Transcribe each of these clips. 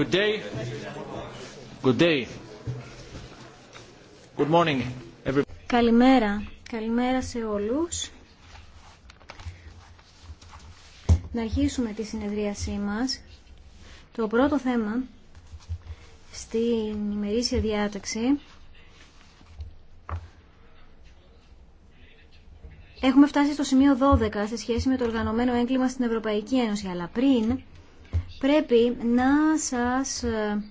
Good day. Good day. Good morning, Καλημέρα. Καλημέρα σε όλους. Να αρχίσουμε τη συνεδρίασή μας. Το πρώτο θέμα στην ημερήσια διάταξη Έχουμε φτάσει στο σημείο 12 σε σχέση με το οργανωμένο έγκλημα στην Ευρωπαϊκή Ένωση, αλλά πριν Πρέπει να σας ε,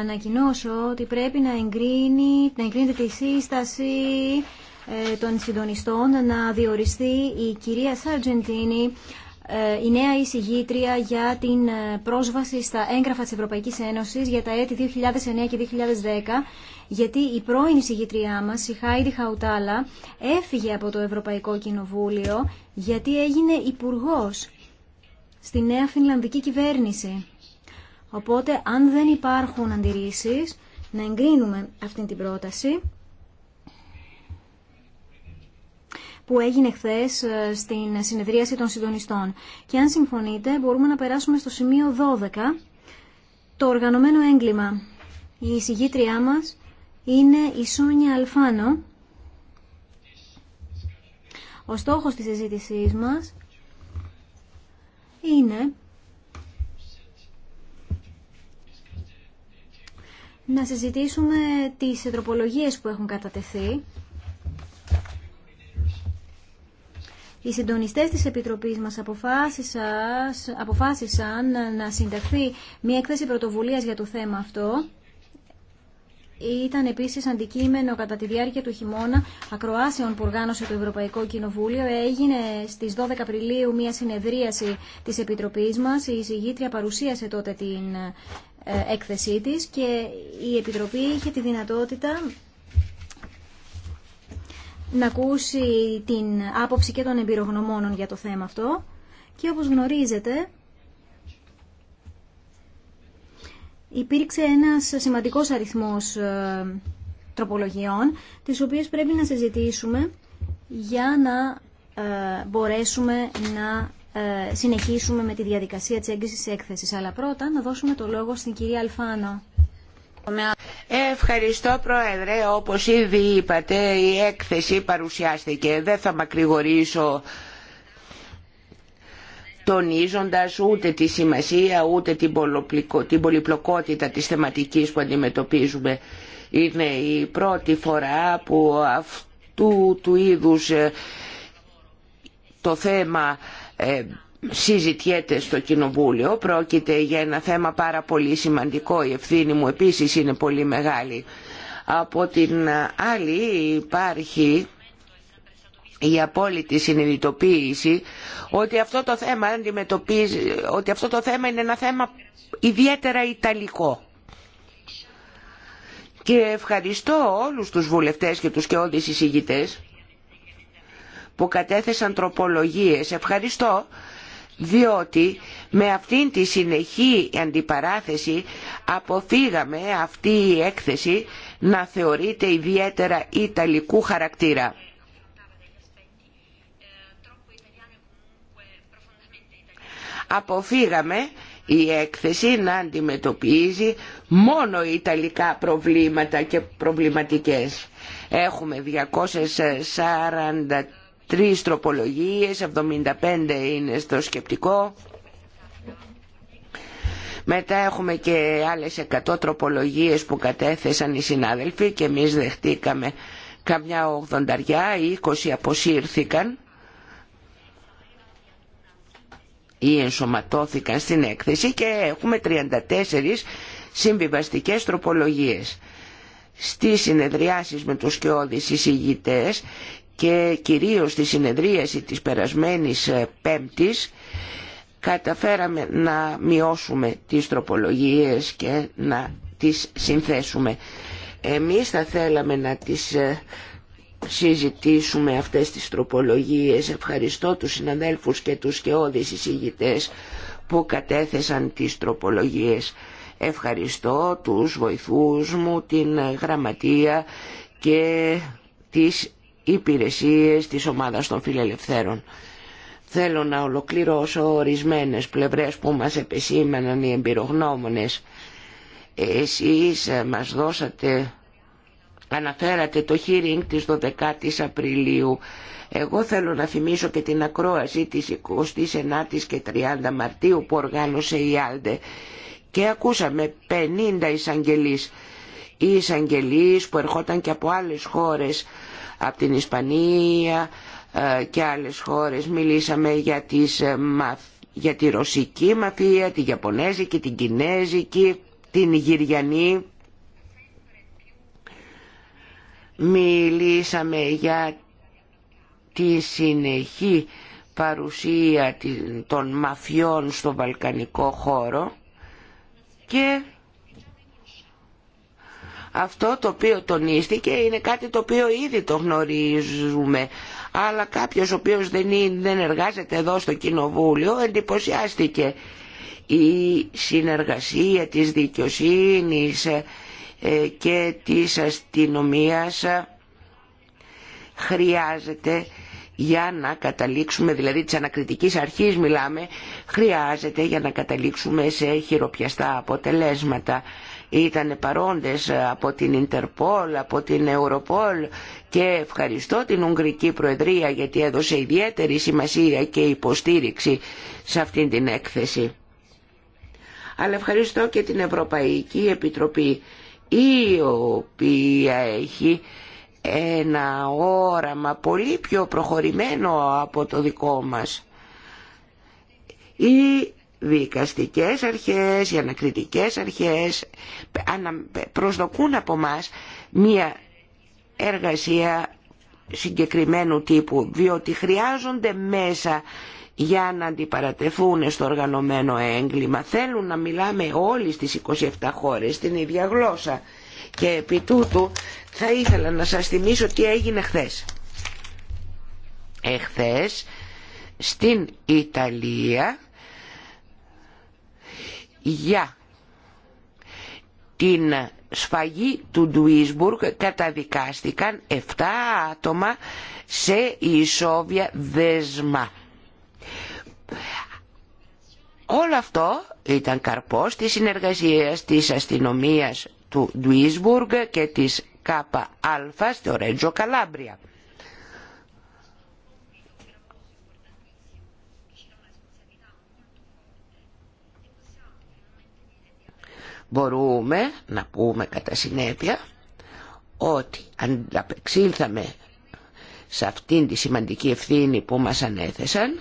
ανακοινώσω ότι πρέπει να, εγκρίνει, να εγκρίνεται τη σύσταση ε, των συντονιστών να διοριστεί η κυρία Σαρτζεντίνη ε, η νέα εισηγήτρια για την ε, πρόσβαση στα έγγραφα της Ευρωπαϊκής Ένωσης για τα έτη 2009 και 2010, γιατί η πρώην εισηγήτριά μας, η Χάιντι Χαουτάλα, έφυγε από το Ευρωπαϊκό Κοινοβούλιο γιατί έγινε υπουργό στη νέα φινλανδική κυβέρνηση. Οπότε, αν δεν υπάρχουν αντιρρήσεις, να εγκρίνουμε αυτή την πρόταση. που έγινε χθε ε, στην συνεδρίαση των συντονιστών. Και αν συμφωνείτε μπορούμε να περάσουμε στο σημείο 12, το οργανωμένο έγκλημα. Η εισηγήτριά μας είναι η Σόνια Αλφάνο. Ο στόχος της συζήτησή μας είναι να συζητήσουμε τις ετροπολογίες που έχουν κατατεθεί Οι συντονιστές της Επιτροπής μας αποφάσισαν να συνταχθεί μια έκθεση πρωτοβουλίας για το θέμα αυτό. Ήταν επίσης αντικείμενο κατά τη διάρκεια του χειμώνα ακροάσεων που οργάνωσε το Ευρωπαϊκό Κοινοβούλιο. Έγινε στις 12 Απριλίου μια συνεδρίαση της Επιτροπής μας. Η εισηγήτρια παρουσίασε τότε την ε, έκθεσή της και η Επιτροπή είχε τη δυνατότητα να ακούσει την άποψη και των εμπειρογνωμόνων για το θέμα αυτό. Και όπως γνωρίζετε, υπήρξε ένας σημαντικός αριθμός ε, τροπολογιών, τις οποίες πρέπει να συζητήσουμε για να ε, μπορέσουμε να ε, συνεχίσουμε με τη διαδικασία της έγκρισης έκθεσης. Αλλά πρώτα να δώσουμε το λόγο στην κυρία Αλφάνο. Ευχαριστώ Πρόεδρε. Όπως ήδη είπατε η έκθεση παρουσιάστηκε. Δεν θα μακρηγορήσω τονίζοντας ούτε τη σημασία ούτε την πολυπλοκότητα της θεματικής που αντιμετωπίζουμε. Είναι η πρώτη φορά που αυτού του είδους ε, το θέμα ε, συζητιέται στο Κοινοβούλιο. Πρόκειται για ένα θέμα πάρα πολύ σημαντικό. Η ευθύνη μου επίσης είναι πολύ μεγάλη. Από την άλλη υπάρχει η απόλυτη συνειδητοποίηση ότι αυτό το θέμα, ότι αυτό το θέμα είναι ένα θέμα ιδιαίτερα ιταλικό. Και ευχαριστώ όλους τους βουλευτές και τους και όδης που κατέθεσαν τροπολογίες. Ευχαριστώ διότι με αυτήν τη συνεχή αντιπαράθεση αποφύγαμε αυτή η έκθεση να θεωρείται ιδιαίτερα ιταλικού χαρακτήρα. Αποφύγαμε η έκθεση να αντιμετωπίζει μόνο ιταλικά προβλήματα και προβληματικές. Έχουμε 243 τρεις τροπολογίες, 75 είναι στο σκεπτικό. Μετά έχουμε και άλλες 100 τροπολογίες που κατέθεσαν οι συνάδελφοι και εμείς δεχτήκαμε καμιά 80, 20 αποσύρθηκαν ή ενσωματώθηκαν στην έκθεση και έχουμε 34 συμβιβαστικές τροπολογίες. Στις συνεδριάσεις με τους και εισηγητές και κυρίως στη συνεδρίαση της περασμένης ε, Πέμπτης καταφέραμε να μειώσουμε τις τροπολογίες και να τις συνθέσουμε. Εμείς θα θέλαμε να τις ε, συζητήσουμε αυτές τις τροπολογίες. Ευχαριστώ τους συναδέλφους και τους σκεώδεις εισηγητές που κατέθεσαν τις τροπολογίες. Ευχαριστώ τους βοηθούς μου, την ε, γραμματεία και τις υπηρεσίες της ομάδας των φιλελευθέρων. Θέλω να ολοκληρώσω ορισμένες πλευρές που μας επεσήμαναν οι εμπειρογνώμονες. Εσείς ε, μας δώσατε, αναφέρατε το hearing της 12ης Απριλίου. Εγώ θέλω να θυμίσω και την ακρόαση της 29ης και 30 Μαρτίου που οργάνωσε η Άλντε και ακούσαμε 50 εισαγγελείς οι εισαγγελείς που ερχόταν και από άλλες χώρες, από την Ισπανία ε, και άλλες χώρες. Μιλήσαμε για, τις, ε, για τη ρωσική μαφία, τη γιαπωνέζικη, την Κινέζικη, την γυριανή. Μιλήσαμε για τη συνεχή παρουσία των μαφιών στο βαλκανικό χώρο και αυτό το οποίο τονίστηκε είναι κάτι το οποίο ήδη το γνωρίζουμε. Αλλά κάποιος ο οποίος δεν, εργάζεται εδώ στο Κοινοβούλιο εντυπωσιάστηκε. Η συνεργασία της δικαιοσύνης ε, και της αστυνομίας χρειάζεται για να καταλήξουμε, δηλαδή της ανακριτικής αρχής μιλάμε, χρειάζεται για να καταλήξουμε σε χειροπιαστά αποτελέσματα ήταν παρόντες από την Ιντερπόλ, από την Ευρωπόλ και ευχαριστώ την Ουγγρική Προεδρία γιατί έδωσε ιδιαίτερη σημασία και υποστήριξη σε αυτήν την έκθεση. Αλλά ευχαριστώ και την Ευρωπαϊκή Επιτροπή η οποία έχει ένα όραμα πολύ πιο προχωρημένο από το δικό μας. Η δικαστικές αρχές, οι ανακριτικές αρχές προσδοκούν από μας μία εργασία συγκεκριμένου τύπου διότι χρειάζονται μέσα για να αντιπαρατεθούν στο οργανωμένο έγκλημα. Θέλουν να μιλάμε όλοι στις 27 χώρες την ίδια γλώσσα και επί τούτου θα ήθελα να σας θυμίσω τι έγινε χθες. Εχθές στην Ιταλία για την σφαγή του Ντουίσμπουργκ καταδικάστηκαν 7 άτομα σε ισόβια δέσμα. Όλο αυτό ήταν καρπός της συνεργασίας της αστυνομίας του Ντουίσμπουργκ και της ΚΑΠΑ στο Ρέτζο Καλάμπρια. Μπορούμε να πούμε κατά συνέπεια ότι ανταπεξήλθαμε σε αυτήν τη σημαντική ευθύνη που μας ανέθεσαν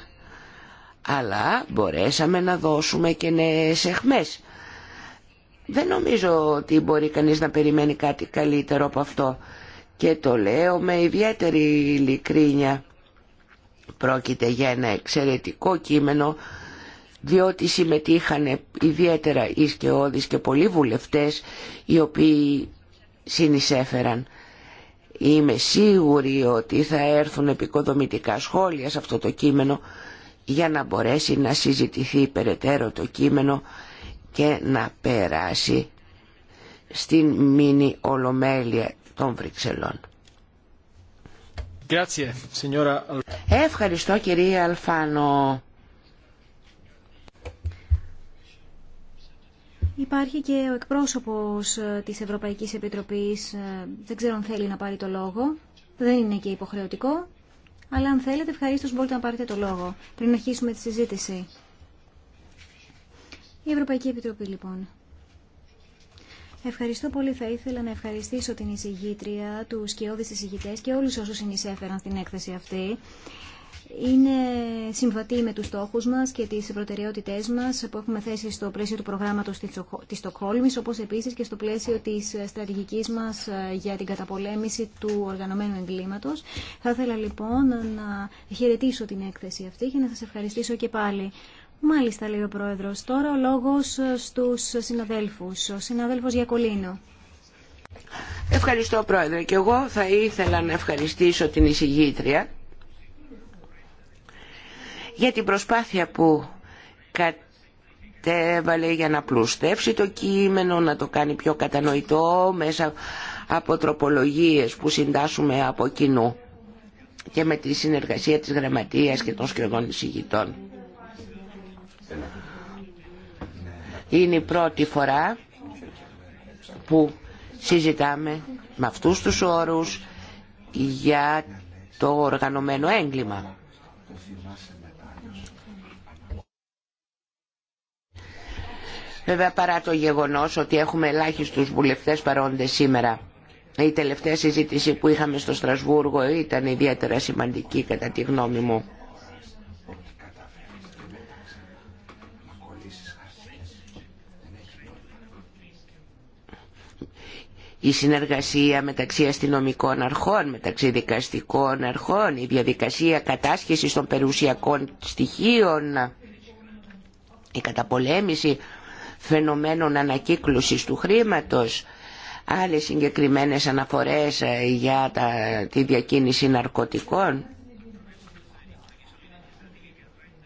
αλλά μπορέσαμε να δώσουμε και νέες εχμές. Δεν νομίζω ότι μπορεί κανείς να περιμένει κάτι καλύτερο από αυτό και το λέω με ιδιαίτερη ειλικρίνεια. Πρόκειται για ένα εξαιρετικό κείμενο διότι συμμετείχαν ιδιαίτερα οι όδης και πολλοί βουλευτές οι οποίοι συνεισέφεραν. Είμαι σίγουρη ότι θα έρθουν επικοδομητικά σχόλια σε αυτό το κείμενο για να μπορέσει να συζητηθεί περαιτέρω το κείμενο και να περάσει στην μήνυ ολομέλεια των Βρυξελών. Ευχαριστώ κυρία Αλφάνο. Υπάρχει και ο εκπρόσωπος ε, της Ευρωπαϊκής Επιτροπής, ε, δεν ξέρω αν θέλει να πάρει το λόγο, δεν είναι και υποχρεωτικό, αλλά αν θέλετε ευχαριστώ μπορείτε να πάρετε το λόγο πριν αρχίσουμε τη συζήτηση. Η Ευρωπαϊκή Επιτροπή λοιπόν. Ευχαριστώ πολύ. Θα ήθελα να ευχαριστήσω την εισηγήτρια, του σκιώδη εισηγητέ και όλου όσου συνεισέφεραν στην έκθεση αυτή είναι συμβατή με τους στόχους μας και τις προτεραιότητές μας που έχουμε θέσει στο πλαίσιο του προγράμματος της Στοκχόλμης, όπως επίσης και στο πλαίσιο της στρατηγικής μας ε, για την καταπολέμηση του οργανωμένου εγκλήματος. Θα ήθελα λοιπόν να χαιρετήσω την έκθεση αυτή και να σας ευχαριστήσω και πάλι. Μάλιστα, λέει ο Πρόεδρος. Τώρα ο λόγος ε, στους συναδέλφους. Ο συναδέλφος Γιακολίνο. Ευχαριστώ, Πρόεδρε. Και εγώ θα ήθελα να ευχαριστήσω την εισηγήτρια για την προσπάθεια που κατέβαλε για να πλουστεύσει το κείμενο, να το κάνει πιο κατανοητό μέσα από τροπολογίες που συντάσσουμε από κοινού και με τη συνεργασία της Γραμματείας και των σκευών εισηγητών. Είναι η πρώτη φορά που συζητάμε με αυτούς τους όρους για το οργανωμένο έγκλημα. Βέβαια παρά το γεγονός ότι έχουμε ελάχιστους βουλευτές παρόντες σήμερα. Η τελευταία συζήτηση που είχαμε στο Στρασβούργο ήταν ιδιαίτερα σημαντική κατά τη γνώμη μου. η συνεργασία μεταξύ αστυνομικών αρχών, μεταξύ δικαστικών αρχών, η διαδικασία κατάσχεσης των περιουσιακών στοιχείων, η καταπολέμηση φαινομένων ανακύκλωσης του χρήματος, άλλες συγκεκριμένες αναφορές ε, για τα, τη διακίνηση ναρκωτικών,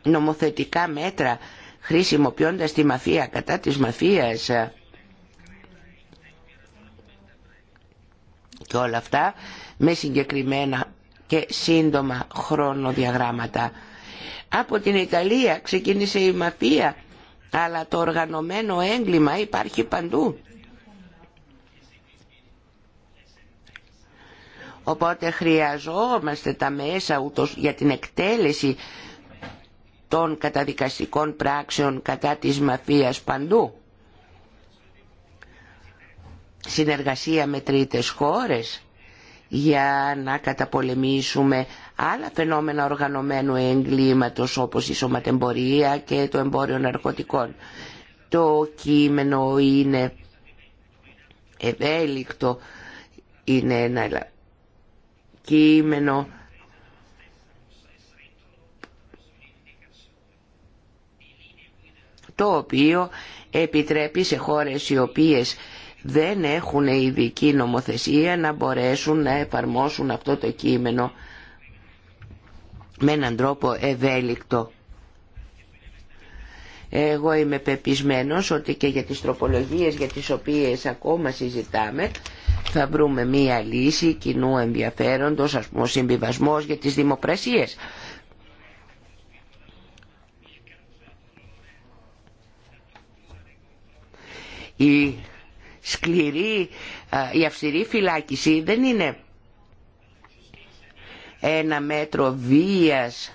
νομοθετικά μέτρα χρησιμοποιώντας τη μαφία κατά της μαφίας και όλα αυτά με συγκεκριμένα και σύντομα χρονοδιαγράμματα. Από την Ιταλία ξεκίνησε η μαφία αλλά το οργανωμένο έγκλημα υπάρχει παντού. Οπότε χρειαζόμαστε τα μέσα ούτως για την εκτέλεση των καταδικαστικών πράξεων κατά της μαφίας παντού. Συνεργασία με τρίτες χώρες για να καταπολεμήσουμε άλλα φαινόμενα οργανωμένου εγκλήματος όπως η σωματεμπορία και το εμπόριο ναρκωτικών. Το κείμενο είναι ευέλικτο, είναι ένα κείμενο το οποίο επιτρέπει σε χώρες οι οποίες δεν έχουν ειδική νομοθεσία να μπορέσουν να εφαρμόσουν αυτό το κείμενο με έναν τρόπο ευέλικτο. Εγώ είμαι πεπισμένος ότι και για τις τροπολογίες για τις οποίες ακόμα συζητάμε θα βρούμε μία λύση κοινού ενδιαφέροντος, ας πούμε συμβιβασμός για τις δημοπρασίες. Η σκληρή, η αυστηρή φυλάκιση δεν είναι ένα μέτρο βίας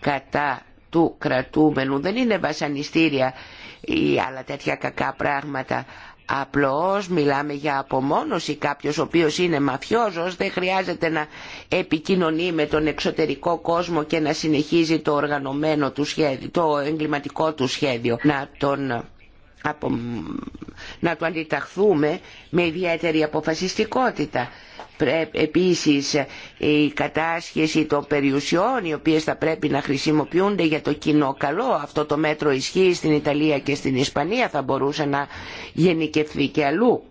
κατά του κρατούμενου. Δεν είναι βασανιστήρια ή άλλα τέτοια κακά πράγματα. Απλώς μιλάμε για απομόνωση. Κάποιος ο οποίος είναι μαφιόζος δεν χρειάζεται να επικοινωνεί με τον εξωτερικό κόσμο και να συνεχίζει το οργανωμένο του σχέδιο, το εγκληματικό του σχέδιο. Να τον να του αντιταχθούμε με ιδιαίτερη αποφασιστικότητα. Ε, επίσης η κατάσχεση των περιουσιών οι οποίες θα πρέπει να χρησιμοποιούνται για το κοινό καλό. Αυτό το μέτρο ισχύει στην Ιταλία και στην Ισπανία θα μπορούσε να γενικευθεί και αλλού.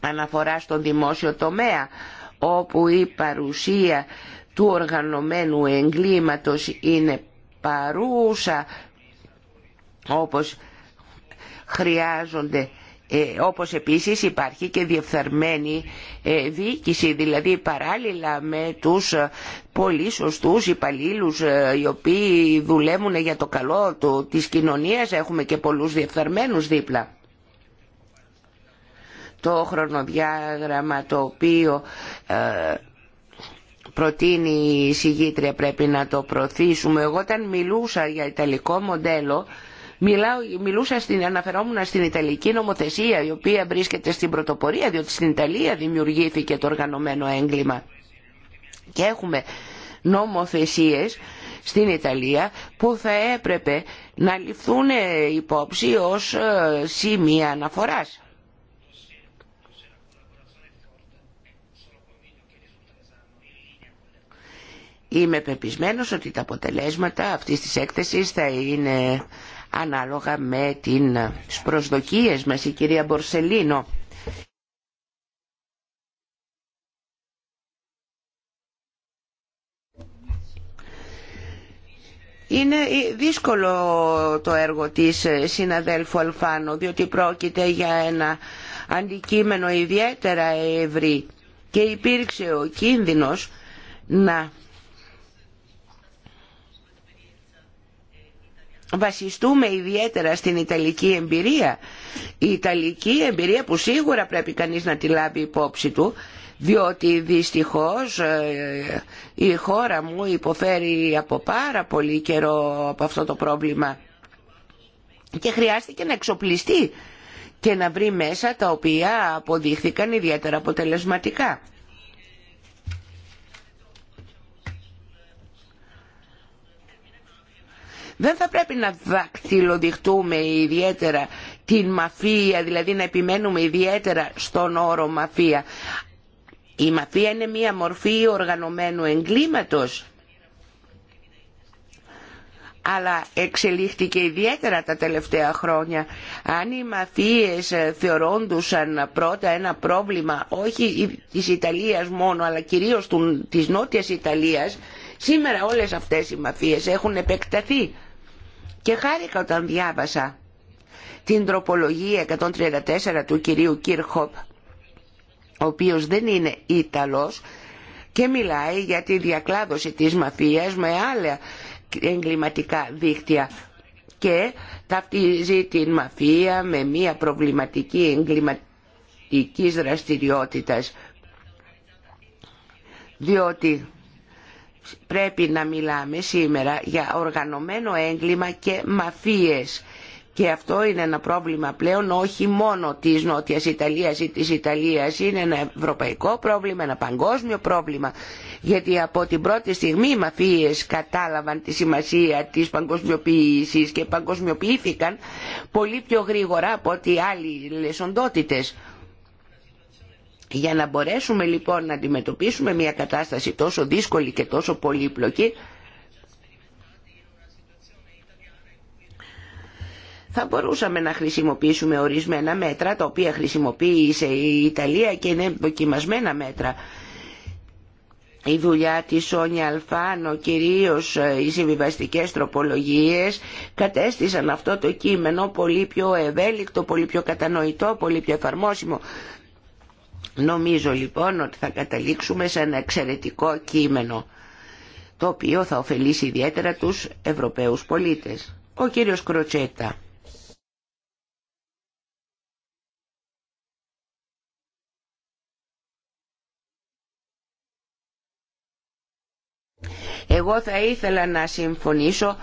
Αναφορά στον δημόσιο τομέα όπου η παρουσία του οργανωμένου εγκλήματος είναι παρούσα όπως χρειάζονται ε, όπως επίσης υπάρχει και διεφθαρμένη ε, διοίκηση, δηλαδή παράλληλα με τους ε, πολύ σωστούς υπαλλήλου οι οποίοι δουλεύουν για το καλό του, της κοινωνίας έχουμε και πολλούς διεφθαρμένους δίπλα. Το χρονοδιάγραμμα το οποίο προτείνει η συγγήτρια πρέπει να το προωθήσουμε. Εγώ όταν μιλούσα για ιταλικό μοντέλο μιλούσα στην, αναφερόμουν στην Ιταλική νομοθεσία η οποία βρίσκεται στην πρωτοπορία διότι στην Ιταλία δημιουργήθηκε το οργανωμένο έγκλημα και έχουμε νομοθεσίες στην Ιταλία που θα έπρεπε να ληφθούν ε, υπόψη ως ε, σημεία αναφοράς. Είμαι πεπισμένος ότι τα αποτελέσματα αυτής της έκθεσης θα είναι ανάλογα με ε, τις προσδοκίες μας η κυρία Μπορσελίνο. Είναι ε, δύσκολο το έργο της ε, συναδέλφου Αλφάνο διότι πρόκειται για ένα αντικείμενο ιδιαίτερα ευρύ και υπήρξε ο κίνδυνος να βασιστούμε ιδιαίτερα στην Ιταλική εμπειρία. Η Ιταλική εμπειρία που σίγουρα πρέπει κανείς να τη λάβει υπόψη του, διότι δυστυχώς ε, η χώρα μου υποφέρει από πάρα πολύ καιρό από αυτό το πρόβλημα και χρειάστηκε να εξοπλιστεί και να βρει μέσα τα οποία αποδείχθηκαν ιδιαίτερα αποτελεσματικά. Δεν θα πρέπει να δακτυλοδειχτούμε ιδιαίτερα την μαφία, δηλαδή να επιμένουμε ιδιαίτερα στον όρο μαφία. Η μαφία είναι μία μορφή οργανωμένου εγκλήματος αλλά εξελίχθηκε ιδιαίτερα τα τελευταία χρόνια. Αν οι μαφίες θεωρώντουσαν πρώτα ένα πρόβλημα όχι της Ιταλίας μόνο αλλά κυρίως της Νότιας Ιταλίας, σήμερα όλες αυτές οι μαφίες έχουν επεκταθεί. Και χάρηκα όταν διάβασα την τροπολογία 134 του κυρίου Κίρχοπ, ο οποίος δεν είναι Ιταλός και μιλάει για τη διακλάδωση της μαφίας με άλλα εγκληματικά δίκτυα και ταυτίζει την μαφία με μια προβληματική εγκληματικής δραστηριότητας διότι πρέπει να μιλάμε σήμερα για οργανωμένο έγκλημα και μαφίες. Και αυτό είναι ένα πρόβλημα πλέον όχι μόνο της Νότιας Ιταλίας ή της Ιταλίας. Είναι ένα ευρωπαϊκό πρόβλημα, ένα παγκόσμιο πρόβλημα. Γιατί από την πρώτη στιγμή οι μαφίες κατάλαβαν τη σημασία της παγκοσμιοποίησης και παγκοσμιοποιήθηκαν πολύ πιο γρήγορα από ό,τι άλλοι λεσοντότητες. Για να μπορέσουμε λοιπόν να αντιμετωπίσουμε μια κατάσταση τόσο δύσκολη και τόσο πολύπλοκη, θα μπορούσαμε να χρησιμοποιήσουμε ορισμένα μέτρα, τα οποία χρησιμοποιεί η Ιταλία και είναι δοκιμασμένα μέτρα. Η δουλειά της Σόνια Αλφάνο, κυρίως ε, οι συμβιβαστικέ τροπολογίες, κατέστησαν αυτό το κείμενο πολύ πιο ευέλικτο, πολύ πιο κατανοητό, πολύ πιο εφαρμόσιμο. Νομίζω λοιπόν ότι θα καταλήξουμε σε ένα εξαιρετικό κείμενο το οποίο θα ωφελήσει ιδιαίτερα τους Ευρωπαίους πολίτες. Ο κύριος Κροτσέτα. Εγώ θα ήθελα να συμφωνήσω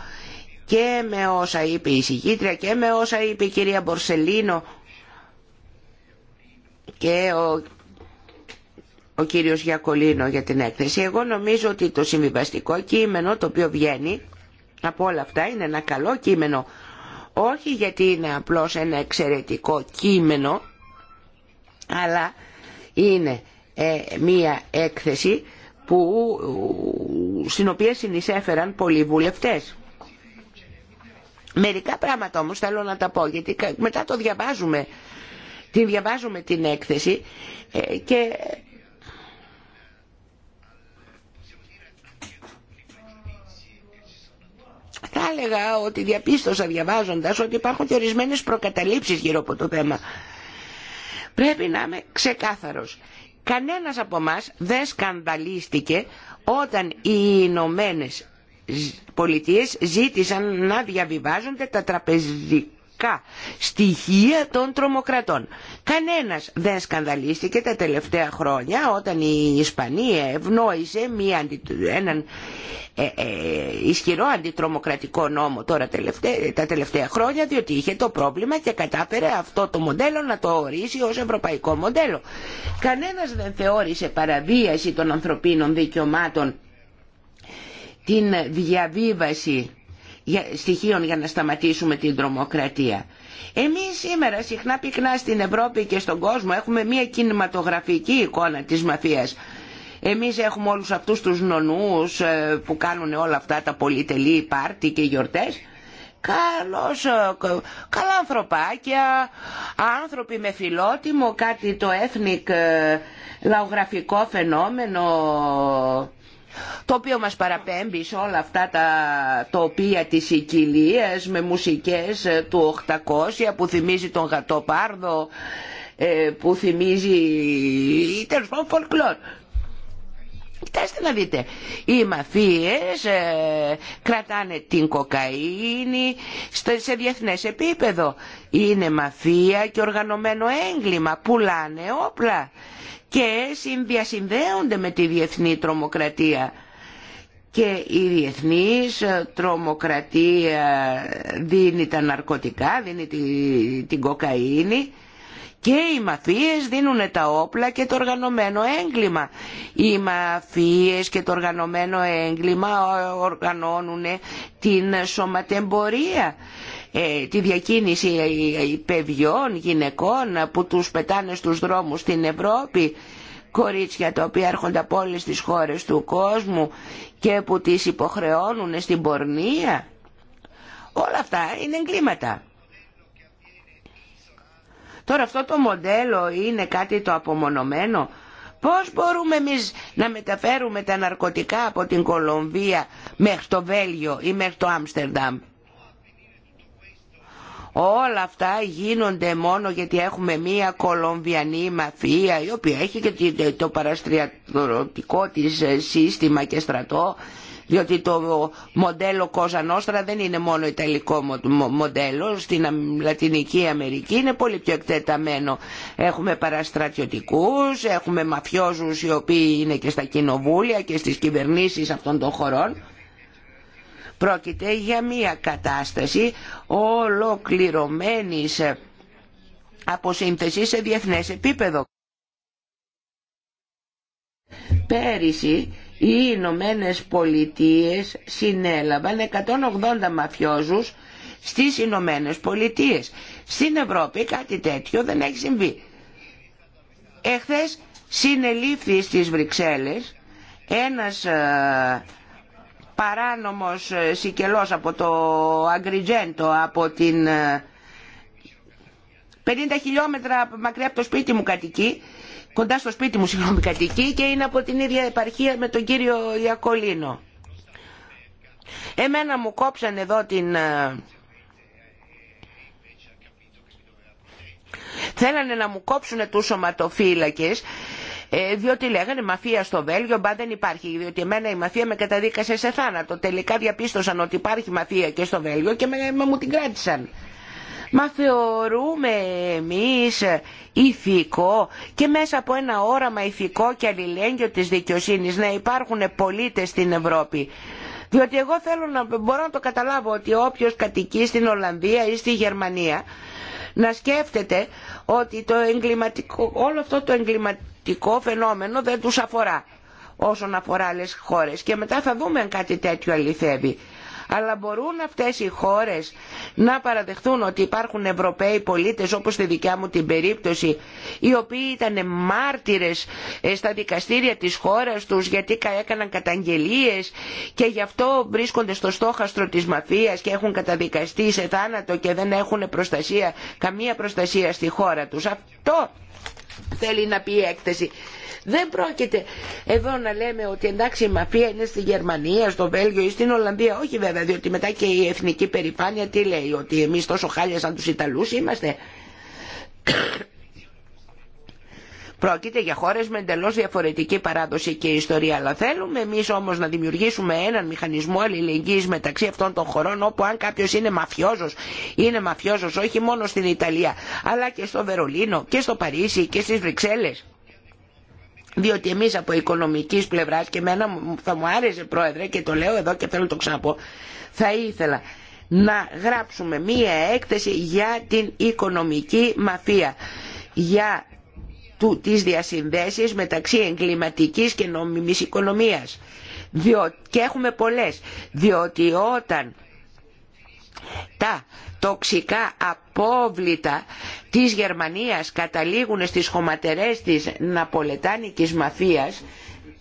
και με όσα είπε η συγκήτρια και με όσα είπε η κυρία Μπορσελίνο και ο ο κύριος Γιακολίνο για την έκθεση. Εγώ νομίζω ότι το συμβιβαστικό κείμενο το οποίο βγαίνει από όλα αυτά είναι ένα καλό κείμενο. Όχι γιατί είναι απλώς ένα εξαιρετικό κείμενο, αλλά είναι ε, μία έκθεση που, στην οποία συνεισέφεραν πολλοί βουλευτές. Μερικά πράγματα όμως θέλω να τα πω, γιατί μετά το διαβάζουμε, την διαβάζουμε την έκθεση ε, και Θα έλεγα ότι διαπίστωσα διαβάζοντας ότι υπάρχουν και ορισμένες προκαταλήψεις γύρω από το θέμα. Πρέπει να είμαι ξεκάθαρος. Κανένας από εμά δεν σκανδαλίστηκε όταν οι Ηνωμένε Πολιτείες ζήτησαν να διαβιβάζονται τα τραπεζικά στοιχεία των τρομοκρατών. Κανένας δεν σκανδαλίστηκε τα τελευταία χρόνια όταν η Ισπανία ευνόησε μία, έναν ε, ε, ισχυρό αντιτρομοκρατικό νόμο τώρα τα τελευταία χρόνια διότι είχε το πρόβλημα και κατάφερε αυτό το μοντέλο να το ορίσει ως ευρωπαϊκό μοντέλο. Κανένας δεν θεώρησε παραβίαση των ανθρωπίνων δικαιωμάτων την διαβίβαση στοιχείων για να σταματήσουμε την τρομοκρατία. Εμείς σήμερα συχνά πυκνά στην Ευρώπη και στον κόσμο έχουμε μια κινηματογραφική εικόνα της μαφίας. Εμείς έχουμε όλους αυτούς τους νονούς ε, που κάνουν όλα αυτά τα πολυτελή πάρτι και γιορτές. Καλώς, ε, καλά ανθρωπάκια, άνθρωποι με φιλότιμο, κάτι το έθνικ ε, λαογραφικό φαινόμενο το οποίο μας παραπέμπει σε όλα αυτά τα τοπία της Σικυλίας με μουσικές ε, του 800 που θυμίζει τον Γατοπάρδο, ε, που θυμίζει τέλος πάντων φολκλόρ. Κοιτάξτε να δείτε, οι μαφίες ε, κρατάνε την κοκαΐνη σε διεθνές επίπεδο. Είναι μαφία και οργανωμένο έγκλημα, πουλάνε όπλα και συνδιασυνδέονται με τη διεθνή τρομοκρατία. Και η διεθνής τρομοκρατία δίνει τα ναρκωτικά, δίνει την κοκαίνη και οι μαφίες δίνουν τα όπλα και το οργανωμένο έγκλημα. Οι μαφίες και το οργανωμένο έγκλημα οργανώνουν την σωματεμπορία ε, τη διακίνηση ε, ε, παιδιών, γυναικών που τους πετάνε στους δρόμους στην Ευρώπη κορίτσια τα οποία έρχονται από όλες τις χώρες του κόσμου και που τις υποχρεώνουν στην πορνεία. Όλα αυτά είναι εγκλήματα. Τώρα αυτό το μοντέλο είναι κάτι το απομονωμένο. Πώς μπορούμε εμείς να μεταφέρουμε τα ναρκωτικά από την Κολομβία μέχρι το Βέλγιο ή μέχρι το Άμστερνταμ. Όλα αυτά γίνονται μόνο γιατί έχουμε μία κολομβιανή μαφία η οποία έχει και το παραστρατιωτικό της ε, σύστημα και στρατό διότι το μοντέλο Όστρα δεν είναι μόνο ιταλικό μοντέλο. Στην Λατινική Αμερική είναι πολύ πιο εκτεταμένο. Έχουμε παραστρατιωτικούς, έχουμε μαφιόζους οι οποίοι είναι και στα κοινοβούλια και στις κυβερνήσεις αυτών των χωρών Πρόκειται για μια κατάσταση ολοκληρωμένης αποσύνθεσης σε διεθνές επίπεδο. Πέρυσι οι Ηνωμένε Πολιτείε συνέλαβαν 180 μαφιόζους στις Ηνωμένε Πολιτείε. Στην Ευρώπη κάτι τέτοιο δεν έχει συμβεί. Εχθές συνελήφθη στις Βρυξέλλες ένας ε, παράνομος ε, σικελός από το Αγκριτζέντο, από την 50 ε, χιλιόμετρα μακριά από το σπίτι μου κατοικεί, κοντά στο σπίτι μου συγγνώμη κατοικεί και είναι από την ίδια επαρχία με τον κύριο Ιακολίνο. Εμένα μου κόψαν εδώ την... Ε, θέλανε να μου κόψουν τους σωματοφύλακες ε, διότι λέγανε μαφία στο Βέλγιο μπα δεν υπάρχει διότι εμένα η μαφία με καταδίκασε σε θάνατο τελικά διαπίστωσαν ότι υπάρχει μαφία και στο Βέλγιο και με, μα μου την κράτησαν Μα θεωρούμε εμείς ηθικό και μέσα από ένα όραμα ηθικό και αλληλέγγυο της δικαιοσύνης να υπάρχουν πολίτες στην Ευρώπη. Διότι εγώ θέλω να μπορώ να το καταλάβω ότι όποιος κατοικεί στην Ολλανδία ή στη Γερμανία να σκέφτεται ότι το εγκληματικό, όλο αυτό το εγκληματικό πολιτικό φαινόμενο δεν τους αφορά όσον αφορά άλλες χώρες και μετά θα δούμε αν κάτι τέτοιο αληθεύει. Αλλά μπορούν αυτές οι χώρες να παραδεχθούν ότι υπάρχουν Ευρωπαίοι πολίτες όπως στη δικιά μου την περίπτωση οι οποίοι ήταν μάρτυρες ε, στα δικαστήρια της χώρας τους γιατί έκαναν καταγγελίες και γι' αυτό βρίσκονται στο στόχαστρο της μαφίας και έχουν καταδικαστεί σε θάνατο και δεν έχουν προστασία, καμία προστασία στη χώρα τους. Αυτό θέλει να πει η έκθεση. Δεν πρόκειται εδώ να λέμε ότι εντάξει η μαφία είναι στη Γερμανία, στο Βέλγιο ή στην Ολλανδία. Όχι βέβαια, διότι μετά και η εθνική περηφάνεια τι λέει, ότι εμείς τόσο χάλια σαν τους Ιταλούς είμαστε. Πρόκειται για χώρες με εντελώς διαφορετική παράδοση και ιστορία, αλλά θέλουμε εμείς όμως να δημιουργήσουμε έναν μηχανισμό αλληλεγγύης μεταξύ αυτών των χωρών, όπου αν κάποιος είναι μαφιόζος, είναι μαφιόζος όχι μόνο στην Ιταλία, αλλά και στο Βερολίνο και στο Παρίσι και στις Βρυξέλλες διότι εμείς από οικονομικής πλευράς και εμένα θα μου άρεσε πρόεδρε και το λέω εδώ και θέλω το ξαναπώ θα ήθελα να γράψουμε μία έκθεση για την οικονομική μαφία για του, τις διασυνδέσεις μεταξύ εγκληματικής και νομιμής οικονομίας. Διό, και έχουμε πολλές, διότι όταν τα τοξικά απόβλητα της Γερμανίας καταλήγουν στις χωματερές της ναπολετάνικης μαφίας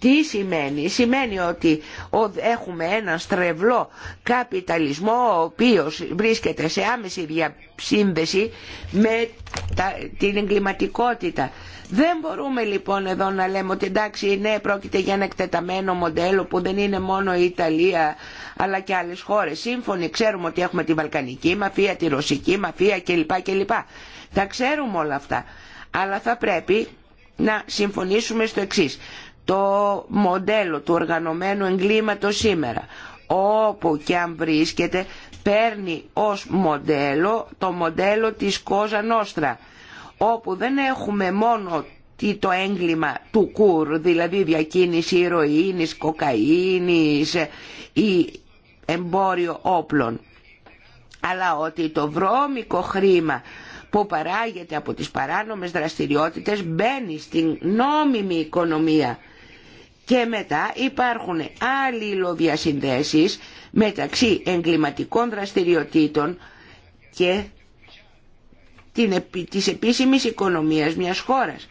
τι σημαίνει. Σημαίνει ότι έχουμε έναν στρεβλό καπιταλισμό ο οποίος βρίσκεται σε άμεση διασύνδεση με την εγκληματικότητα. Δεν μπορούμε λοιπόν εδώ να λέμε ότι εντάξει ναι πρόκειται για ένα εκτεταμένο μοντέλο που δεν είναι μόνο η Ιταλία αλλά και άλλες χώρες. Σύμφωνοι ξέρουμε ότι έχουμε τη Βαλκανική μαφία, τη Ρωσική μαφία κλπ. κλπ. Τα ξέρουμε όλα αυτά. Αλλά θα πρέπει να συμφωνήσουμε στο εξή το μοντέλο του οργανωμένου εγκλήματος σήμερα. Όπου και αν βρίσκεται παίρνει ως μοντέλο το μοντέλο της Κόζα Νόστρα. Όπου δεν έχουμε μόνο το έγκλημα του κουρ, δηλαδή διακίνηση ηρωίνης, κοκαΐνης ή εμπόριο όπλων. Αλλά ότι το βρώμικο χρήμα που παράγεται από τις παράνομες δραστηριότητες μπαίνει στην νόμιμη οικονομία και μετά υπάρχουν αλληλοδιασυνδέσεις μεταξύ εγκληματικών δραστηριοτήτων και την, της επίσημης οικονομίας μιας χώρας.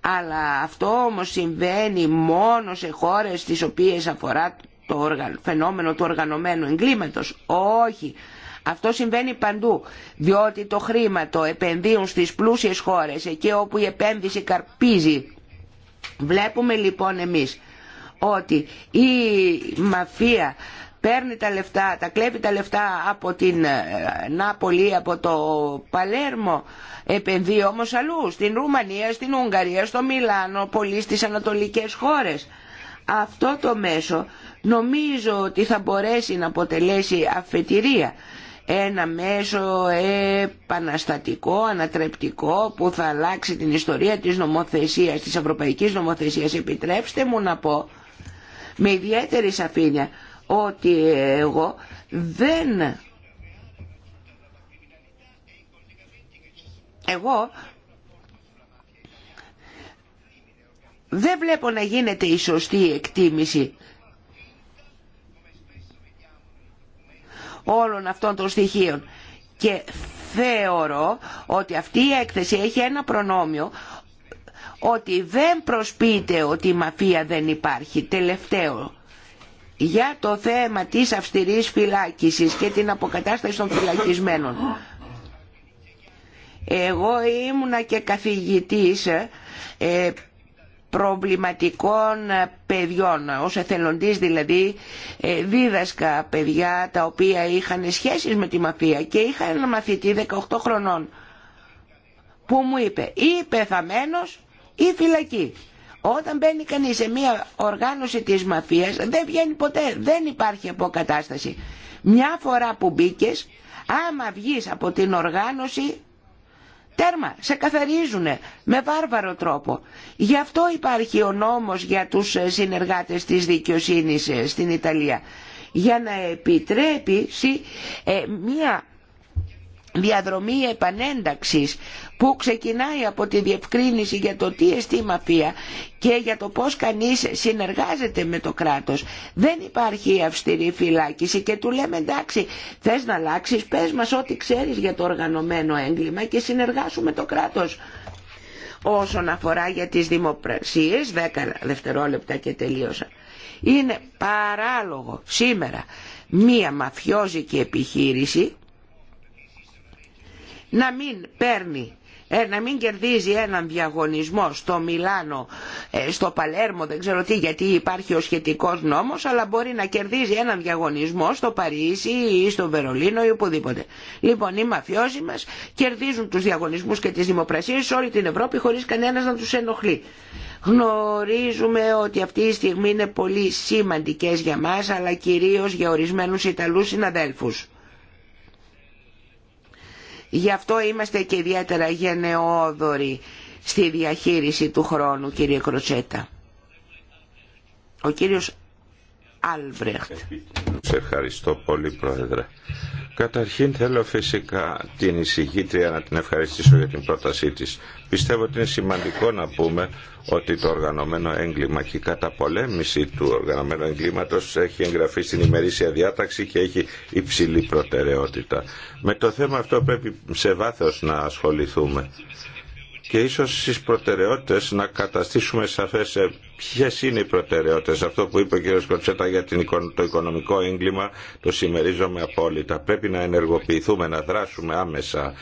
Αλλά αυτό όμως συμβαίνει μόνο σε χώρες τις οποίες αφορά το φαινόμενο του οργανωμένου εγκλήματος. Όχι. Αυτό συμβαίνει παντού, διότι το χρήμα το επενδύουν στις πλούσιες χώρες, εκεί όπου η επένδυση καρπίζει. Βλέπουμε λοιπόν εμείς ότι η μαφία παίρνει τα λεφτά, τα κλέβει τα λεφτά από την ε, Νάπολη, από το Παλέρμο, επενδύει όμως αλλού, στην Ρουμανία, στην Ουγγαρία, στο Μιλάνο, πολύ στις ανατολικές χώρες. Αυτό το μέσο νομίζω ότι θα μπορέσει να αποτελέσει αφετηρία. Ένα μέσο επαναστατικό, ανατρεπτικό που θα αλλάξει την ιστορία της νομοθεσίας, της ευρωπαϊκής νομοθεσίας. Επιτρέψτε μου να πω με ιδιαίτερη σαφήνεια ότι εγώ δεν... Εγώ δεν βλέπω να γίνεται η σωστή εκτίμηση όλων αυτών των στοιχείων και θεωρώ ότι αυτή η έκθεση έχει ένα προνόμιο ότι δεν προσποιείται ότι η μαφία δεν υπάρχει. Τελευταίο, για το θέμα της αυστηρής φυλάκισης και την αποκατάσταση των φυλακισμένων. Εγώ ήμουνα και καθηγητής ε, προβληματικών παιδιών, ως εθελοντής δηλαδή ε, δίδασκα παιδιά τα οποία είχαν σχέσεις με τη μαφία και είχα ένα μαθητή 18 χρονών που μου είπε ή πεθαμένος ή φυλακή. Όταν μπαίνει κανείς σε μια οργάνωση της μαφίας δεν βγαίνει ποτέ, δεν υπάρχει αποκατάσταση. Μια φορά που μπήκε, άμα βγεις από την οργάνωση, τέρμα, σε καθαρίζουνε με βάρβαρο τρόπο. Γι' αυτό υπάρχει ο νόμος για τους ε, συνεργάτες της δικαιοσύνης ε, στην Ιταλία. Για να επιτρέπει ε, μια διαδρομή επανένταξης που ξεκινάει από τη διευκρίνηση για το τι εστί μαφία και για το πώς κανείς συνεργάζεται με το κράτος. Δεν υπάρχει αυστηρή φυλάκιση και του λέμε εντάξει θες να αλλάξεις πες μας ό,τι ξέρεις για το οργανωμένο έγκλημα και συνεργάσουμε το κράτος. Όσον αφορά για τις δημοπρασίες, 10 δευτερόλεπτα και τελείωσα. Είναι παράλογο σήμερα μία μαφιόζικη επιχείρηση να μην παίρνει ε, να μην κερδίζει έναν διαγωνισμό στο Μιλάνο, ε, στο Παλέρμο, δεν ξέρω τι, γιατί υπάρχει ο σχετικός νόμος, αλλά μπορεί να κερδίζει έναν διαγωνισμό στο Παρίσι ή στο Βερολίνο ή οπουδήποτε. Λοιπόν, οι μαφιόζοι μας κερδίζουν τους διαγωνισμούς και τις δημοπρασίες σε όλη την Ευρώπη χωρίς κανένας να τους ενοχλεί. Γνωρίζουμε ότι αυτή η στιγμή είναι πολύ σημαντικές για μας, αλλά κυρίως για ορισμένους Ιταλούς συναδέλφους Γι' αυτό είμαστε και ιδιαίτερα γενναιόδοροι στη διαχείριση του χρόνου, κύριε Κροτσέτα. Ο κύριος Άλβρεχτ. Σε ευχαριστώ πολύ, Πρόεδρε. Καταρχήν θέλω φυσικά την εισηγήτρια να την ευχαριστήσω για την πρότασή της. Πιστεύω ότι είναι σημαντικό να πούμε ότι το οργανωμένο έγκλημα και η καταπολέμηση του οργανωμένου έγκληματος έχει εγγραφεί στην ημερήσια διάταξη και έχει υψηλή προτεραιότητα. Με το θέμα αυτό πρέπει σε βάθος να ασχοληθούμε και ίσως στις προτεραιότητες να καταστήσουμε σαφές ε, ποιες είναι οι προτεραιότητες. Αυτό που είπε ο κ. Κοτσέτα για το οικονομικό έγκλημα το συμμερίζομαι απόλυτα. Πρέπει να ενεργοποιηθούμε, να δράσουμε άμεσα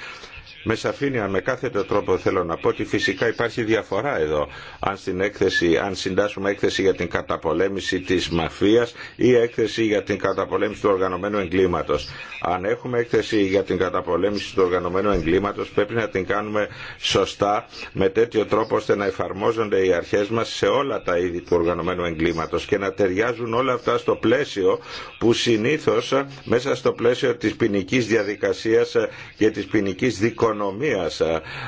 με σαφήνεια, με κάθε τρόπο θέλω να πω ότι φυσικά υπάρχει διαφορά εδώ. Αν, στην έκθεση, αν συντάσσουμε έκθεση για την καταπολέμηση της μαφίας ή έκθεση για την καταπολέμηση του οργανωμένου εγκλήματος. Αν έχουμε έκθεση για την καταπολέμηση του οργανωμένου εγκλήματος πρέπει να την κάνουμε σωστά με τέτοιο τρόπο ώστε να εφαρμόζονται οι αρχές μας σε όλα τα είδη του οργανωμένου εγκλήματος και να ταιριάζουν όλα αυτά στο πλαίσιο που συνήθως μέσα στο πλαίσιο της ποινική διαδικασίας και της ποινική δικονομίας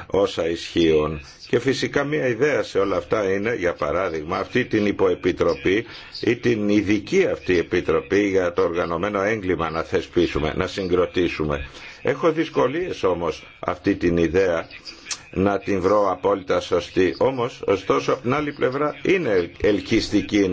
όσα ισχύουν. Και φυσικά μια ιδέα σε όλα αυτά είναι, για παράδειγμα, αυτή την υποεπιτροπή ή την ειδική αυτή επιτροπή για το οργανωμένο έγκλημα να θεσπίσουμε, να συγκροτήσουμε. Έχω δυσκολίες όμως αυτή την ιδέα να την βρω απόλυτα σωστή. Όμως, ωστόσο, από την άλλη πλευρά είναι ελκυστική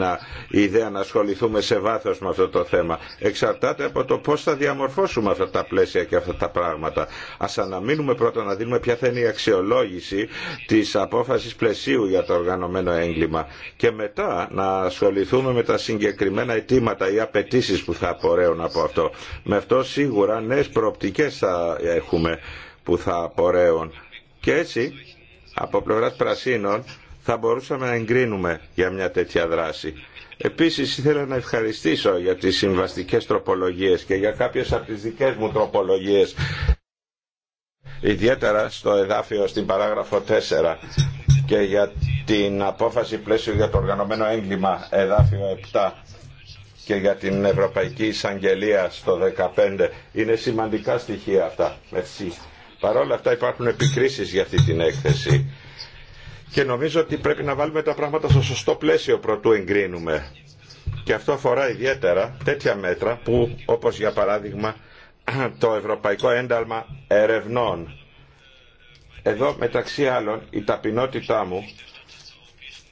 η ιδέα να ασχοληθούμε σε βάθος με αυτό το θέμα. Εξαρτάται από το πώς θα διαμορφώσουμε αυτά τα πλαίσια και αυτά τα πράγματα. Ας αναμείνουμε πρώτα να δίνουμε ποια θα είναι η αξιολόγηση της απόφασης πλαισίου για το οργανωμένο έγκλημα και μετά να ασχοληθούμε με τα συγκεκριμένα αιτήματα ή απαιτήσει που θα απορρέουν από αυτό. Με αυτό σίγουρα νέες προοπτικές θα έχουμε που θα απορρέουν και έτσι, από πλευράς πρασίνων, θα μπορούσαμε να εγκρίνουμε για μια τέτοια δράση. Επίσης ήθελα να ευχαριστήσω για τις συμβαστικές τροπολογίες και για κάποιες από τις δικές μου τροπολογίες. Ιδιαίτερα στο εδάφιο στην παράγραφο 4 και για την απόφαση πλαίσιο για το οργανωμένο έγκλημα εδάφιο 7 και για την Ευρωπαϊκή Εισαγγελία στο 15. Είναι σημαντικά στοιχεία αυτά. Ευχαριστώ. Παρ' όλα αυτά υπάρχουν επικρίσεις για αυτή την έκθεση και νομίζω ότι πρέπει να βάλουμε τα πράγματα στο σωστό πλαίσιο προτού εγκρίνουμε. Και αυτό αφορά ιδιαίτερα τέτοια μέτρα που όπως για παράδειγμα το Ευρωπαϊκό Ένταλμα Ερευνών. Εδώ μεταξύ άλλων η ταπεινότητά μου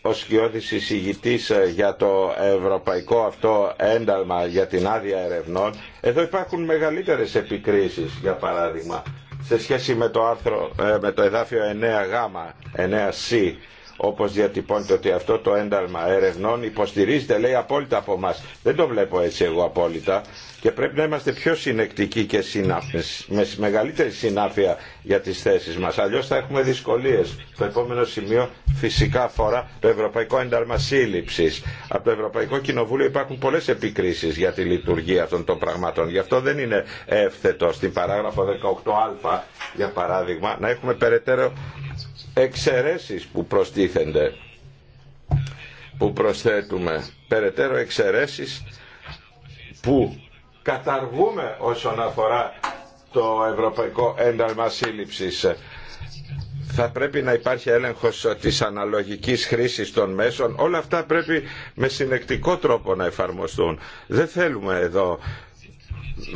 ως σκιώδης εισηγητής ε, για το ευρωπαϊκό αυτό ένταλμα για την άδεια ερευνών, εδώ υπάρχουν μεγαλύτερες επικρίσεις, για παράδειγμα, σε σχέση με το, άρθρο, ε, με το εδάφιο 9Γ, 9C, όπως διατυπώνεται ότι αυτό το ένταλμα ερευνών υποστηρίζεται λέει απόλυτα από εμά. Δεν το βλέπω έτσι εγώ απόλυτα και πρέπει να είμαστε πιο συνεκτικοί και με μεγαλύτερη συνάφεια για τις θέσεις μας. Αλλιώς θα έχουμε δυσκολίες. Το επόμενο σημείο φυσικά αφορά το Ευρωπαϊκό Ένταρμα Σύλληψης. Από το Ευρωπαϊκό Κοινοβούλιο υπάρχουν πολλές επικρίσεις για τη λειτουργία αυτών των πραγμάτων. Γι' αυτό δεν είναι εύθετο στην παράγραφο 18α, για παράδειγμα, να έχουμε περαιτέρω εξαιρέσεις που προστίθενται που προσθέτουμε περαιτέρω εξαιρέσεις που καταργούμε όσον αφορά το Ευρωπαϊκό Ένταλμα Σύλληψης. Θα πρέπει να υπάρχει έλεγχος της αναλογικής χρήσης των μέσων. Όλα αυτά πρέπει με συνεκτικό τρόπο να εφαρμοστούν. Δεν θέλουμε εδώ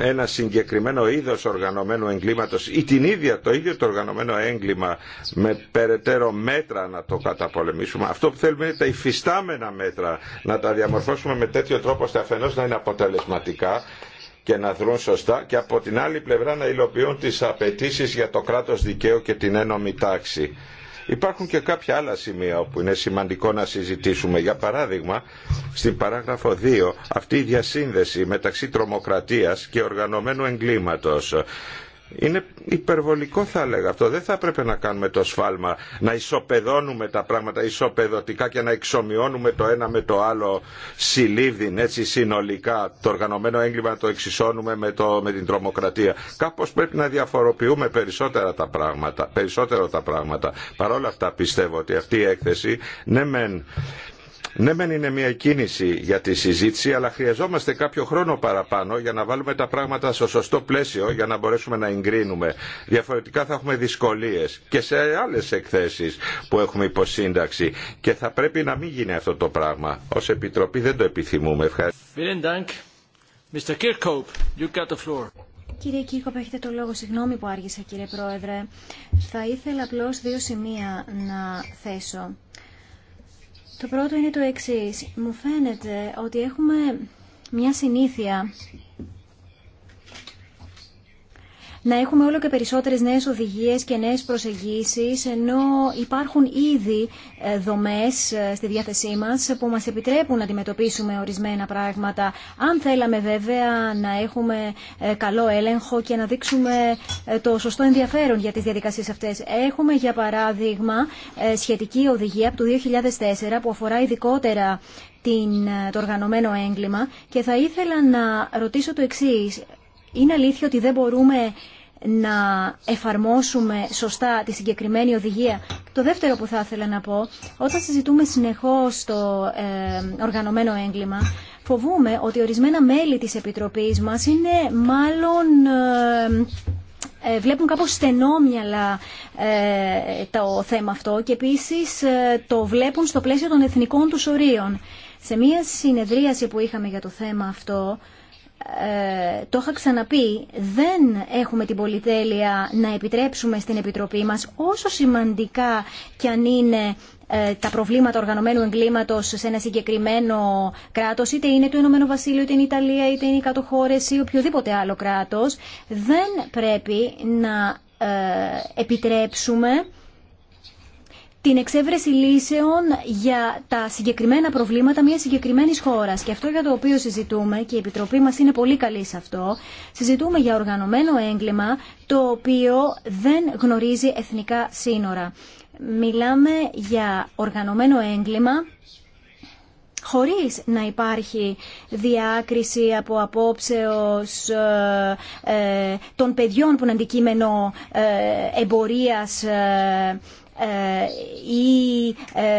ένα συγκεκριμένο είδος οργανωμένου εγκλήματος ή την ίδια, το ίδιο το οργανωμένο έγκλημα με περαιτέρω μέτρα να το καταπολεμήσουμε. Αυτό που θέλουμε είναι τα υφιστάμενα μέτρα να τα διαμορφώσουμε με τέτοιο τρόπο ώστε αφενός να είναι αποτελεσματικά και να δρουν σωστά και από την άλλη πλευρά να υλοποιούν τις απαιτήσει για το κράτος δικαίου και την ένωμη τάξη. Υπάρχουν και κάποια άλλα σημεία όπου είναι σημαντικό να συζητήσουμε. Για παράδειγμα, στην παράγραφο 2, αυτή η διασύνδεση μεταξύ τρομοκρατίας και οργανωμένου εγκλήματος είναι υπερβολικό θα έλεγα αυτό. Δεν θα έπρεπε να κάνουμε το σφάλμα, να ισοπεδώνουμε τα πράγματα ισοπεδωτικά και να εξομοιώνουμε το ένα με το άλλο συλλήβδιν, έτσι συνολικά το οργανωμένο έγκλημα να το εξισώνουμε με, το, με την τρομοκρατία. Κάπως πρέπει να διαφοροποιούμε περισσότερα τα πράγματα, περισσότερο τα πράγματα. Παρ' όλα αυτά πιστεύω ότι αυτή η έκθεση, ναι μεν, ναι, μεν είναι μια κίνηση για τη συζήτηση, αλλά χρειαζόμαστε κάποιο χρόνο παραπάνω για να βάλουμε τα πράγματα στο σωστό πλαίσιο για να μπορέσουμε να εγκρίνουμε. Διαφορετικά θα έχουμε δυσκολίε και σε άλλε εκθέσει που έχουμε υποσύνταξη. Και θα πρέπει να μην γίνει αυτό το πράγμα. Ω Επιτροπή δεν το επιθυμούμε. Ευχαριστώ. Κύριε Κίρκοπ, έχετε το λόγο. Συγγνώμη που άργησα, κύριε Πρόεδρε. Θα ήθελα απλώ δύο σημεία να θέσω. Το πρώτο είναι το εξής. Μου φαίνεται ότι έχουμε μια συνήθεια να έχουμε όλο και περισσότερες νέες οδηγίες και νέες προσεγγίσεις, ενώ υπάρχουν ήδη ε, δομές ε, στη διάθεσή μας που μας επιτρέπουν να αντιμετωπίσουμε ορισμένα πράγματα. Αν θέλαμε βέβαια να έχουμε ε, καλό έλεγχο και να δείξουμε το σωστό ενδιαφέρον για τις διαδικασίες αυτές. Έχουμε για παράδειγμα σχετική οδηγία από το 2004 που αφορά ειδικότερα το οργανωμένο έγκλημα και θα ήθελα να ρωτήσω το εξής. Είναι αλήθεια ότι δεν μπορούμε να εφαρμόσουμε σωστά τη συγκεκριμένη οδηγία. Το δεύτερο που θα ήθελα να πω, όταν συζητούμε συνεχώς το ε, οργανωμένο έγκλημα, φοβούμε ότι ορισμένα μέλη της Επιτροπής μας είναι μάλλον... Ε, ε, βλέπουν κάπως στενόμυαλα το θέμα αυτό και επίσης το βλέπουν στο πλαίσιο των εθνικών τους ορίων. Σε μία συνεδρίαση που είχαμε για το θέμα αυτό, ε, το είχα ξαναπεί, δεν έχουμε την πολυτέλεια να επιτρέψουμε στην Επιτροπή μας όσο σημαντικά κι αν είναι ε, τα προβλήματα οργανωμένου εγκλήματος σε ένα συγκεκριμένο κράτος, είτε είναι το Ηνωμένο Βασίλειο, είτε είναι η Ιταλία, είτε είναι οι κατοχώρες ή οποιοδήποτε άλλο κράτος, δεν πρέπει να ε, επιτρέψουμε την εξέβρεση λύσεων για τα συγκεκριμένα προβλήματα μια συγκεκριμένη χώρα. Και αυτό για το οποίο συζητούμε και η Επιτροπή μα είναι πολύ καλή σε αυτό. Συζητούμε για οργανωμένο έγκλημα το οποίο δεν γνωρίζει εθνικά σύνορα. Μιλάμε για οργανωμένο έγκλημα χωρίς να υπάρχει διάκριση από απόψεως ε, ε, των παιδιών που είναι αντικείμενο ε, εμπορίας ε, ε, ή ε,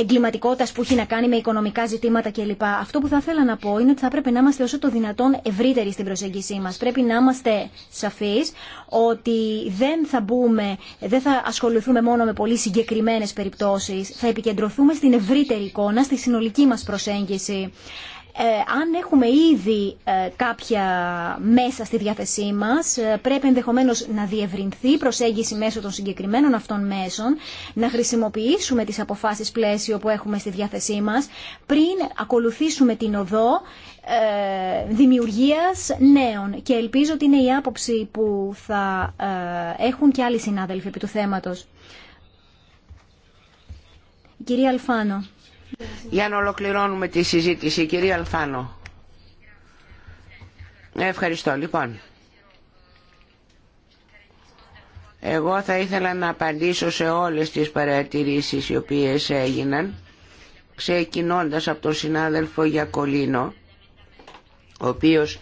εγκληματικότητας που έχει να κάνει με οικονομικά ζητήματα κλπ. Αυτό που θα ήθελα να πω είναι ότι θα πρέπει να είμαστε όσο το δυνατόν ευρύτεροι στην προσέγγιση μας. Πρέπει να είμαστε σαφείς ότι δεν θα μπούμε, δεν θα ασχοληθούμε μόνο με πολύ συγκεκριμένες περιπτώσεις. Θα επικεντρωθούμε στην ευρύτερη εικόνα, στη συνολική μας προσέγγιση. Ε, αν έχουμε ήδη ε, κάποια μέσα στη διάθεσή μας, ε, πρέπει ενδεχομένως να διευρυνθεί η προσέγγιση μέσω των συγκεκριμένων αυτών μέσων, να χρησιμοποιήσουμε τις αποφάσεις πλαίσιο που έχουμε στη διάθεσή μας, πριν ακολουθήσουμε την οδό δημιουργίας νέων. Και ελπίζω ότι είναι η άποψη που θα έχουν και άλλοι συνάδελφοι επί του θέματος. κυρία Αλφάνο για να ολοκληρώνουμε τη συζήτηση. Κυρία Αλφάνο. Ευχαριστώ. Λοιπόν, εγώ θα ήθελα να απαντήσω σε όλες τις παρατηρήσεις οι οποίες έγιναν, ξεκινώντας από τον συνάδελφο Γιακολίνο, ο οποίος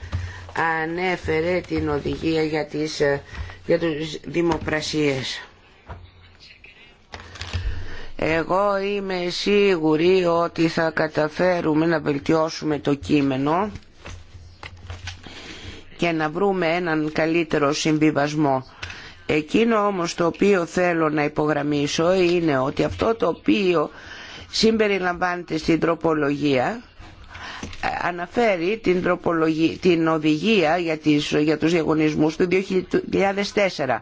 ανέφερε την οδηγία για τις, ε, για τις δημοπρασίες. Εγώ είμαι σίγουρη ότι θα καταφέρουμε να βελτιώσουμε το κείμενο και να βρούμε έναν καλύτερο συμβιβασμό. Εκείνο όμως το οποίο θέλω να υπογραμμίσω είναι ότι αυτό το οποίο συμπεριλαμβάνεται στην τροπολογία ε, αναφέρει την, την οδηγία για, τις, για τους διαγωνισμούς του 2004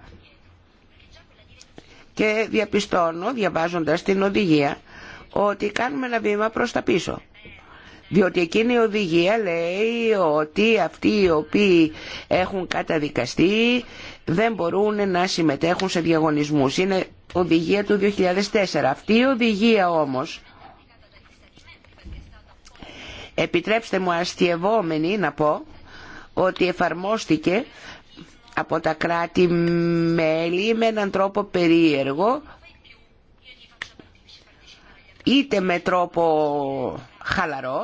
και διαπιστώνω διαβάζοντας την οδηγία ότι κάνουμε ένα βήμα προς τα πίσω. Διότι εκείνη η οδηγία λέει ότι αυτοί οι οποίοι έχουν καταδικαστεί δεν μπορούν να συμμετέχουν σε διαγωνισμούς. Είναι οδηγία του 2004. Αυτή η οδηγία όμως, επιτρέψτε μου αστειευόμενη να πω, ότι εφαρμόστηκε από τα κράτη-μέλη με έναν τρόπο περίεργο είτε με τρόπο χαλαρό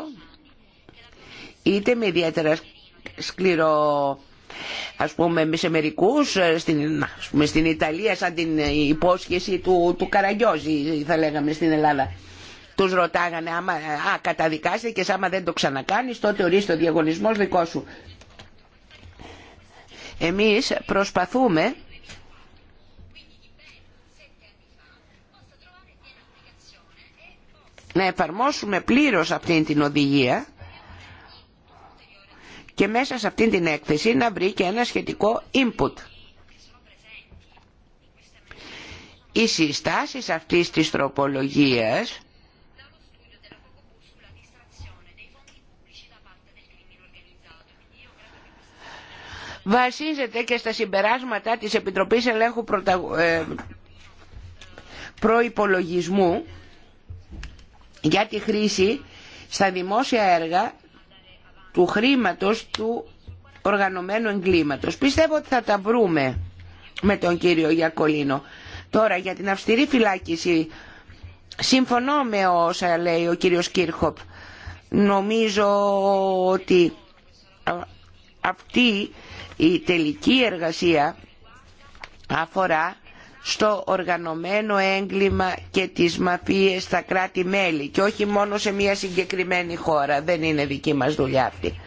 είτε με ιδιαίτερα σκληρό ας πούμε σε μερικούς στην, στην Ιταλία σαν την υπόσχεση του, του Καραγκιόζη θα λέγαμε στην Ελλάδα τους ρωτάγανε άμα, α και άμα δεν το ξανακάνεις τότε ορίστε ο διαγωνισμός δικό σου εμείς προσπαθούμε να εφαρμόσουμε πλήρως αυτήν την οδηγία και μέσα σε αυτήν την έκθεση να βρει και ένα σχετικό input. Οι συστάσεις αυτής της τροπολογίας βασίζεται και στα συμπεράσματα της Επιτροπής Ελέγχου ε, Προϋπολογισμού για τη χρήση στα δημόσια έργα του χρήματος του οργανωμένου εγκλήματος. Πιστεύω ότι θα τα βρούμε με τον κύριο Γιακολίνο. Τώρα για την αυστηρή φυλάκιση συμφωνώ με όσα λέει ο κύριος Κίρχοπ. Νομίζω ότι ε, αυτή η τελική εργασία αφορά στο οργανωμένο έγκλημα και τις μαφίες στα κράτη-μέλη και όχι μόνο σε μια συγκεκριμένη χώρα. Δεν είναι δική μας δουλειά αυτή.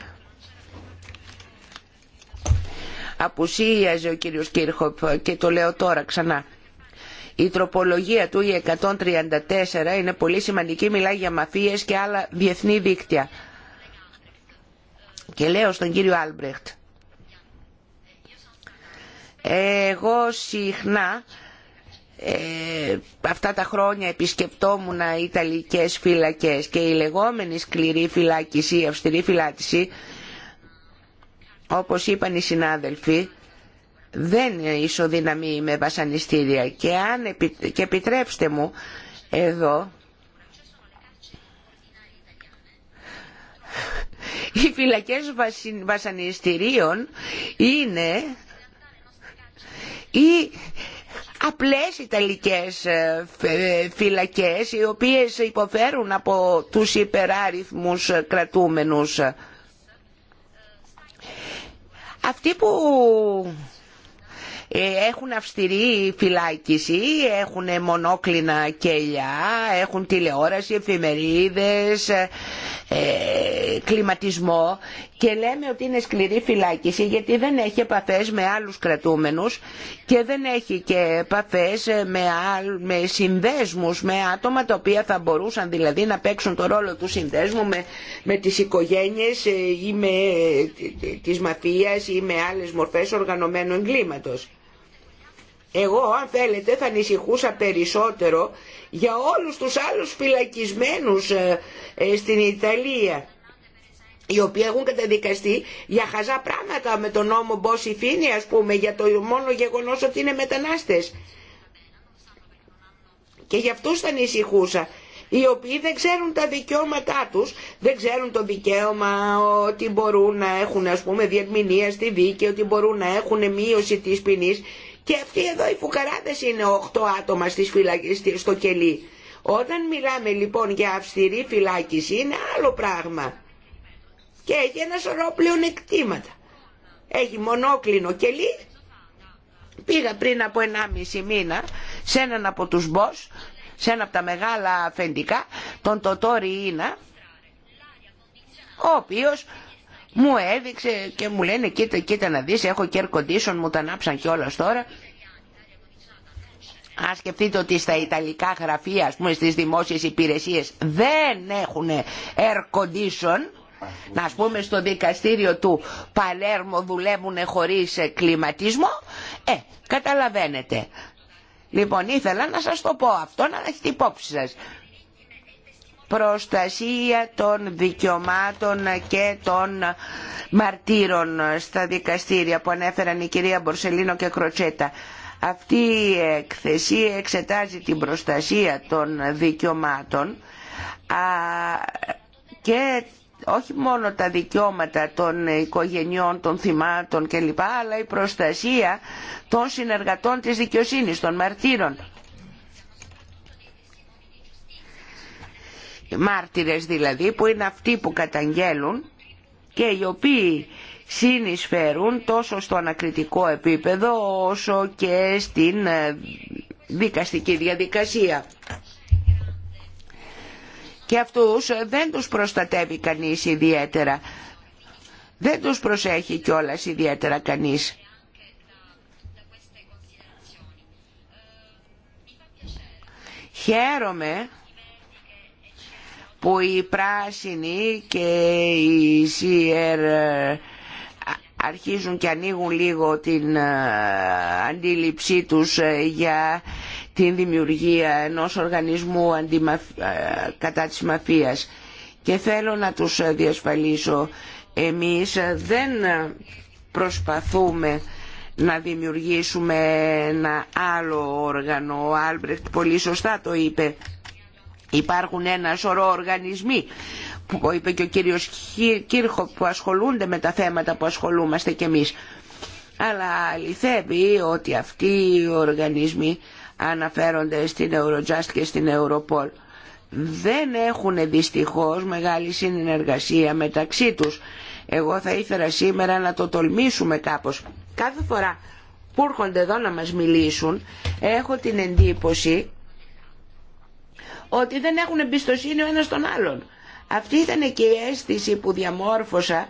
Απουσίαζε ο κύριος Κύρχοπ και το λέω τώρα ξανά. Η τροπολογία του, η 134, είναι πολύ σημαντική, μιλάει για μαφίες και άλλα διεθνή δίκτυα. Και λέω στον κύριο Άλμπρεχτ, εγώ συχνά ε, αυτά τα χρόνια επισκεπτόμουν Ιταλικές φυλακές και η λεγόμενη σκληρή φυλάκιση, η αυστηρή φυλάκιση, όπως είπαν οι συνάδελφοι, δεν ισοδυναμεί με βασανιστήρια και, αν, και επιτρέψτε μου εδώ οι φυλακές βασανιστήριων είναι ή απλές Ιταλικές ε, ε, φυλακές οι οποίες υποφέρουν από τους υπεράριθμους κρατούμενους. Αυτοί που ε, έχουν αυστηρή φυλάκιση, έχουν μονόκλινα κελιά, έχουν τηλεόραση, εφημερίδες, ε, κλιματισμό και λέμε ότι είναι σκληρή φυλάκιση γιατί δεν έχει επαφές με άλλους κρατούμενους και δεν έχει και επαφές ε, με, με συνδέσμους, με άτομα τα οποία θα μπορούσαν δηλαδή να παίξουν το ρόλο του συνδέσμου με, με τις οικογένειες ε, ή με τις μαφίας ή με άλλες μορφές οργανωμένου εγκλήματος. Εγώ αν θέλετε θα ανησυχούσα περισσότερο για όλους τους άλλους φυλακισμένους ε, ε, στην Ιταλία οι οποίοι έχουν καταδικαστεί για χαζά πράγματα με τον νόμο Μπόση Φίνη ας πούμε για το μόνο γεγονός ότι είναι μετανάστες. Και για αυτούς θα ανησυχούσα οι οποίοι δεν ξέρουν τα δικαιώματά τους, δεν ξέρουν το δικαίωμα ότι μπορούν να έχουν ας πούμε διερμηνία στη δίκη, ότι μπορούν να έχουν μείωση της ποινής και αυτοί εδώ οι φουκαράδες είναι 8 άτομα στις φυλακές, στο κελί. Όταν μιλάμε λοιπόν για αυστηρή φυλάκιση είναι άλλο πράγμα. Και έχει ένα σωρό εκτήματα. Έχει μονόκλινο κελί. Πήγα πριν από 1,5 μήνα σε έναν από τους μπος, σε ένα από τα μεγάλα αφεντικά, τον Τωτόρι Ίνα, ο οποίος μου έδειξε και μου λένε κοίτα, κοίτα να δεις έχω και air condition μου τα ανάψαν κιόλα τώρα αν σκεφτείτε ότι στα Ιταλικά γραφεία, α πούμε, στις δημόσιες υπηρεσίες δεν έχουν air condition, να πούμε στο δικαστήριο του Παλέρμο δουλεύουν χωρίς κλιματισμό, ε, καταλαβαίνετε. Λοιπόν, ήθελα να σας το πω αυτό, να έχετε υπόψη σας προστασία των δικαιωμάτων και των μαρτύρων στα δικαστήρια που ανέφεραν η κυρία Μπορσελίνο και Κροτσέτα. Αυτή η εκθεσή εξετάζει την προστασία των δικαιωμάτων και όχι μόνο τα δικαιώματα των οικογενειών, των θυμάτων κλπ. αλλά η προστασία των συνεργατών της δικαιοσύνης, των μαρτύρων. μάρτυρες δηλαδή που είναι αυτοί που καταγγέλουν και οι οποίοι συνεισφέρουν τόσο στο ανακριτικό επίπεδο όσο και στην ε, δικαστική διαδικασία. Και αυτούς δεν τους προστατεύει κανείς ιδιαίτερα. Δεν τους προσέχει κιόλας ιδιαίτερα κανείς. Χαίρομαι που οι πράσινοι και οι ΣΥΕΡ ε, αρχίζουν και ανοίγουν λίγο την ε, αντίληψή τους ε, για την δημιουργία ενός οργανισμού κατά της μαφίας. Και θέλω να τους διασφαλίσω, εμείς δεν προσπαθούμε να δημιουργήσουμε ένα άλλο όργανο. Ο Άλμπρεχτ πολύ σωστά το είπε Υπάρχουν ένα σωρό οργανισμοί, που είπε και ο κύριος Κύρχο, που ασχολούνται με τα θέματα που ασχολούμαστε κι εμείς. Αλλά αληθεύει ότι αυτοί οι οργανισμοί αναφέρονται στην Eurojust και στην Europol. Δεν έχουν δυστυχώς μεγάλη συνεργασία μεταξύ τους. Εγώ θα ήθελα σήμερα να το τολμήσουμε κάπως. Κάθε φορά που έρχονται εδώ να μας μιλήσουν, έχω την εντύπωση ότι δεν έχουν εμπιστοσύνη ο ένας τον άλλον. Αυτή ήταν και η αίσθηση που διαμόρφωσα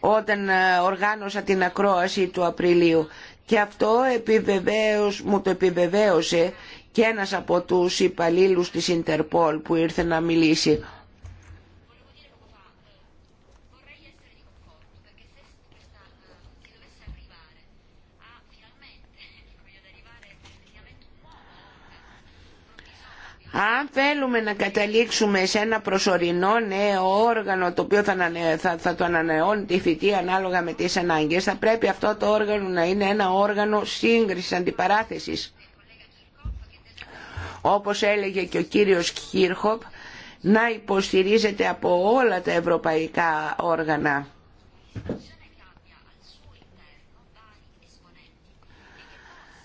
όταν ε, οργάνωσα την ακρόαση του Απριλίου και αυτό επιβεβαίως, μου το επιβεβαίωσε και ένας από τους υπαλλήλους της Ιντερπόλ που ήρθε να μιλήσει αν θέλουμε να καταλήξουμε σε ένα προσωρινό νέο όργανο το οποίο θα, θα, θα το ανανεώνει τη φοιτή ανάλογα με τις ανάγκες θα πρέπει αυτό το όργανο να είναι ένα όργανο σύγκρισης αντιπαράθεσης όπως έλεγε και ο κύριος Κίρχοπ να υποστηρίζεται από όλα τα ευρωπαϊκά όργανα.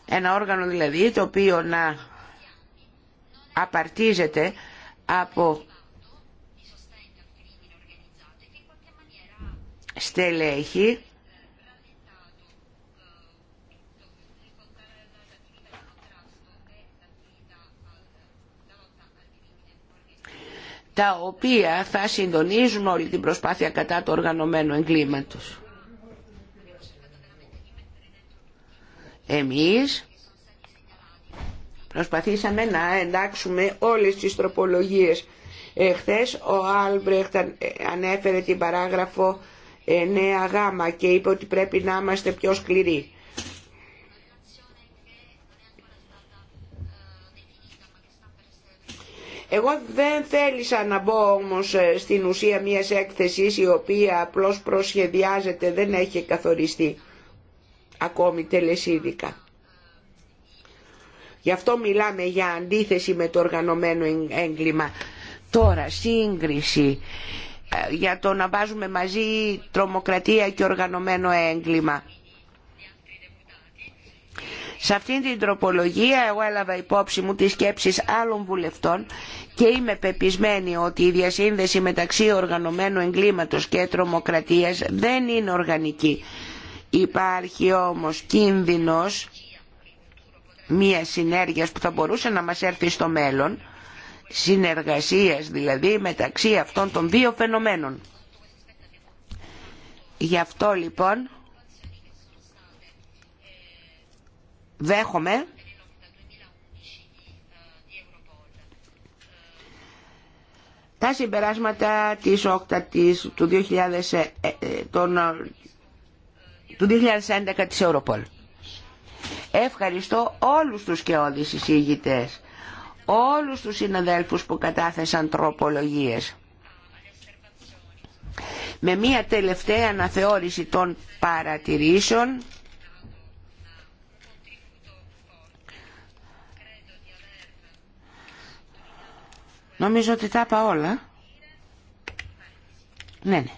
Ένα όργανο δηλαδή το οποίο να απαρτίζεται από στελέχη τα οποία θα συντονίζουν όλη την προσπάθεια κατά του οργανωμένο εγκλήματος. Εμείς Προσπαθήσαμε να εντάξουμε όλες τις τροπολογίες. Ε, χθες ο Άλμπρεχτ ε, ανέφερε την παράγραφο 9 ε, γάμα και είπε ότι πρέπει να είμαστε πιο σκληροί. Εγώ δεν θέλησα να μπω όμως στην ουσία μιας έκθεσης η οποία απλώς προσχεδιάζεται, δεν έχει καθοριστεί ακόμη τελεσίδικα. Γι' αυτό μιλάμε για αντίθεση με το οργανωμένο έγκλημα. Τώρα, σύγκριση ε, για το να βάζουμε μαζί τρομοκρατία και οργανωμένο έγκλημα. Σε αυτήν την τροπολογία εγώ έλαβα υπόψη μου τις σκέψεις άλλων βουλευτών και είμαι πεπισμένη ότι η διασύνδεση μεταξύ οργανωμένου εγκλήματος και τρομοκρατίας δεν είναι οργανική. Υπάρχει όμως κίνδυνος μία συνέργεια που θα μπορούσε να μας έρθει στο μέλλον, συνεργασίας δηλαδή μεταξύ αυτών των δύο φαινομένων. Γι' αυτό λοιπόν δέχομαι τα συμπεράσματα της ΟΚΤΑ του, ε, ε, του 2011 της Europol. Ευχαριστώ όλους τους και όλες όλους τους συναδέλφους που κατάθεσαν τροπολογίες. Με μία τελευταία αναθεώρηση των παρατηρήσεων, Νομίζω ότι τα είπα όλα. Ναι, ναι.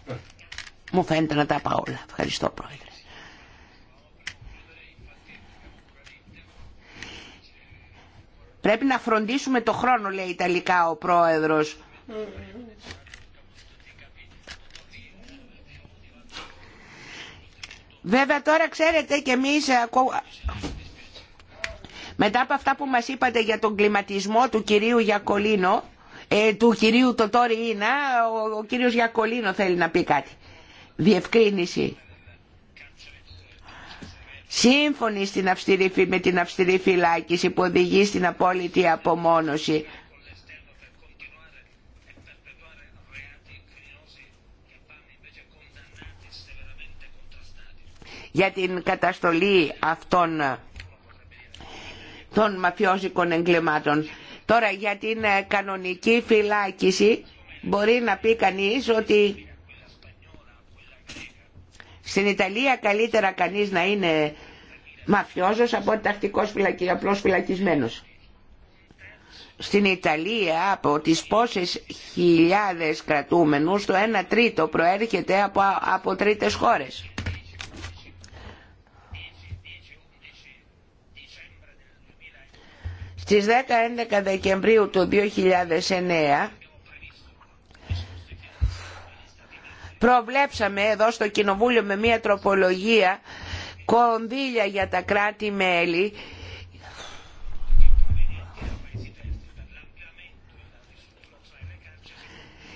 Μου φαίνεται να τα είπα όλα. Ευχαριστώ, Πρόεδρε. Πρέπει να φροντίσουμε το χρόνο, λέει ιταλικά ο πρόεδρος. Βέβαια τώρα ξέρετε και εμείς ε, μετά από αυτά που μας είπατε για τον κλιματισμό του κυρίου Γιακολίνο, ε, του κυρίου Τωτόρι Ίνα, ο, ο κύριος Γιακολίνο θέλει να πει κάτι. Διευκρίνηση σύμφωνοι στην αυστηρή, με την αυστηρή φυλάκιση που οδηγεί στην απόλυτη απομόνωση. για την καταστολή αυτών των μαφιόζικων εγκλημάτων. Τώρα για την ε, κανονική φυλάκιση μπορεί να πει κανείς ότι στην Ιταλία καλύτερα κανείς να είναι μαφιόζος από ότι φυλακή, απλώς φυλακισμένος. Στην Ιταλία από τις πόσες χιλιάδες κρατούμενους το 1 τρίτο προέρχεται από, από τρίτες χώρες. Στις 10-11 Δεκεμβρίου του 2009 προβλέψαμε εδώ στο Κοινοβούλιο με μια τροπολογία κονδύλια για τα κράτη-μέλη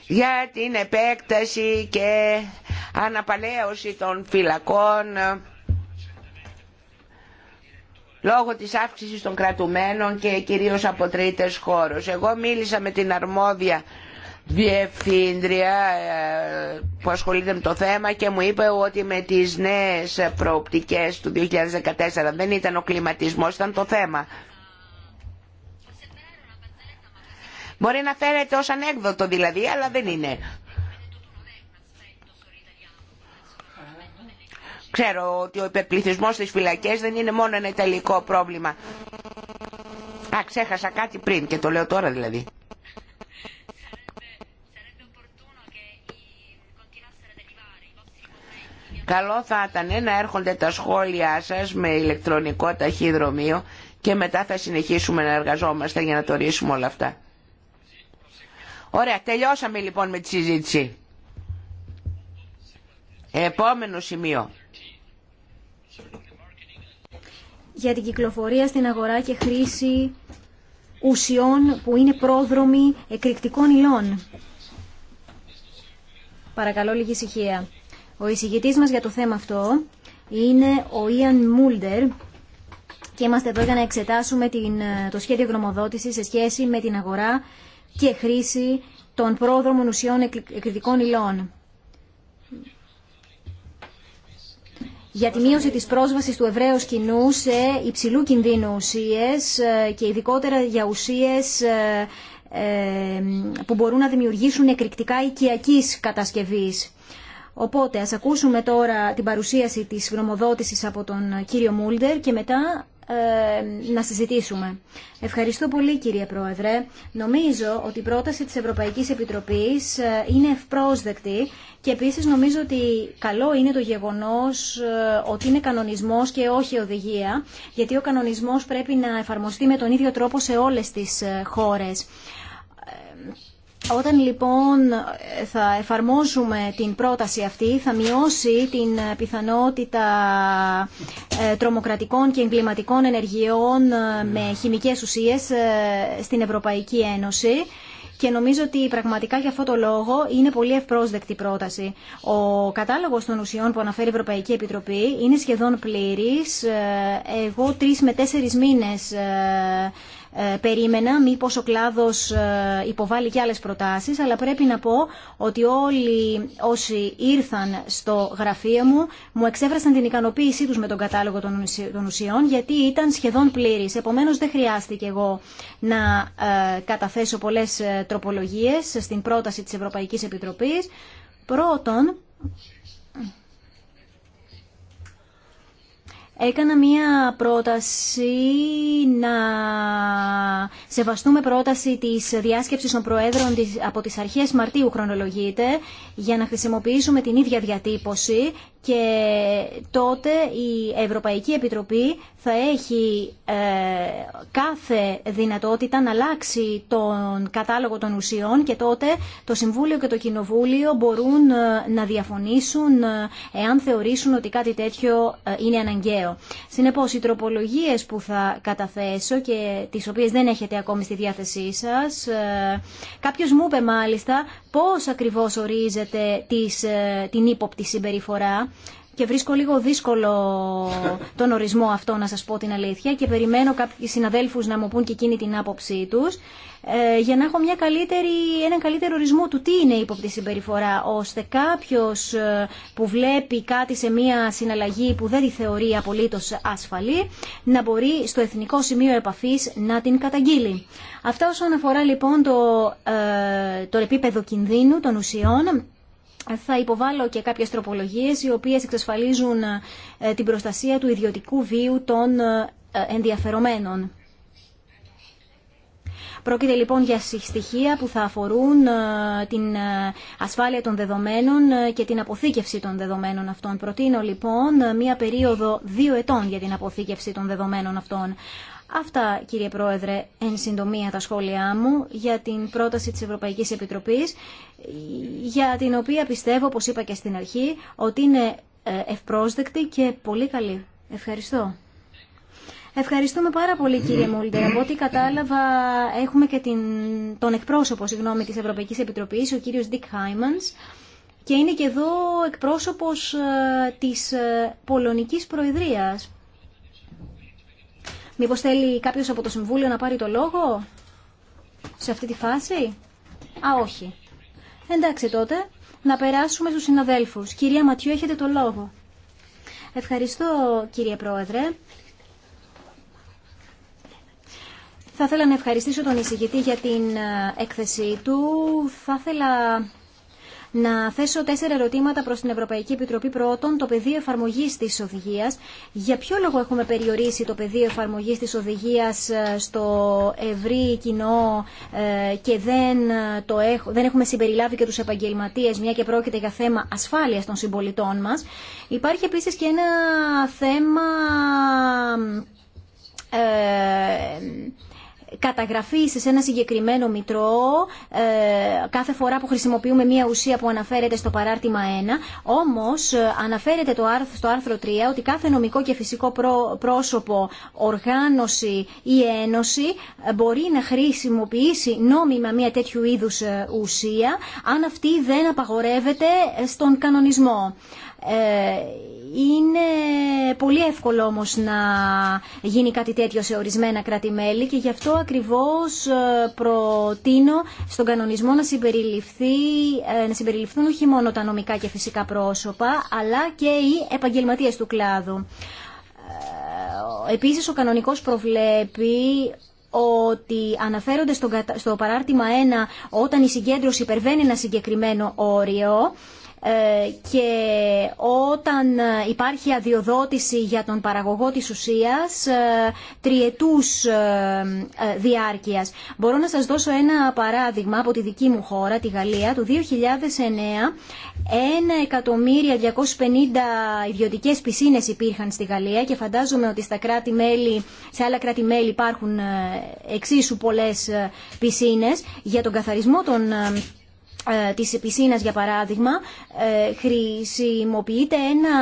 για την επέκταση και αναπαλαίωση των φυλακών λόγω της αύξησης των κρατουμένων και κυρίως από τρίτες χώρες. Εγώ μίλησα με την αρμόδια διευθύντρια ε, που ασχολείται με το θέμα και μου είπε ότι με τις νέες προοπτικές του 2014 δεν ήταν ο κλιματισμός, ήταν το θέμα. Μπορεί να φέρεται ως ανέκδοτο δηλαδή, αλλά δεν είναι. Ξέρω ότι ο υπερπληθυσμός στις φυλακές δεν είναι μόνο ένα ιταλικό πρόβλημα. Α, ξέχασα κάτι πριν και το λέω τώρα δηλαδή. Καλό θα ήταν να έρχονται τα σχόλιά σας με ηλεκτρονικό ταχυδρομείο και μετά θα συνεχίσουμε να εργαζόμαστε για να το ρίσουμε όλα αυτά. Ωραία, τελειώσαμε λοιπόν με τη συζήτηση. Επόμενο σημείο. Για την κυκλοφορία στην αγορά και χρήση ουσιών που είναι πρόδρομοι εκρηκτικών υλών. Παρακαλώ λίγη ησυχία. Ο εισηγητής μας για το θέμα αυτό είναι ο Ιαν Μούλτερ και είμαστε εδώ για να εξετάσουμε την, ε, το σχέδιο γνωμοδότησης σε σχέση με την αγορά και χρήση των πρόδρομων ουσιών εκρητικών υλών. για τη μείωση της πρόσβασης του Εβραίου κοινού σε υψηλού κινδύνου ουσίες ε, και ειδικότερα για ουσίες ε, που μπορούν να δημιουργήσουν εκρηκτικά οικιακής κατασκευής. Οπότε ας ακούσουμε τώρα την παρουσίαση της γνωμοδότησης από τον κύριο Μούλτερ και μετά ε, να συζητήσουμε. Ευχαριστώ πολύ κύριε Πρόεδρε. Νομίζω ότι η πρόταση της Ευρωπαϊκής Επιτροπής ε, είναι ευπρόσδεκτη και επίσης νομίζω ότι καλό είναι το γεγονός ε, ότι είναι κανονισμός και όχι οδηγία, γιατί ο κανονισμός πρέπει να εφαρμοστεί με τον ίδιο τρόπο σε όλες τις χώρες. Όταν λοιπόν ε, θα εφαρμόσουμε την πρόταση αυτή θα μειώσει την ε, πιθανότητα ε, τρομοκρατικών και εγκληματικών ενεργειών με χημικές ουσίες στην Ευρωπαϊκή Ένωση και νομίζω ότι πραγματικά για αυτό το λόγο είναι πολύ ευπρόσδεκτη πρόταση. Ο κατάλογος των ουσιών που αναφέρει η Ευρωπαϊκή Επιτροπή είναι σχεδόν πλήρη. Εγώ τρει με τέσσερι μήνε ε, περίμενα μήπως ο κλάδος ε, υποβάλει και άλλες προτάσεις, αλλά πρέπει να πω ότι όλοι όσοι ήρθαν στο γραφείο μου μου εξέφρασαν την ικανοποίησή τους με τον κατάλογο των ουσιών, γιατί ήταν σχεδόν πλήρης. Επομένως δεν χρειάστηκε εγώ να ε, καταθέσω πολλές τροπολογίες στην πρόταση της Ευρωπαϊκής Επιτροπής. Πρώτον, έκανα μία πρόταση να σεβαστούμε πρόταση της διάσκεψης των Προέδρων από τις αρχές Μαρτίου χρονολογείται για να χρησιμοποιήσουμε την ίδια διατύπωση και τότε η Ευρωπαϊκή Επιτροπή θα έχει ε, κάθε δυνατότητα να αλλάξει τον κατάλογο των ουσιών και τότε το Συμβούλιο και το Κοινοβούλιο μπορούν ε, να διαφωνήσουν ε, εάν θεωρήσουν ότι κάτι τέτοιο είναι αναγκαίο. Συνεπώς, οι τροπολογίες που θα καταθέσω και τις οποίες δεν έχετε ακόμη στη διάθεσή σας, κάποιος μου είπε μάλιστα πώς ακριβώς ορίζεται ε, την ύποπτη συμπεριφορά και βρίσκω λίγο δύσκολο τον ορισμό αυτό να σας πω την αλήθεια και περιμένω κάποιοι συναδέλφους να μου πούν και εκείνη την άποψή τους ε, για να έχω μια καλύτερη, έναν καλύτερο ορισμό του τι είναι ύποπτη συμπεριφορά ώστε κάποιος ε, που βλέπει κάτι σε μια συναλλαγή που δεν τη θεωρεί απολύτως ασφαλή να μπορεί στο εθνικό σημείο επαφής να την καταγγείλει. Αυτά όσον αφορά λοιπόν το, ε, το επίπεδο κινδύνου των ουσιών θα υποβάλω και κάποιες τροπολογίες οι οποίες εξασφαλίζουν ε, την προστασία του ιδιωτικού βίου των ε, ενδιαφερομένων. Πρόκειται λοιπόν για στοιχεία που θα αφορούν ε, την ασφάλεια των δεδομένων και την αποθήκευση των δεδομένων αυτών. Προτείνω λοιπόν μία περίοδο δύο ετών για την αποθήκευση των δεδομένων αυτών. Αυτά, κύριε Πρόεδρε, εν συντομία τα σχόλιά μου για την πρόταση της Ευρωπαϊκής Επιτροπής, για την οποία πιστεύω, όπως είπα και στην αρχή, ότι είναι ε, ευπρόσδεκτη και πολύ καλή. Ευχαριστώ. Ευχαριστούμε πάρα πολύ κύριε Μόλντερ. Από ό,τι κατάλαβα έχουμε και την, τον εκπρόσωπο συγγνώμη, της Ευρωπαϊκής Επιτροπής, ο κύριος Ντίκ Χάιμανς και είναι και εδώ εκπρόσωπος ε, της ε, Πολωνικής Προεδρίας. Μήπω θέλει κάποιο από το Συμβούλιο να πάρει το λόγο σε αυτή τη φάση. Α, όχι. Εντάξει τότε, να περάσουμε στους συναδέλφους. Κυρία Ματιού, έχετε το λόγο. Ευχαριστώ, κύριε Πρόεδρε. Θα ήθελα να ευχαριστήσω τον εισηγητή για την ε, έκθεσή του. Θα ήθελα να θέσω τέσσερα ερωτήματα προς την Ευρωπαϊκή Επιτροπή. Πρώτον, το πεδίο εφαρμογής της οδηγίας. Για ποιο λόγο έχουμε περιορίσει το πεδίο εφαρμογής της οδηγίας ε, στο ευρύ κοινό ε, και δεν, ε, το δεν έχουμε συμπεριλάβει και τους επαγγελματίες, μια και πρόκειται για θέμα ασφάλειας των συμπολιτών μας. Υπάρχει επίσης και ένα θέμα... Ε, καταγραφή σε ένα συγκεκριμένο μητρό ε, κάθε φορά που χρησιμοποιούμε μία ουσία που αναφέρεται στο παράρτημα 1. Όμως ε, αναφέρεται το άρθρο, στο άρθρο 3 ότι κάθε νομικό και φυσικό πρόσωπο, οργάνωση ή ένωση ε, μπορεί να χρησιμοποιήσει νόμιμα μία τέτοιου είδους ουσία αν αυτή δεν απαγορεύεται στον κανονισμό. Είναι πολύ εύκολο όμως να γίνει κάτι τέτοιο σε ορισμένα κράτη-μέλη και γι' αυτό ακριβώς ε, προτείνω στον κανονισμό να, συμπεριληφθεί, ε, να συμπεριληφθούν όχι μόνο τα νομικά και φυσικά πρόσωπα αλλά και οι επαγγελματίες του κλάδου. Ε, επίσης ο κανονικός προβλέπει ότι αναφέρονται στο παράρτημα 1 όταν η συγκέντρωση υπερβαίνει ένα συγκεκριμένο όριο ε, και όταν υπάρχει αδειοδότηση για τον παραγωγό της ουσίας ε, τριετούς ε, διάρκειας. Μπορώ να σας δώσω ένα παράδειγμα από τη δική μου χώρα, τη Γαλλία, το 2009 1.250.000 ιδιωτικές πισίνες υπήρχαν στη Γαλλία και φαντάζομαι ότι στα κράτη -μέλη, σε άλλα κράτη-μέλη υπάρχουν εξίσου πολλές πισίνες για τον καθαρισμό των ε, της πισίνας για παράδειγμα ε, χρησιμοποιείται ένα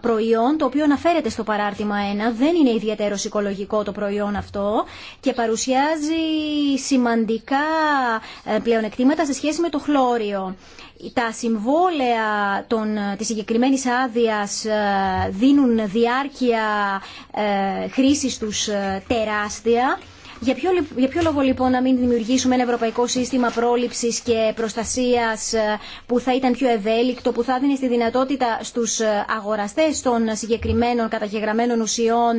προϊόν το οποίο αναφέρεται στο παράρτημα 1 δεν είναι ιδιαίτερο οικολογικό το προϊόν αυτό και παρουσιάζει σημαντικά ε, πλεονεκτήματα σε σχέση με το χλώριο τα συμβόλαια των, της συγκεκριμένη άδεια δίνουν διάρκεια χρήσης τους τεράστια για ποιο, για ποιο λόγο λοιπόν να μην δημιουργήσουμε ένα ευρωπαϊκό σύστημα πρόληψη και προστασία ε, που θα ήταν πιο ευέλικτο, που θα δίνει στη δυνατότητα στου ε, αγοραστέ των συγκεκριμένων καταγεγραμμένων ουσιών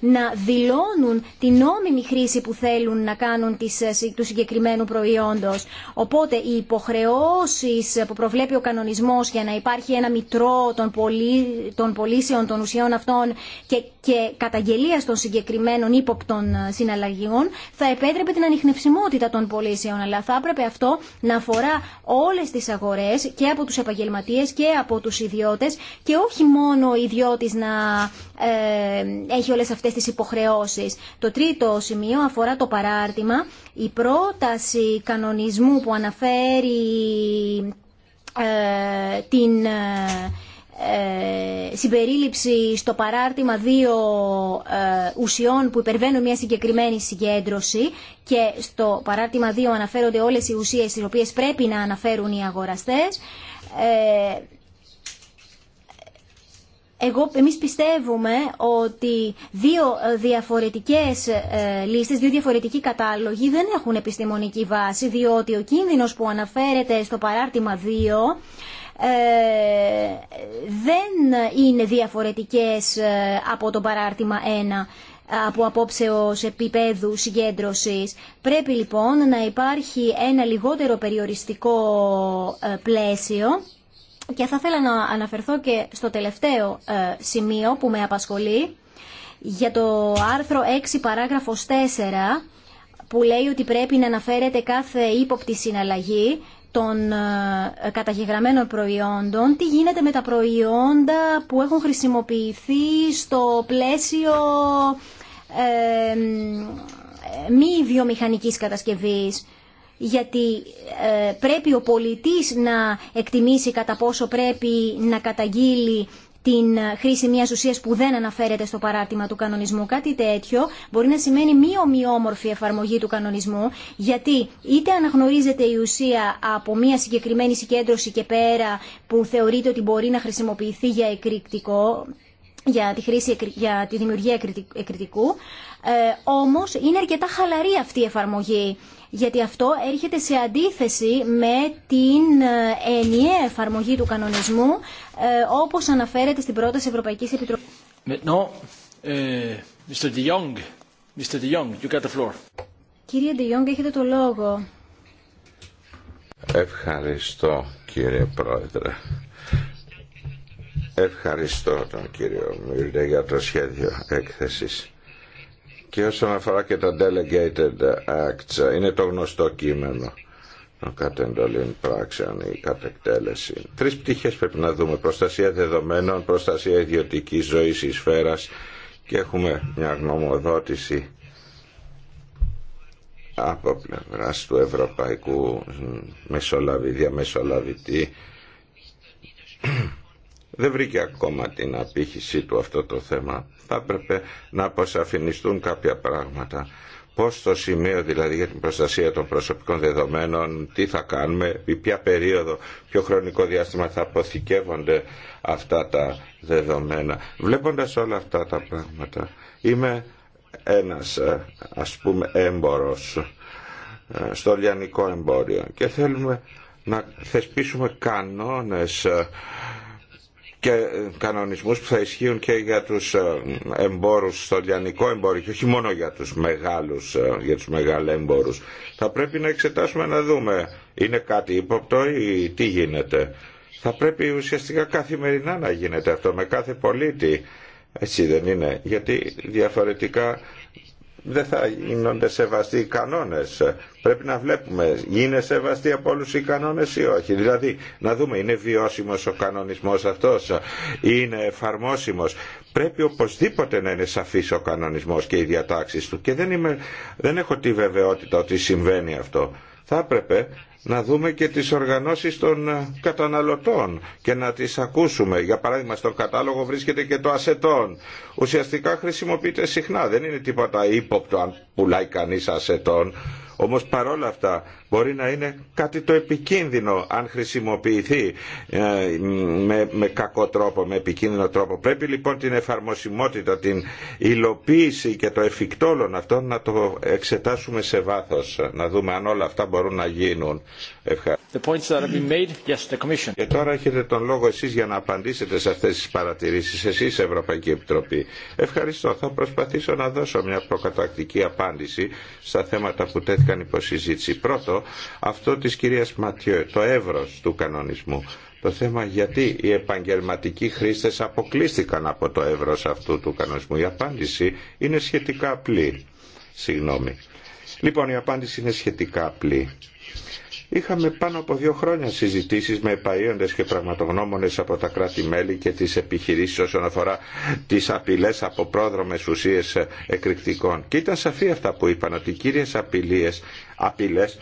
να δηλώνουν την νόμιμη χρήση που θέλουν να κάνουν ε, του συγκεκριμένου προϊόντος. Οπότε οι υποχρεώσει που προβλέπει ο κανονισμό για να υπάρχει ένα μητρό των, πολι... των πωλήσεων των ουσιών αυτών και, και καταγγελία των συγκεκριμένων ύποπτων συναλλαγιών Λοιπόν θα επέτρεπε την ανιχνευσιμότητα των πωλήσεων, αλλά θα έπρεπε αυτό να αφορά όλες τις αγορές και από τους επαγγελματίες και από τους ιδιώτες και όχι μόνο ο ιδιώτης να ε, έχει όλες αυτές τις υποχρεώσεις. Το τρίτο σημείο αφορά το παράρτημα. Η πρόταση κανονισμού που αναφέρει ε, την... Ε, ε, συμπερίληψη στο παράρτημα δύο ε, ουσιών που υπερβαίνουν μια συγκεκριμένη συγκέντρωση και στο παράρτημα 2 αναφέρονται όλες οι ουσίες τις οποίες πρέπει να αναφέρουν οι αγοραστές. Ε, εγώ, εμείς πιστεύουμε ότι δύο διαφορετικές λίστες, δύο διαφορετικοί κατάλογοι δεν έχουν επιστημονική βάση, διότι ο κίνδυνος που αναφέρεται στο παράρτημα 2 ε, δεν είναι διαφορετικές ε, από το παράρτημα 1 από απόψεως επίπεδου συγκέντρωσης. Πρέπει λοιπόν να υπάρχει ένα λιγότερο περιοριστικό ε, πλαίσιο και θα ήθελα να αναφερθώ και στο τελευταίο σημείο που με απασχολεί για το άρθρο 6 παράγραφος 4 που λέει ότι πρέπει να αναφέρεται κάθε ύποπτη συναλλαγή των ε, καταγεγραμμένων προϊόντων, τι γίνεται με τα προϊόντα που έχουν χρησιμοποιηθεί στο πλαίσιο ε, μη βιομηχανικής κατασκευής γιατί ε, πρέπει ο πολιτής να εκτιμήσει κατά πόσο πρέπει να καταγγείλει την ε, χρήση μιας ουσία που δεν αναφέρεται στο παράρτημα του κανονισμού. Κάτι τέτοιο μπορεί να σημαίνει μη ομοιόμορφη εφαρμογή του κανονισμού, γιατί είτε αναγνωρίζεται η ουσία από μια συγκεκριμένη συγκέντρωση και πέρα που θεωρείται ότι μπορεί να χρησιμοποιηθεί για εκρηκτικό, για τη, χρήση, για τη δημιουργία εκρητικού, ε, όμως είναι αρκετά χαλαρή αυτή η εφαρμογή γιατί αυτό έρχεται σε αντίθεση με την ε, ενιαία εφαρμογή του κανονισμού ε, όπως αναφέρεται στην πρόταση Ευρωπαϊκής Επιτροπής. Κύριε De έχετε το λόγο. Ευχαριστώ κύριε Πρόεδρε. Ευχαριστώ τον κύριο Μιλντε για το σχέδιο έκθεσης. Και όσον αφορά και τα delegated acts, είναι το γνωστό κείμενο κατ' κατεντολήν πράξεων ή κατεκτέλεση. Τρεις πτυχές πρέπει να δούμε. Προστασία δεδομένων, προστασία ιδιωτικής ζωής ή σφαίρας και έχουμε μια γνωμοδότηση από πλευρά του Ευρωπαϊκού Μεσολαβητή, Διαμεσολαβητή δεν βρήκε ακόμα την απήχησή του αυτό το θέμα. Θα έπρεπε να αποσαφινιστούν κάποια πράγματα. Πώς το σημείο δηλαδή για την προστασία των προσωπικών δεδομένων, τι θα κάνουμε, ποια περίοδο, ποιο χρονικό διάστημα θα αποθηκεύονται αυτά τα δεδομένα. Βλέποντας όλα αυτά τα πράγματα, είμαι ένας ας πούμε έμπορος ε, στο λιανικό εμπόριο και θέλουμε να θεσπίσουμε κανόνες ε, και ε, κανονισμούς που θα ισχύουν και για τους ε, εμπόρους στο λιανικό εμπόριο και όχι μόνο για τους μεγάλους, ε, για τους εμπόρους Θα πρέπει να εξετάσουμε να δούμε είναι κάτι ύποπτο ή τι γίνεται. Θα πρέπει ουσιαστικά καθημερινά να γίνεται αυτό με κάθε πολίτη. Έτσι δεν είναι. Γιατί διαφορετικά δεν θα γίνονται σεβαστοί οι κανόνες. Πρέπει να βλέπουμε, είναι σεβαστοί από όλου οι κανόνες ή όχι. Δηλαδή, να δούμε, είναι βιώσιμος ο κανονισμός αυτός, είναι εφαρμόσιμος. Πρέπει οπωσδήποτε να είναι σαφής ο κανονισμός και οι διατάξεις του. Και δεν, είμαι, δεν έχω τη βεβαιότητα ότι συμβαίνει αυτό θα έπρεπε να δούμε και τις οργανώσεις των ε, καταναλωτών και να τις ακούσουμε. Για παράδειγμα, στον κατάλογο βρίσκεται και το ασετόν. Ουσιαστικά χρησιμοποιείται συχνά, δεν είναι τίποτα ύποπτο αν πουλάει κανείς ασετόν. Όμως παρόλα αυτά μπορεί να είναι κάτι το επικίνδυνο αν χρησιμοποιηθεί ε, με, με κακό τρόπο, με επικίνδυνο τρόπο. Πρέπει λοιπόν την εφαρμοσιμότητα, την υλοποίηση και το εφικτόλων αυτών να το εξετάσουμε σε βάθος, να δούμε αν όλα αυτά μπορούν να γίνουν και τώρα έχετε τον λόγο εσείς για να απαντήσετε σε αυτές τις παρατηρήσεις, εσείς Ευρωπαϊκή Επιτροπή. Ευχαριστώ. Θα προσπαθήσω να δώσω μια προκατακτική απάντηση στα θέματα που τέθηκαν υπό συζήτηση. Πρώτο, αυτό της κυρίας Ματίω, το εύρος του κανονισμού. Το θέμα γιατί οι επαγγελματικοί χρήστες αποκλείστηκαν από το εύρος αυτού του κανονισμού. Η απάντηση είναι σχετικά απλή. Συγγνώμη. Λοιπόν, η απάντηση είναι σχετικά απλή. Είχαμε πάνω από δύο χρόνια συζητήσεις με επαΐοντες και πραγματογνώμονες από τα κράτη-μέλη και τις επιχειρήσεις όσον αφορά τις απειλές από πρόδρομες ουσίες εκρηκτικών. Και ήταν σαφή αυτά που είπαν ότι οι κύριες απειλίες, απειλές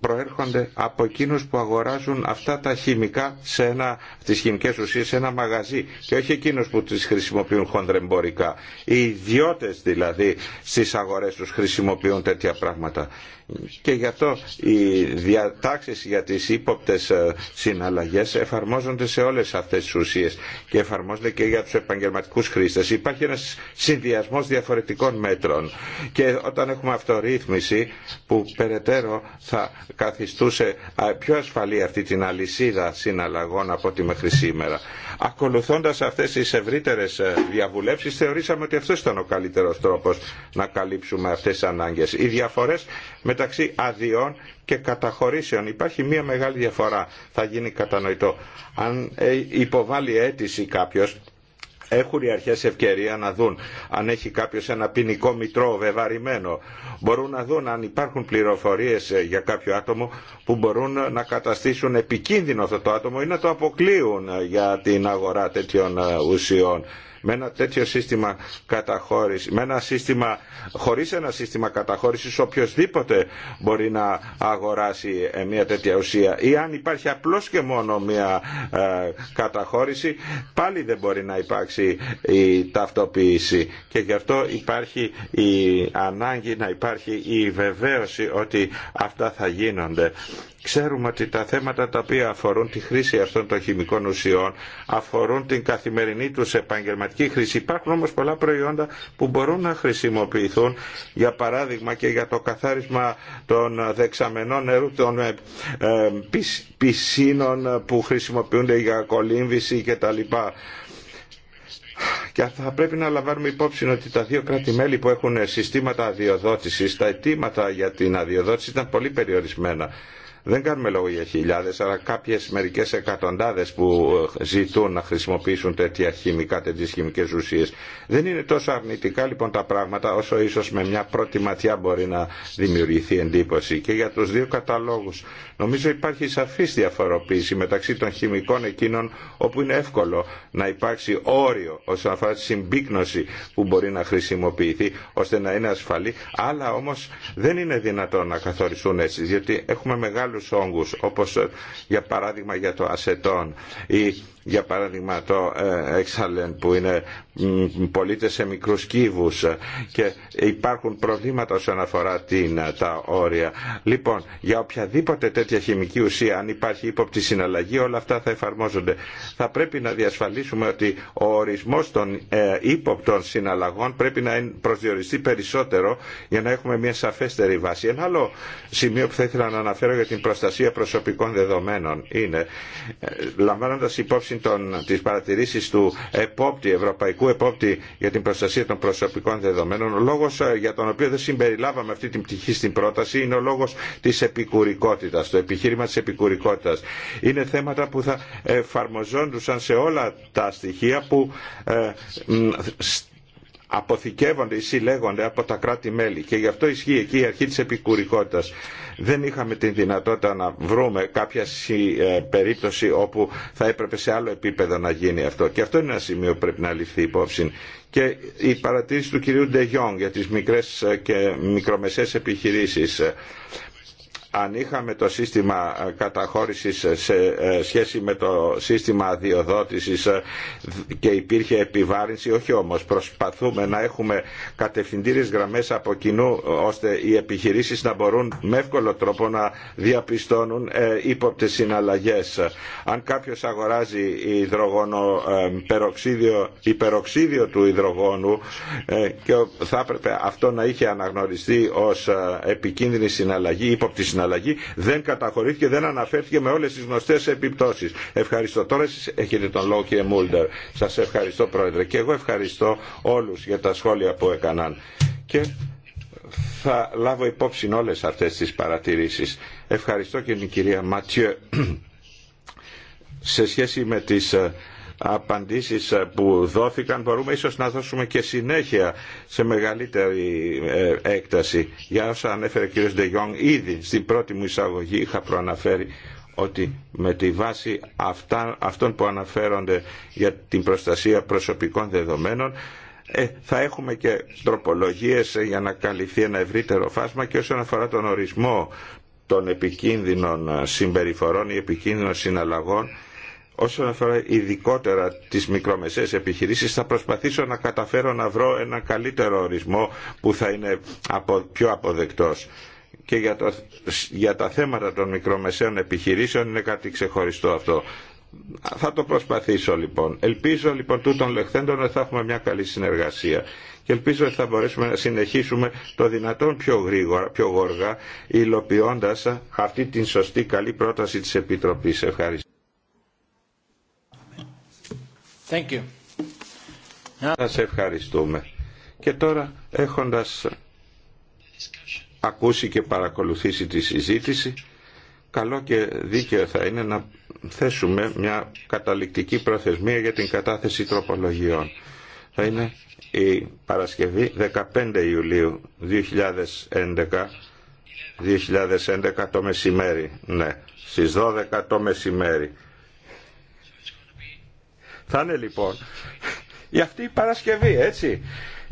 προέρχονται από εκείνους που αγοράζουν αυτά τα χημικά, σε ένα, τις χημικές ουσίες σε ένα μαγαζί και όχι εκείνους που τις χρησιμοποιούν χονδρεμπορικά. Οι ιδιώτες δηλαδή στις αγορές τους χρησιμοποιούν τέτοια πράγματα και γι' αυτό οι διατάξεις για τις ύποπτες ε, συναλλαγές εφαρμόζονται σε όλες αυτές τις ουσίες και εφαρμόζονται και για τους επαγγελματικούς χρήστες. Υπάρχει ένας συνδυασμός διαφορετικών μέτρων και όταν έχουμε αυτορύθμιση που περαιτέρω θα καθιστούσε πιο ασφαλή αυτή την αλυσίδα συναλλαγών από ό,τι μέχρι σήμερα. Ακολουθώντας αυτές τις ευρύτερες ε, διαβουλεύσεις θεωρήσαμε ότι αυτό ήταν ο καλύτερος τρόπος να καλύψουμε αυτές τις ανάγκες. Οι διαφορές μεταξύ αδειών και καταχωρήσεων. Υπάρχει μια μεγάλη διαφορά, θα γίνει κατανοητό. Αν ε, υποβάλει αίτηση κάποιος, έχουν οι αρχές ευκαιρία να δουν αν έχει κάποιος ένα ποινικό μητρό βεβαρημένο. Μπορούν να δουν αν υπάρχουν πληροφορίες ε, για κάποιο άτομο που μπορούν να καταστήσουν επικίνδυνο αυτό το άτομο ή να το αποκλείουν ε, για την αγορά τέτοιων ουσιών με ένα τέτοιο σύστημα καταχώρηση, με ένα σύστημα, χωρίς ένα σύστημα καταχώρησης οποιοδήποτε μπορεί να αγοράσει ε, μια τέτοια ουσία ή αν υπάρχει απλώς και μόνο μια ε, καταχώρηση πάλι δεν μπορεί να υπάρξει η ταυτοποίηση και γι' αυτό υπάρχει η ανάγκη να υπάρχει η βεβαίωση ότι αυτά θα γίνονται. Ξέρουμε ότι τα θέματα τα οποία αφορούν τη χρήση αυτών των χημικών ουσιών αφορούν την καθημερινή τους επαγγελματική χρήση. Υπάρχουν όμως πολλά προϊόντα που μπορούν να χρησιμοποιηθούν για παράδειγμα και για το καθάρισμα των δεξαμενών νερού των ε, ε, πισίνων που χρησιμοποιούνται για κολύμβηση λοιπά. Και θα πρέπει να λαμβάνουμε υπόψη ότι τα δύο κράτη-μέλη που έχουν συστήματα αδειοδότησης, τα αιτήματα για την αδειοδότηση ήταν πολύ περιορισμένα. Δεν κάνουμε λόγο για χιλιάδε, αλλά κάποιε μερικέ εκατοντάδε που ε, ζητούν να χρησιμοποιήσουν τέτοια χημικά, τέτοιε χημικέ ουσίε. Δεν είναι τόσο αρνητικά λοιπόν τα πράγματα, όσο ίσω με μια πρώτη ματιά μπορεί να δημιουργηθεί εντύπωση. Και για του δύο καταλόγου. νομίζω υπάρχει σαφή διαφοροποίηση μεταξύ των χημικών εκείνων όπου είναι εύκολο να υπάρξει όριο όσον αφορά τη συμπίκνωση που μπορεί να χρησιμοποιηθεί ώστε να είναι ασφαλή, αλλά όμω δεν είναι δυνατόν να καθοριστούν έτσι, διότι έχουμε μεγάλο άλλους όγκους όπως ε, για παράδειγμα για το ασετόν ή για παράδειγμα το Εξαλέν που είναι πολίτες σε μικρούς κύβους ε, και υπάρχουν προβλήματα όσον αφορά την, ε, τα όρια. Λοιπόν, για οποιαδήποτε τέτοια χημική ουσία, αν υπάρχει ύποπτη συναλλαγή, όλα αυτά θα εφαρμόζονται. Θα πρέπει να διασφαλίσουμε ότι ο ορισμός των ε, ύποπτων συναλλαγών πρέπει να προσδιοριστεί περισσότερο για να έχουμε μια σαφέστερη βάση. Ένα άλλο σημείο που θα ήθελα να αναφέρω για την προστασία προσωπικών δεδομένων είναι, ε, λαμβάνοντας υπόψη βάση παρατηρήσει παρατηρήσεις του επόπτη, Ευρωπαϊκού Επόπτη για την προστασία των προσωπικών δεδομένων, ο λόγος ε, για τον οποίο δεν συμπεριλάβαμε αυτή την πτυχή στην πρόταση είναι ο λόγος της επικουρικότητας, το επιχείρημα της επικουρικότητας. Είναι θέματα που θα εφαρμοζόντουσαν σε όλα τα στοιχεία που ε, αποθηκεύονται ή συλλέγονται από τα κράτη-μέλη και γι' αυτό ισχύει εκεί η αρχή της επικουρικότητας. Δεν είχαμε την δυνατότητα να βρούμε κάποια ε, περίπτωση όπου θα έπρεπε σε άλλο επίπεδο να γίνει αυτό. Και αυτό είναι ένα σημείο που πρέπει να ληφθεί υπόψη. Και η παρατήρηση του κυρίου Ντεγιόν για τις μικρές ε, και μικρομεσαίες επιχειρήσεις αν είχαμε το σύστημα ε, καταχώρησης ε, σε ε, σχέση με το σύστημα αδειοδότησης και υπήρχε επιβάρυνση, όχι όμως προσπαθούμε να έχουμε κατευθυντήριες γραμμές από κοινού ώστε οι επιχειρήσεις να μπορούν με εύκολο τρόπο να διαπιστώνουν ύποπτες συναλλαγές. Αν κάποιος αγοράζει υδρογόνο, υπεροξίδιο του υδρογόνου και θα έπρεπε αυτό να είχε αναγνωριστεί ως επικίνδυνη συναλλαγή, ύποπτη συναλλαγή συναλλαγή δεν καταχωρήθηκε, δεν αναφέρθηκε με όλε τι γνωστέ επιπτώσει. Ευχαριστώ. Τώρα εσεί έχετε τον λόγο κύριε Μούλτερ. Σα ευχαριστώ πρόεδρε και εγώ ευχαριστώ όλου για τα σχόλια που έκαναν. Και θα λάβω υπόψη όλες αυτές τις παρατηρήσεις. Ευχαριστώ και την κυρία Ματιέ σε σχέση με τις ε, απαντήσεις που δόθηκαν μπορούμε ίσως να δώσουμε και συνέχεια σε μεγαλύτερη ε, έκταση. Για όσα ανέφερε ο κ. Ντεγιόν ήδη στην πρώτη μου εισαγωγή είχα προαναφέρει ότι με τη βάση αυτά, αυτών που αναφέρονται για την προστασία προσωπικών δεδομένων ε, θα έχουμε και τροπολογίες για να καλυφθεί ένα ευρύτερο φάσμα και όσον αφορά τον ορισμό των επικίνδυνων συμπεριφορών ή επικίνδυνων συναλλαγών όσον αφορά ειδικότερα τις μικρομεσαίες επιχειρήσεις θα προσπαθήσω να καταφέρω να βρω ένα καλύτερο ορισμό που θα είναι πιο αποδεκτός και για, το, για τα θέματα των μικρομεσαίων επιχειρήσεων είναι κάτι ξεχωριστό αυτό. Θα το προσπαθήσω λοιπόν. Ελπίζω λοιπόν τούτων λεχθέντων ότι θα έχουμε μια καλή συνεργασία και ελπίζω ότι θα μπορέσουμε να συνεχίσουμε το δυνατόν πιο γρήγορα, πιο γοργά, υλοποιώντα αυτή την σωστή καλή πρόταση της Επιτροπής. Ευχαριστώ. Thank you. Σας ευχαριστούμε. Και τώρα έχοντας ακούσει και παρακολουθήσει τη συζήτηση, καλό και δίκαιο θα είναι να θέσουμε μια καταληκτική προθεσμία για την κατάθεση τροπολογιών. Θα είναι η Παρασκευή 15 Ιουλίου 2011, 2011 το μεσημέρι, ναι, στις 12 το μεσημέρι. Θα είναι λοιπόν η αυτή η Παρασκευή, έτσι,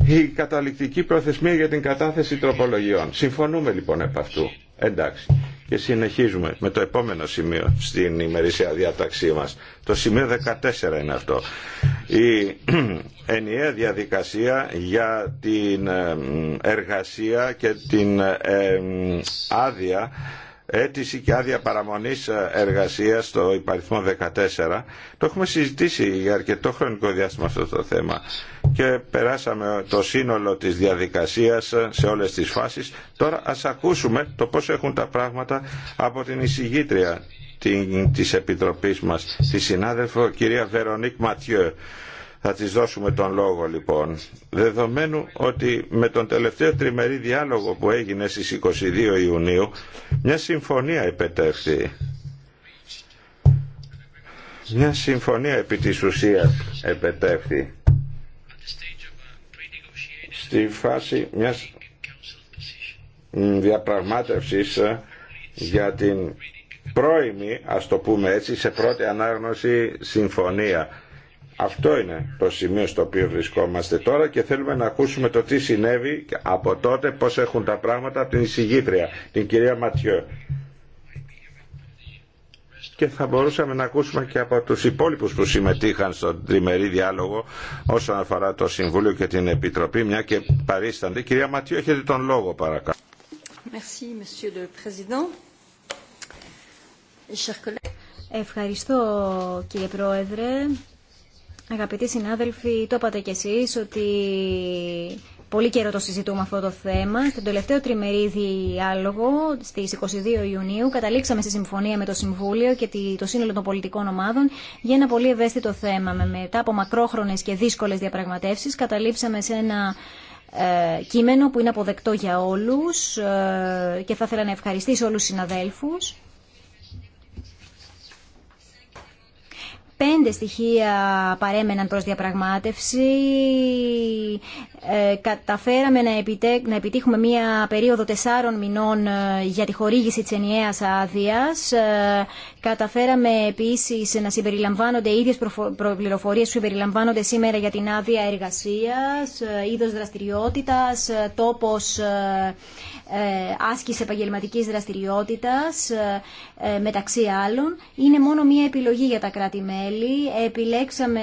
η καταληκτική προθεσμία για την κατάθεση τροπολογιών. Συμφωνούμε λοιπόν επ' αυτού. Εντάξει. Και συνεχίζουμε με το επόμενο σημείο στην ημερήσια διάταξή μας. Το σημείο 14 είναι αυτό. Η ενιαία διαδικασία για την ε, εργασία και την ε, άδεια αίτηση και άδεια παραμονής ε, εργασία στο υπαριθμό 14. Το έχουμε συζητήσει για αρκετό χρονικό διάστημα αυτό το θέμα και περάσαμε το σύνολο της διαδικασία ε, σε όλες τις φάσεις. Τώρα ας ακούσουμε το πώς έχουν τα πράγματα από την εισηγήτρια της Επιτροπής μας, τη συνάδελφο κυρία Βερονίκ Ματιέ θα τις δώσουμε τον λόγο λοιπόν. Δεδομένου ότι με τον τελευταίο τριμερή διάλογο που έγινε στις 22 Ιουνίου μια συμφωνία επετεύχθη. Μια συμφωνία επί της ουσίας Στη φάση μιας διαπραγμάτευσης για την πρώιμη, ας το πούμε έτσι, σε πρώτη ανάγνωση συμφωνία αυτό είναι το σημείο στο οποίο βρισκόμαστε τώρα και θέλουμε να ακούσουμε το τι συνέβη από τότε, πώς έχουν τα πράγματα από την εισηγήτρια, την κυρία Ματιό. Και θα μπορούσαμε να ακούσουμε και από τους υπόλοιπους που συμμετείχαν στον τριμερή διάλογο όσον αφορά το Συμβούλιο και την Επιτροπή, μια και παρίστανται. Κυρία Ματιό, έχετε τον λόγο παρακαλώ. Ευχαριστώ κύριε Πρόεδρε, Αγαπητοί συνάδελφοι, το είπατε κι εσείς ότι πολύ καιρό το συζητούμε αυτό το θέμα. Στον τελευταίο τριμερή διάλογο, στις 22 Ιουνίου, καταλήξαμε στη συμφωνία με το Συμβούλιο και το σύνολο των πολιτικών ομάδων για ένα πολύ ευαίσθητο θέμα. Μετά από μακρόχρονες και δύσκολες διαπραγματεύσεις, καταλήψαμε σε ένα ε, κείμενο που είναι αποδεκτό για όλους ε, και θα ήθελα να ευχαριστήσω όλους τους συναδέλφους πέντε στοιχεία παρέμεναν προς διαπραγμάτευση ε, καταφέραμε να επιτύχουμε μία περίοδο τεσσάρων μηνών ε, για τη χορήγηση της ενιαίας άδειας. Ε, καταφέραμε επίσης να συμπεριλαμβάνονται οι ίδιες πληροφορίες που συμπεριλαμβάνονται σήμερα για την άδεια εργασίας, είδος δραστηριότητας, τόπος άσκηση επαγγελματικής δραστηριότητας μεταξύ άλλων. Είναι μόνο μία επιλογή για τα κράτη-μέλη. Επιλέξαμε,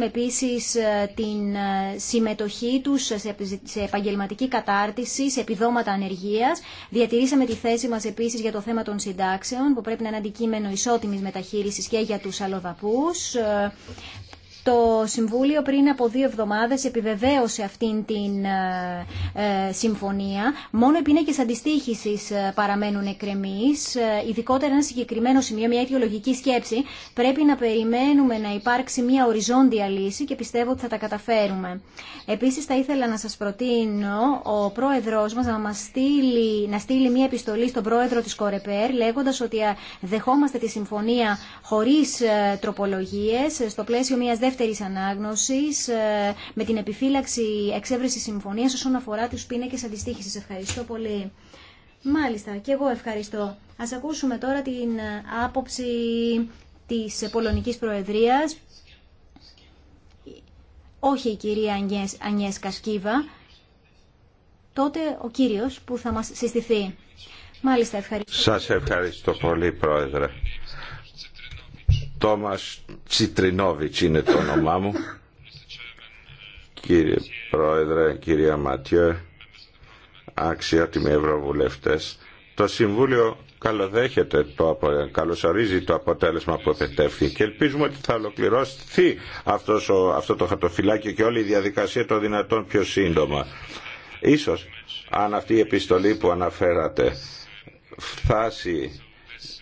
επίσης την συμμετοχή του, σε επαγγελματική κατάρτιση, σε επιδόματα ανεργία. Διατηρήσαμε τη θέση μα επίση για το θέμα των συντάξεων, που πρέπει να είναι αντικείμενο ισότιμη μεταχείρισης και για του αλλοδαπού. Το Συμβούλιο πριν από δύο εβδομάδες επιβεβαίωσε αυτήν την ε, ε, συμφωνία. Μόνο οι πίνακες αντιστοίχησης ε, παραμένουν εκκρεμείς, ειδικότερα ένα συγκεκριμένο σημείο, μια αιτιολογική σκέψη. Πρέπει να περιμένουμε να υπάρξει μια οριζόντια λύση και πιστεύω ότι θα τα καταφέρουμε. Επίσης θα ήθελα να σας προτείνω ο πρόεδρός μας να μας στείλει, να στείλει μια επιστολή στον πρόεδρο της Κορεπέρ λέγοντας ότι δεχόμαστε τη συμφωνία χωρίς τροπολογίες στο πλαίσιο μιας δεύτερης ανάγνωσης ε, με την επιφύλαξη εξέβρεση συμφωνία όσον αφορά του πίνακε αντιστοίχηση. Ευχαριστώ πολύ. Μάλιστα, και εγώ ευχαριστώ. Ας ακούσουμε τώρα την άποψη της πολωνική Προεδρίας. Όχι η κυρία Ανιές Κασκίβα, τότε ο κύριος που θα μας συστηθεί. Μάλιστα, ευχαριστώ. Σας ευχαριστώ πολύ, Πρόεδρε. Τόμας Τσιτρινόβιτς είναι το όνομά μου. Κύριε Πρόεδρε, κυρία Ματιέ, αξιότιμοι ευρωβουλευτές, το Συμβούλιο καλοδέχεται, το, καλωσορίζει το αποτέλεσμα που επετεύχθη και ελπίζουμε ότι θα ολοκληρώσει ο, αυτό το χαρτοφυλάκιο και όλη η διαδικασία των δυνατών πιο σύντομα. Ίσως αν αυτή η επιστολή που αναφέρατε φτάσει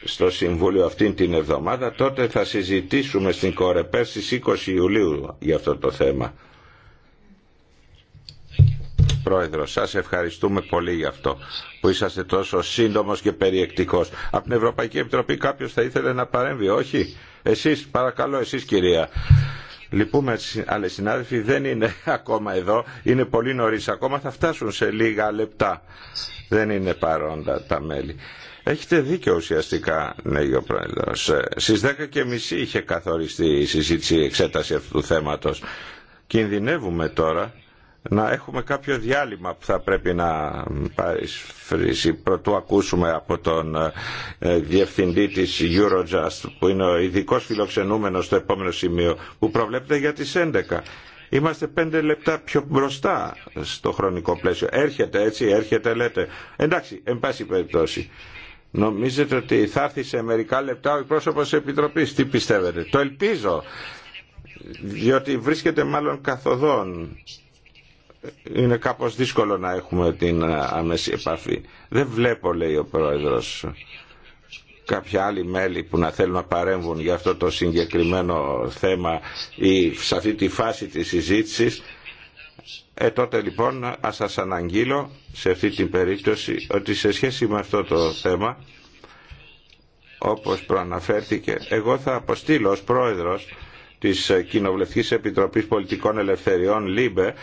στο Συμβούλιο αυτήν την εβδομάδα, τότε θα συζητήσουμε στην Κορεπέ στις 20 Ιουλίου για αυτό το θέμα. Πρόεδρο, σας ευχαριστούμε πολύ για αυτό που είσαστε τόσο σύντομος και περιεκτικός. Από την Ευρωπαϊκή Επιτροπή κάποιος θα ήθελε να παρέμβει, όχι. Εσείς, παρακαλώ εσείς κυρία. Λυπούμε, αλλά συνάδελφοι δεν είναι ακόμα εδώ, είναι πολύ νωρίς ακόμα, θα φτάσουν σε λίγα λεπτά. Δεν είναι παρόντα τα μέλη. Έχετε δίκιο ουσιαστικά, Νέγιο ο πρόεδρο. Ε, Στι 10.30 είχε καθοριστεί η συζήτηση, η εξέταση αυτού του θέματο. Κινδυνεύουμε τώρα να έχουμε κάποιο διάλειμμα που θα πρέπει να πάρει φρύση ακούσουμε από τον ε, διευθυντή της Eurojust που είναι ο ειδικό φιλοξενούμενος στο επόμενο σημείο που προβλέπεται για τις 11. Είμαστε πέντε λεπτά πιο μπροστά στο χρονικό πλαίσιο. Έρχεται έτσι, έρχεται λέτε. Εντάξει, εν πάση περιπτώσει. Νομίζετε ότι θα έρθει σε μερικά λεπτά ο εκπρόσωπο τη Επιτροπής. Τι πιστεύετε. Το ελπίζω. Διότι βρίσκεται μάλλον καθοδόν. Είναι κάπως δύσκολο να έχουμε την ε, άμεση επαφή. Δεν βλέπω, λέει ο Πρόεδρος, κάποια άλλη μέλη που να θέλουν να παρέμβουν για αυτό το συγκεκριμένο θέμα ή σε αυτή τη φάση της συζήτηση. Ε, τότε λοιπόν ας σας αναγγείλω σε αυτή την περίπτωση ότι σε σχέση με αυτό το θέμα, όπως προαναφέρθηκε, εγώ θα αποστείλω ως πρόεδρος της Κοινοβουλευτικής Επιτροπής Πολιτικών Ελευθεριών, ΛΥΜΠΕ,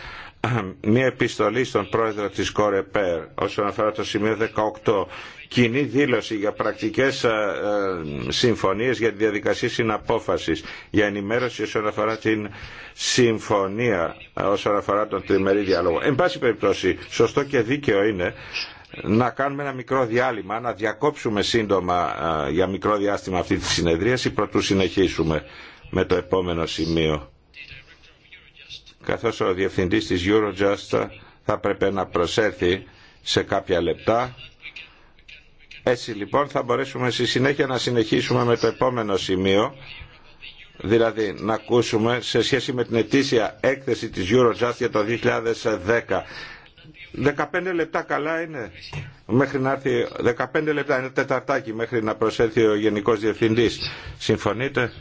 μια επιστολή στον πρόεδρο της Κορεπέρ όσον αφορά το σημείο 18 κοινή δήλωση για πρακτικές ε, ε, συμφωνίες για τη διαδικασία συναπόφασης για ενημέρωση όσον αφορά την συμφωνία ε, όσον αφορά τον τριμερή διάλογο. Εν πάση περιπτώσει σωστό και δίκαιο είναι να κάνουμε ένα μικρό διάλειμμα, να διακόψουμε σύντομα για μικρό διάστημα αυτή τη συνεδρίαση πρωτού συνεχίσουμε με το επόμενο σημείο καθώς ο διευθυντής της Eurojust θα πρέπει να προσέρθει σε κάποια λεπτά. Έτσι λοιπόν θα μπορέσουμε στη συνέχεια να συνεχίσουμε με το επόμενο σημείο, δηλαδή να ακούσουμε σε σχέση με την ετήσια έκθεση της Eurojust για το 2010. 15 λεπτά καλά είναι μέχρι να έρθει 15 λεπτά, είναι τεταρτάκι μέχρι να προσέλθει ο Γενικός Διευθυντής. Συμφωνείτε?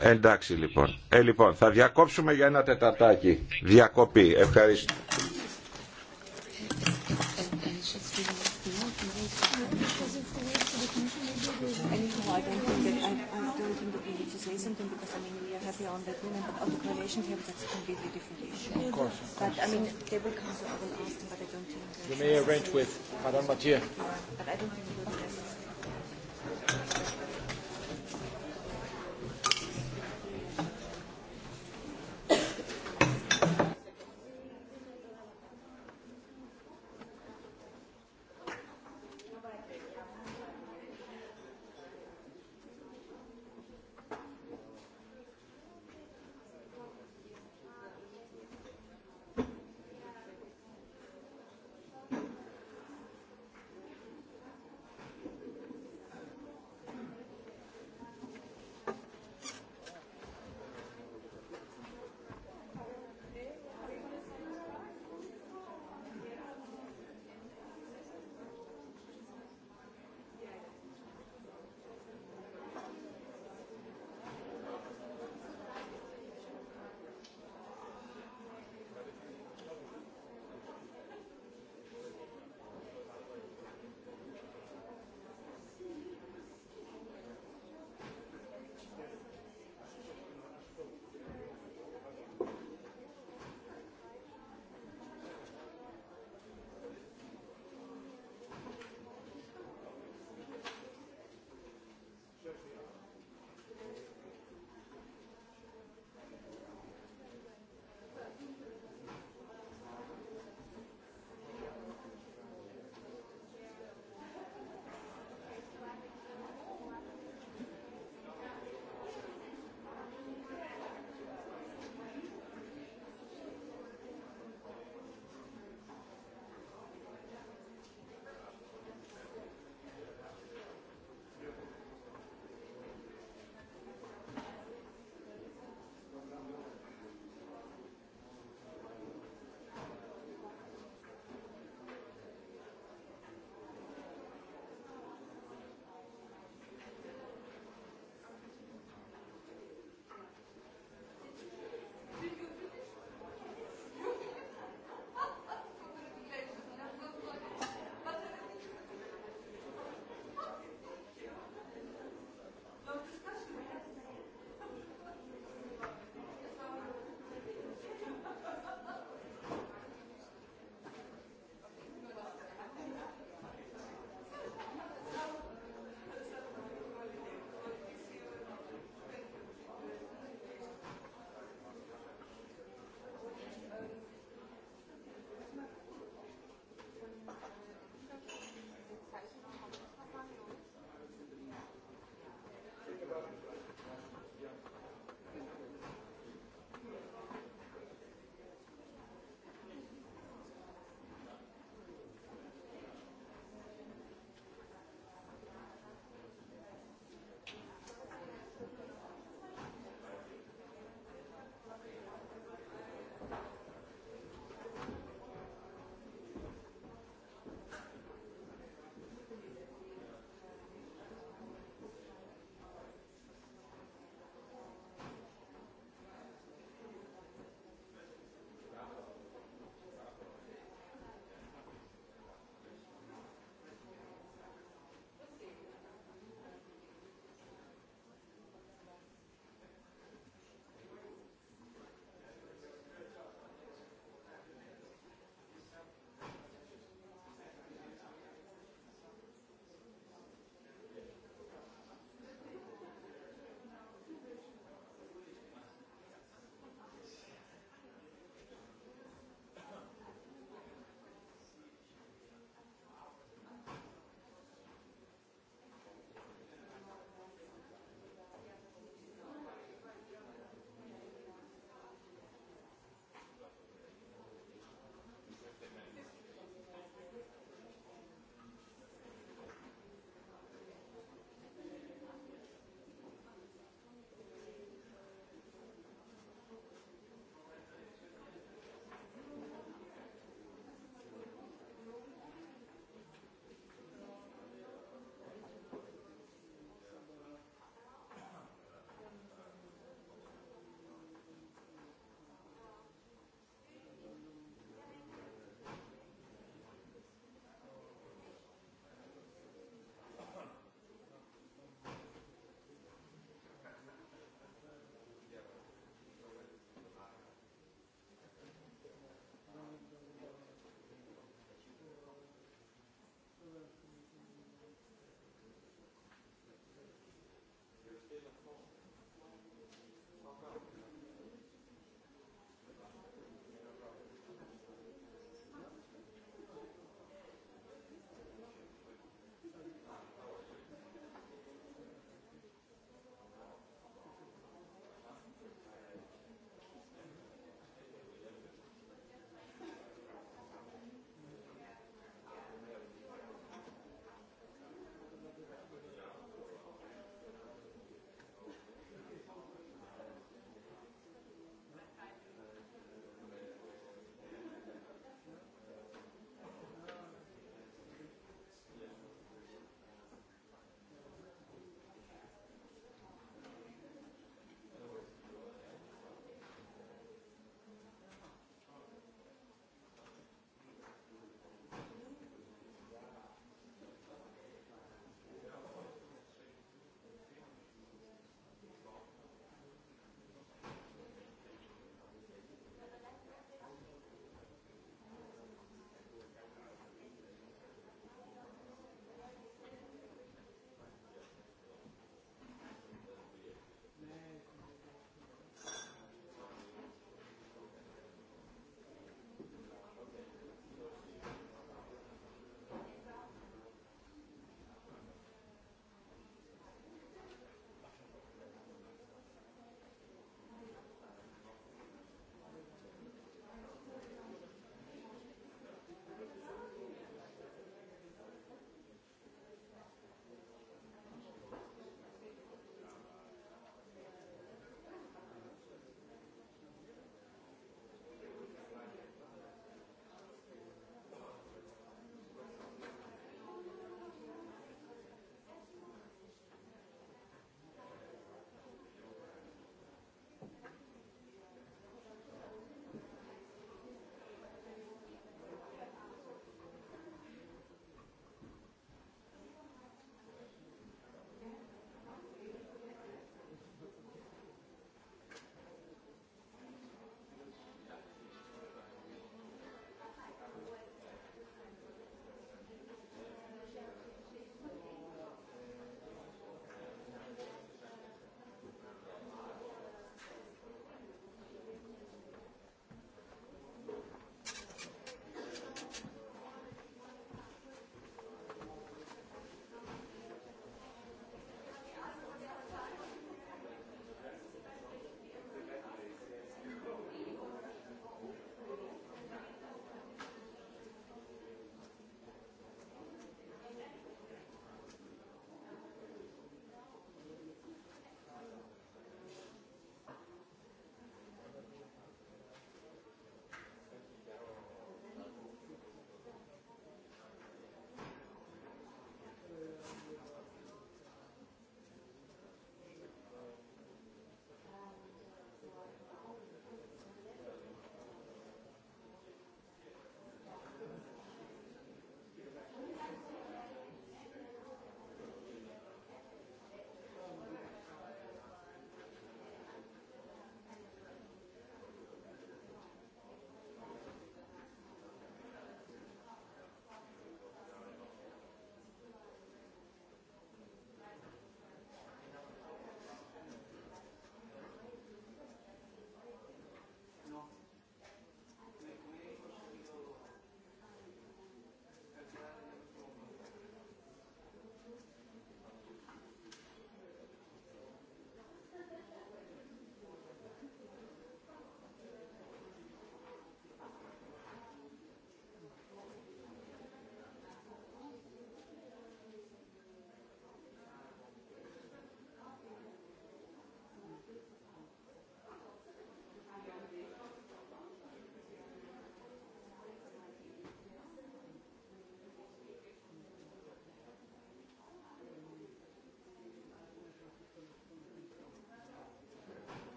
Εντάξει λοιπόν. Ε, λοιπόν, θα διακόψουμε για ένα τεταρτάκι. Διακοπή. Ευχαριστώ.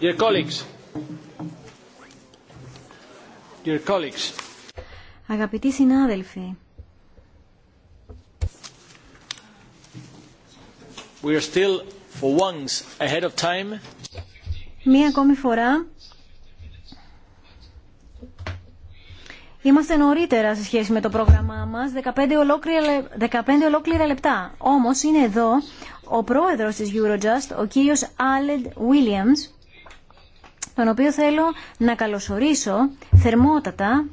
Dear colleagues. Dear colleagues. Αγαπητοί συνάδελφοι, We are still for once ahead of time. Μία ακόμη φορά Είμαστε νωρίτερα σε σχέση με το πρόγραμμά μας, 15 ολόκληρα, 15 ολόκληρα λεπτά. Όμως είναι εδώ ο πρόεδρος της Eurojust, ο κύριος Άλεντ Williams, τον οποίο θέλω να καλωσορίσω θερμότατα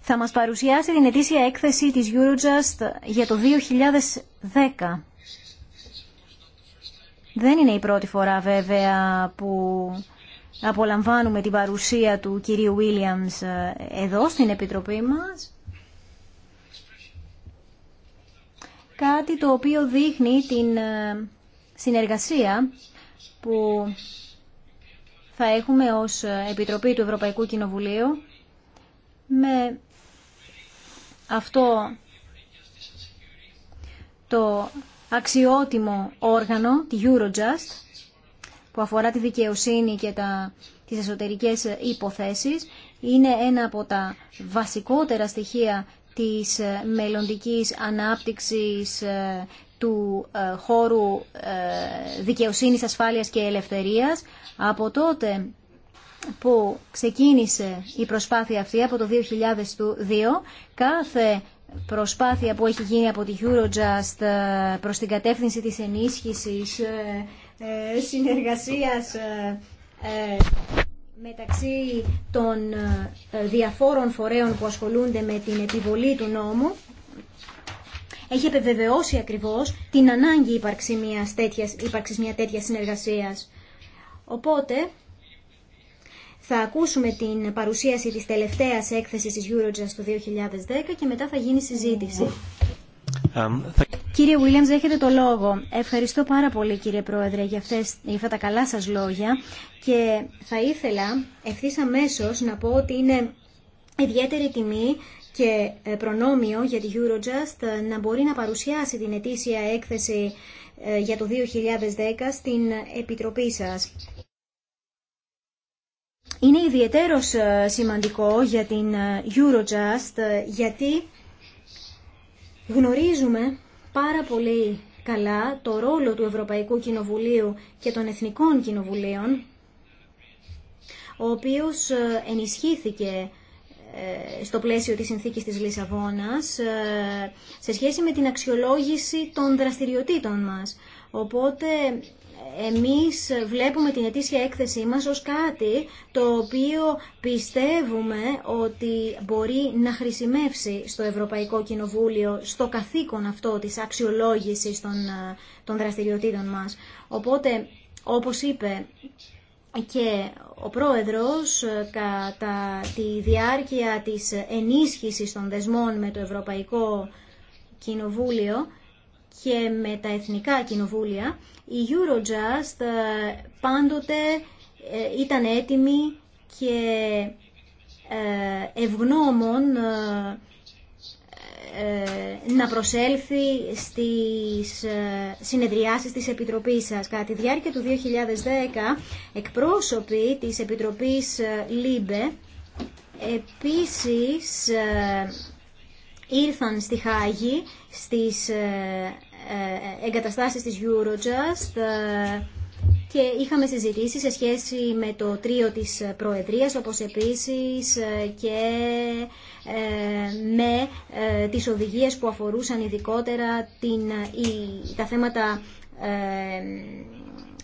θα μας παρουσιάσει την ετήσια έκθεση της Eurojust για το 2010. Δεν είναι η πρώτη φορά βέβαια που απολαμβάνουμε την παρουσία του κυρίου Williams εδώ στην Επιτροπή μας. κάτι το οποίο δείχνει την ε, συνεργασία που θα έχουμε ως Επιτροπή του Ευρωπαϊκού Κοινοβουλίου με αυτό το αξιότιμο όργανο, τη Eurojust, που αφορά τη δικαιοσύνη και τα, τις εσωτερικές υποθέσεις, είναι ένα από τα βασικότερα στοιχεία της ε, μελλοντικής ανάπτυξης ε, του ε, χώρου δικαιοσύνης, ασφάλειας και ελευθερίας. Από τότε που ξεκίνησε η προσπάθεια αυτή, από το 2002, κάθε προσπάθεια που έχει γίνει από τη Eurojust προς την κατεύθυνση της ενίσχυσης συνεργασίας μεταξύ των ε, διαφόρων φορέων που ασχολούνται με την επιβολή του νόμου έχει επιβεβαιώσει ακριβώς την ανάγκη ύπαρξη τέτοιας, ύπαρξης μια τέτοια συνεργασίας. Οπότε θα ακούσουμε την παρουσίαση της τελευταίας έκθεσης της Eurojust του 2010 και μετά θα γίνει συζήτηση. Um, κύριε Βίλιαμς, έχετε το λόγο. Ευχαριστώ πάρα πολύ κύριε Πρόεδρε για, αυτά τα καλά σας λόγια και θα ήθελα ευθύ αμέσω να πω ότι είναι ιδιαίτερη τιμή και ε, προνόμιο για τη Eurojust ε, να μπορεί να παρουσιάσει την ετήσια έκθεση ε, για το 2010 στην Επιτροπή σας. Είναι ιδιαίτερος σημαντικό για την Eurojust γιατί Γνωρίζουμε πάρα πολύ καλά το ρόλο του Ευρωπαϊκού Κοινοβουλίου και των Εθνικών Κοινοβουλίων, ο οποίος ε, ενισχύθηκε ε, στο πλαίσιο της συνθήκης της Λισαβόνας ε, σε σχέση με την αξιολόγηση των δραστηριοτήτων μας. Οπότε εμείς βλέπουμε την ετήσια έκθεσή μας ως κάτι το οποίο πιστεύουμε ότι μπορεί να χρησιμεύσει στο Ευρωπαϊκό Κοινοβούλιο στο καθήκον αυτό της αξιολόγησης των, ε, των δραστηριοτήτων μας. Οπότε, όπως είπε και ο πρόεδρος ε, κατά τη διάρκεια της ενίσχυσης των δεσμών με το Ευρωπαϊκό Κοινοβούλιο και με τα εθνικά κοινοβούλια, η Eurojust ε, πάντοτε ε, ήταν έτοιμη και ε, ευγνώμων να προσέλθει στις συνεδριάσεις της Επιτροπής σας. Κατά τη διάρκεια του 2010, εκπρόσωποι της Επιτροπής ΛΥΜΠΕ επίσης ήρθαν στη Χάγη στις ε, εγκαταστάσεις της Eurojust ε, και είχαμε συζητήσει σε σχέση με το τρίο της Προεδρίας, όπως επίσης ε, και με τις οδηγίες που αφορούσαν ειδικότερα την, τα θέματα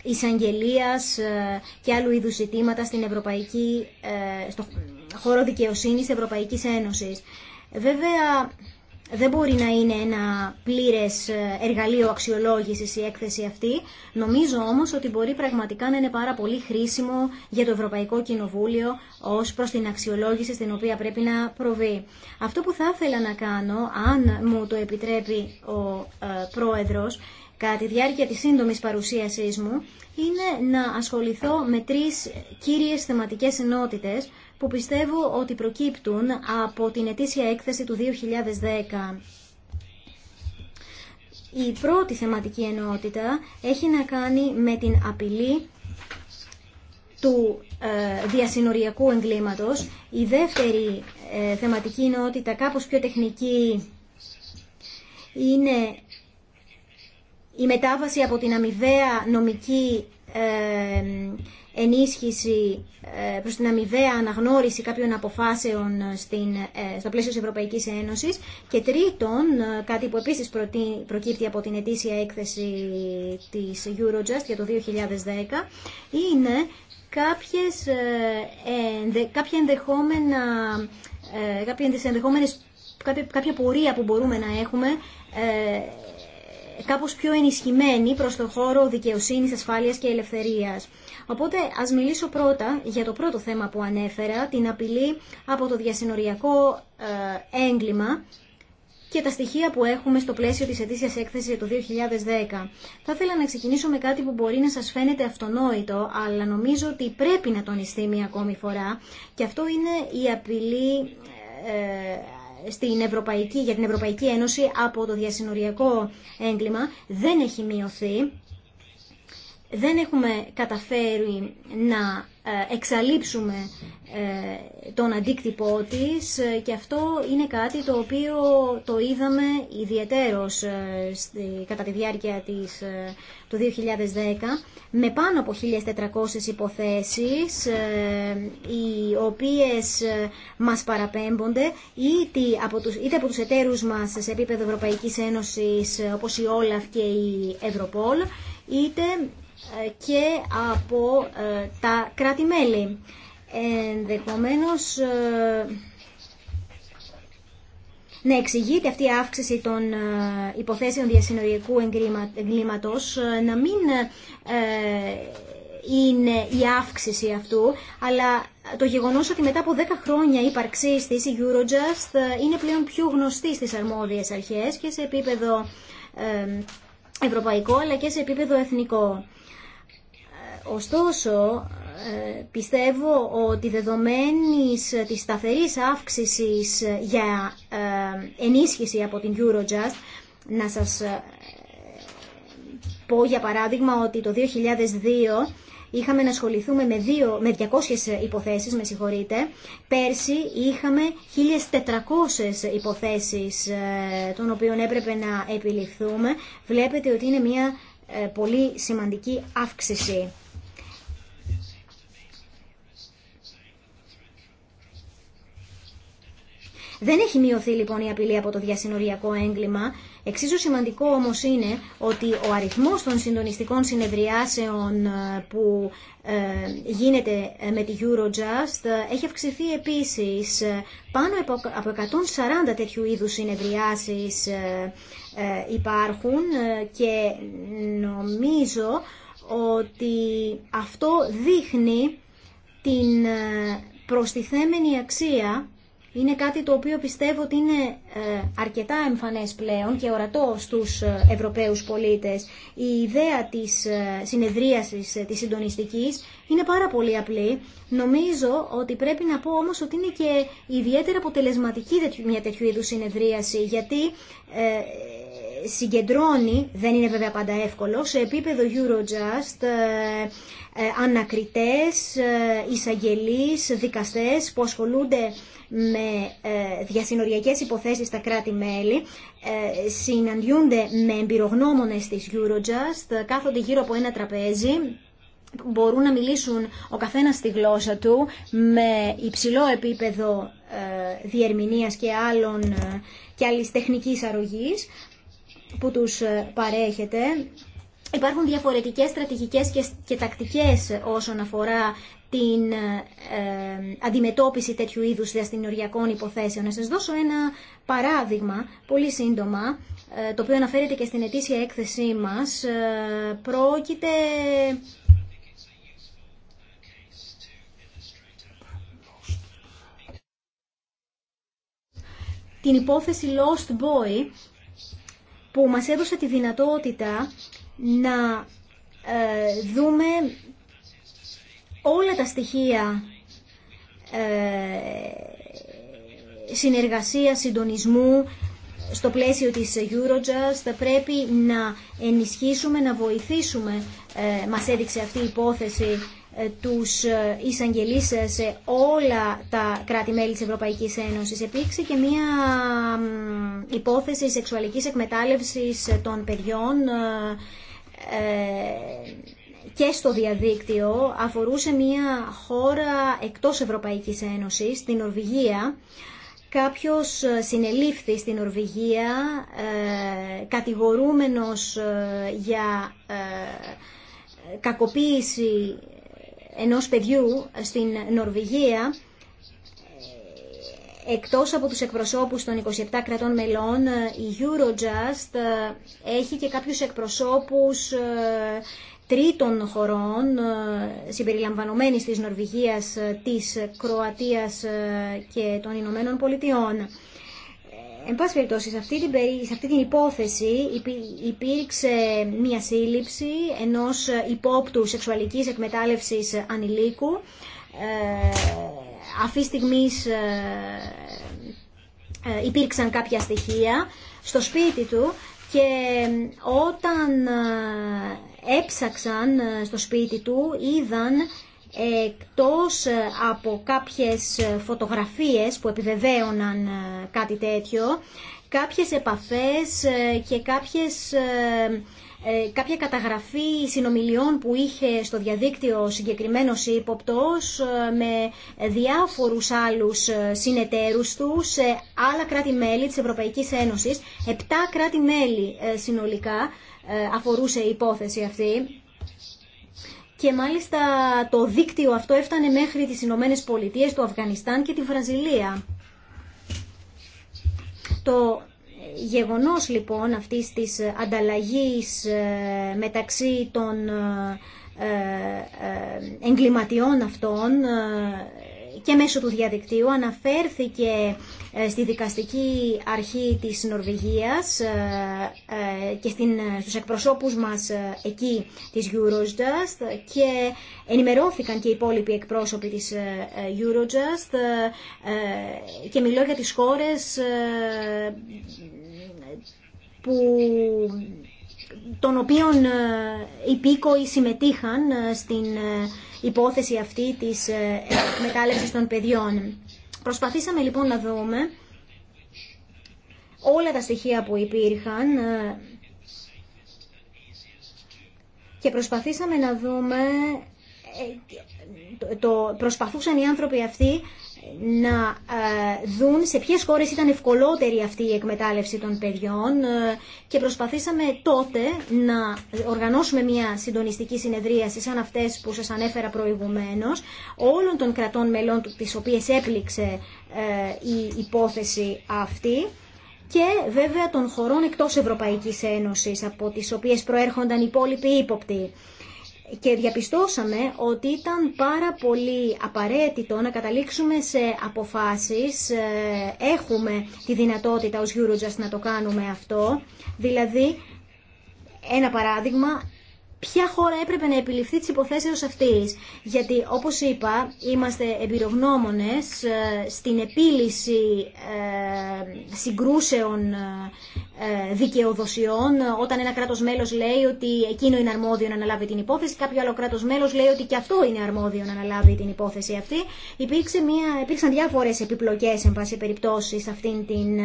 εισαγγελία και άλλου είδου ζητήματα στην Ευρωπαϊκή, στο χώρο δικαιοσύνης Ευρωπαϊκής Ένωσης. Βέβαια, δεν μπορεί να είναι ένα πλήρες ε, εργαλείο αξιολόγησης η έκθεση αυτή. Νομίζω όμως ότι μπορεί πραγματικά να είναι πάρα πολύ χρήσιμο για το Ευρωπαϊκό Κοινοβούλιο ως προς την αξιολόγηση στην οποία πρέπει να προβεί. Αυτό που θα ήθελα να κάνω, αν μου το επιτρέπει ο ε, Πρόεδρος, κατά τη διάρκεια της σύντομης παρουσίασής μου, είναι να ασχοληθώ με τρεις κύριες θεματικές ενότητες που πιστεύω ότι προκύπτουν από την ετήσια έκθεση του 2010. Η πρώτη θεματική ενότητα έχει να κάνει με την απειλή του ε, διασυνοριακού εγκλήματος. Η δεύτερη ε, θεματική ενότητα, κάπως πιο τεχνική, είναι η μετάβαση από την αμοιβαία νομική ενίσχυση ε, προς την αμοιβαία αναγνώριση κάποιων αποφάσεων στην, ε, στο πλαίσιο της Ευρωπαϊκής Ένωσης και τρίτον, ε, κάτι που επίσης προκύπτει από την ετήσια έκθεση της Eurojust για το 2010 είναι κάποιες, κάποια ενδεχόμενα κάποιες ενδεχόμενες κάποια πορεία που μπορούμε να έχουμε Κάπω πιο ενισχυμένη προς το χώρο δικαιοσύνης, ασφάλειας και ελευθερίας. Οπότε α μιλήσω πρώτα για το πρώτο θέμα που ανέφερα, την απειλή από το διασυνοριακό ε, έγκλημα και τα στοιχεία που έχουμε στο πλαίσιο της ετήσιας έκθεσης το 2010. Θα ήθελα να ξεκινήσω με κάτι που μπορεί να σας φαίνεται αυτονόητο, αλλά νομίζω ότι πρέπει να τονιστεί μια ακόμη φορά και αυτό είναι η απειλή ε, στην Ευρωπαϊκή, για την Ευρωπαϊκή Ένωση από το διασυνοριακό έγκλημα δεν έχει μειωθεί δεν έχουμε καταφέρει να ε, εξαλείψουμε ε, τον αντίκτυπό της ε, και αυτό είναι κάτι το οποίο το είδαμε ιδιαιτέρως κατά τη διάρκεια της, του 2010 με πάνω από 1.400 υποθέσεις οι οποίες μας παραπέμπονται είτε από τους, είτε από τους εταίρους μας σε επίπεδο Ευρωπαϊκής Ένωσης όπως η Όλαφ και η Ευρωπόλ είτε ε, και από ε, τα κράτη-μέλη. Ενδεχομένως ε, να εξηγείται αυτή η αύξηση των υποθέσεων διασυνοριακού εγκλήματος, να μην είναι η αύξηση αυτού, αλλά το γεγονός ότι μετά από 10 χρόνια ύπαρξής της η Eurojust είναι πλέον πιο γνωστή στις αρμόδιες αρχές και σε επίπεδο ευρωπαϊκό αλλά και σε επίπεδο εθνικό. Ωστόσο, ε, πιστεύω ότι δεδομένης της σταθερής αύξησης για ε, ενίσχυση από την Eurojust, να σας ε, πω για παράδειγμα ότι το 2002 είχαμε να ασχοληθούμε με, δύο, με 200 υποθέσεις, με συγχωρείτε. Πέρσι είχαμε 1.400 υποθέσεις των οποίων έπρεπε να επιληφθούμε. Βλέπετε ότι είναι μια πολύ σημαντική αύξηση. Δεν έχει μειωθεί λοιπόν η απειλή από το διασυνοριακό έγκλημα. Εξίσου σημαντικό όμως είναι ότι ο αριθμός των συντονιστικών συνεδριάσεων ε, που ε, γίνεται ε, με τη Eurojust έχει αυξηθεί επίσης. Πάνω από 140 τέτοιου είδους συνεδριάσεις υπάρχουν και νομίζω ότι αυτό δείχνει την προστιθέμενη αξία είναι κάτι το οποίο πιστεύω ότι είναι ε, αρκετά εμφανές πλέον και ορατό στους ε, Ευρωπαίους πολίτες. Η ιδέα της ε, συνεδρίασης της συντονιστικής είναι πάρα πολύ απλή. Νομίζω ότι πρέπει να πω όμως ότι είναι και ιδιαίτερα αποτελεσματική μια τέτοιου είδους συνεδρίαση γιατί συγκεντρώνει, δεν είναι βέβαια πάντα εύκολο, σε επίπεδο Eurojust ε, ε, ανακριτές, ε, εισαγγελείς, δικαστές που ασχολούνται με διασυνοριακές υποθέσεις στα κράτη-μέλη, συναντιούνται με εμπειρογνώμονες της Eurojust, κάθονται γύρω από ένα τραπέζι μπορούν να μιλήσουν ο καθένας στη γλώσσα του με υψηλό επίπεδο διερμηνίας και άλλων και άλλης τεχνικής αρρωγής που τους ε, παρέχετε, Υπάρχουν διαφορετικές στρατηγικές και, και τακτικές όσον αφορά την ε, ε αντιμετώπιση τέτοιου είδους διαστηνοριακών υποθέσεων. Να σας δώσω ένα παράδειγμα, πολύ σύντομα, ε, το οποίο αναφέρεται και στην ετήσια έκθεσή μας. πρόκειται... Την υπόθεση Lost Boy που μας έδωσε τη δυνατότητα να ε, δούμε όλα τα στοιχεία ε, συνεργασία συντονισμού στο πλαίσιο της Eurojust θα πρέπει να ενισχύσουμε, να βοηθήσουμε ε, μας έδειξε αυτή η υπόθεση ε, τους ε, εισαγγελείς ε, σε όλα τα κράτη-μέλη της Ευρωπαϊκής Ένωσης. επίξε και μία υπόθεση σεξουαλικής εκμετάλλευσης των παιδιών και στο διαδίκτυο. Αφορούσε μία χώρα εκτός Ευρωπαϊκής Ένωσης, την Νορβηγία. Κάποιος συνελήφθη στην Νορβηγία, κατηγορούμενος για κακοποίηση ενός παιδιού στην Νορβηγία ε, εκτός από τους εκπροσώπους των 27 κρατών μελών, ε, η Eurojust ε, έχει και κάποιους εκπροσώπους τρίτων χωρών, συμπεριλαμβανομένης της Νορβηγίας, της Κροατίας και των Ηνωμένων Πολιτειών. Εν πάση περιπτώσει, σε αυτή την, υπόθεση υπήρξε μία σύλληψη ενός υπόπτου σεξουαλικής εκμετάλλευσης ανηλίκου. Ε, αυτή τη στιγμή ε, ε, υπήρξαν κάποια στοιχεία στο σπίτι του και όταν ε, έψαξαν στο σπίτι του είδαν εκτός ε, από κάποιες ε, φωτογραφίες που επιβεβαίωναν ε, κάτι τέτοιο, κάποιες επαφές και κάποιες, κάποια καταγραφή συνομιλιών που είχε στο διαδίκτυο συγκεκριμένος ύποπτος με διάφορους άλλους συνεταίρους του σε άλλα κράτη-μέλη της Ευρωπαϊκής Ένωσης. Επτά κράτη-μέλη συνολικά αφορούσε η υπόθεση αυτή και μάλιστα το δίκτυο αυτό έφτανε μέχρι τις Ηνωμένε Πολιτείες, το Αφγανιστάν και τη Βραζιλία. Το γεγονός λοιπόν αυτής της ανταλλαγής ε, μεταξύ των ε, ε, εγκληματιών αυτών και μέσω του διαδικτύου αναφέρθηκε ε, στη δικαστική αρχή της Νορβηγίας ε, ε, και στην, στους εκπροσώπους μας εκεί της Eurojust και ενημερώθηκαν και οι υπόλοιποι εκπρόσωποι της Eurojust και μιλώ για τις χώρες που των οποίων υπήκοοι συμμετείχαν στην υπόθεση αυτή της ε, μετάλλευσης των παιδιών. Προσπαθήσαμε λοιπόν να δούμε όλα τα στοιχεία που υπήρχαν ε, και προσπαθήσαμε να δούμε ε, το, προσπαθούσαν οι άνθρωποι αυτοί να ε, δουν σε ποιες χώρες ήταν ευκολότερη αυτή η εκμετάλλευση των παιδιών ε, και προσπαθήσαμε τότε να οργανώσουμε μια συντονιστική συνεδρίαση σαν αυτές που σας ανέφερα προηγουμένως όλων των κρατών μελών τις οποίες έπληξε ε, η υπόθεση αυτή και βέβαια των χωρών εκτός Ευρωπαϊκής Ένωσης από τις οποίες προέρχονταν οι υπόλοιποι ύποπτοι και διαπιστώσαμε ότι ήταν πάρα πολύ απαραίτητο να καταλήξουμε σε αποφάσεις. Ε, έχουμε τη δυνατότητα ως Eurojust να το κάνουμε αυτό. Δηλαδή, ένα παράδειγμα, ποια χώρα έπρεπε να επιληφθεί τη υποθέσεως αυτής. Γιατί, όπως είπα, είμαστε εμπειρογνώμονε ε, στην επίλυση ε, συγκρούσεων ε, δικαιοδοσιών. Όταν ένα κράτος μέλος λέει ότι εκείνο είναι αρμόδιο να αναλάβει την υπόθεση, κάποιο άλλο κράτος μέλος λέει ότι και αυτό είναι αρμόδιο να αναλάβει την υπόθεση αυτή. Υπήρξε μια, υπήρξαν διάφορες επιπλοκές, εν πάση περιπτώσει, σε αυτήν την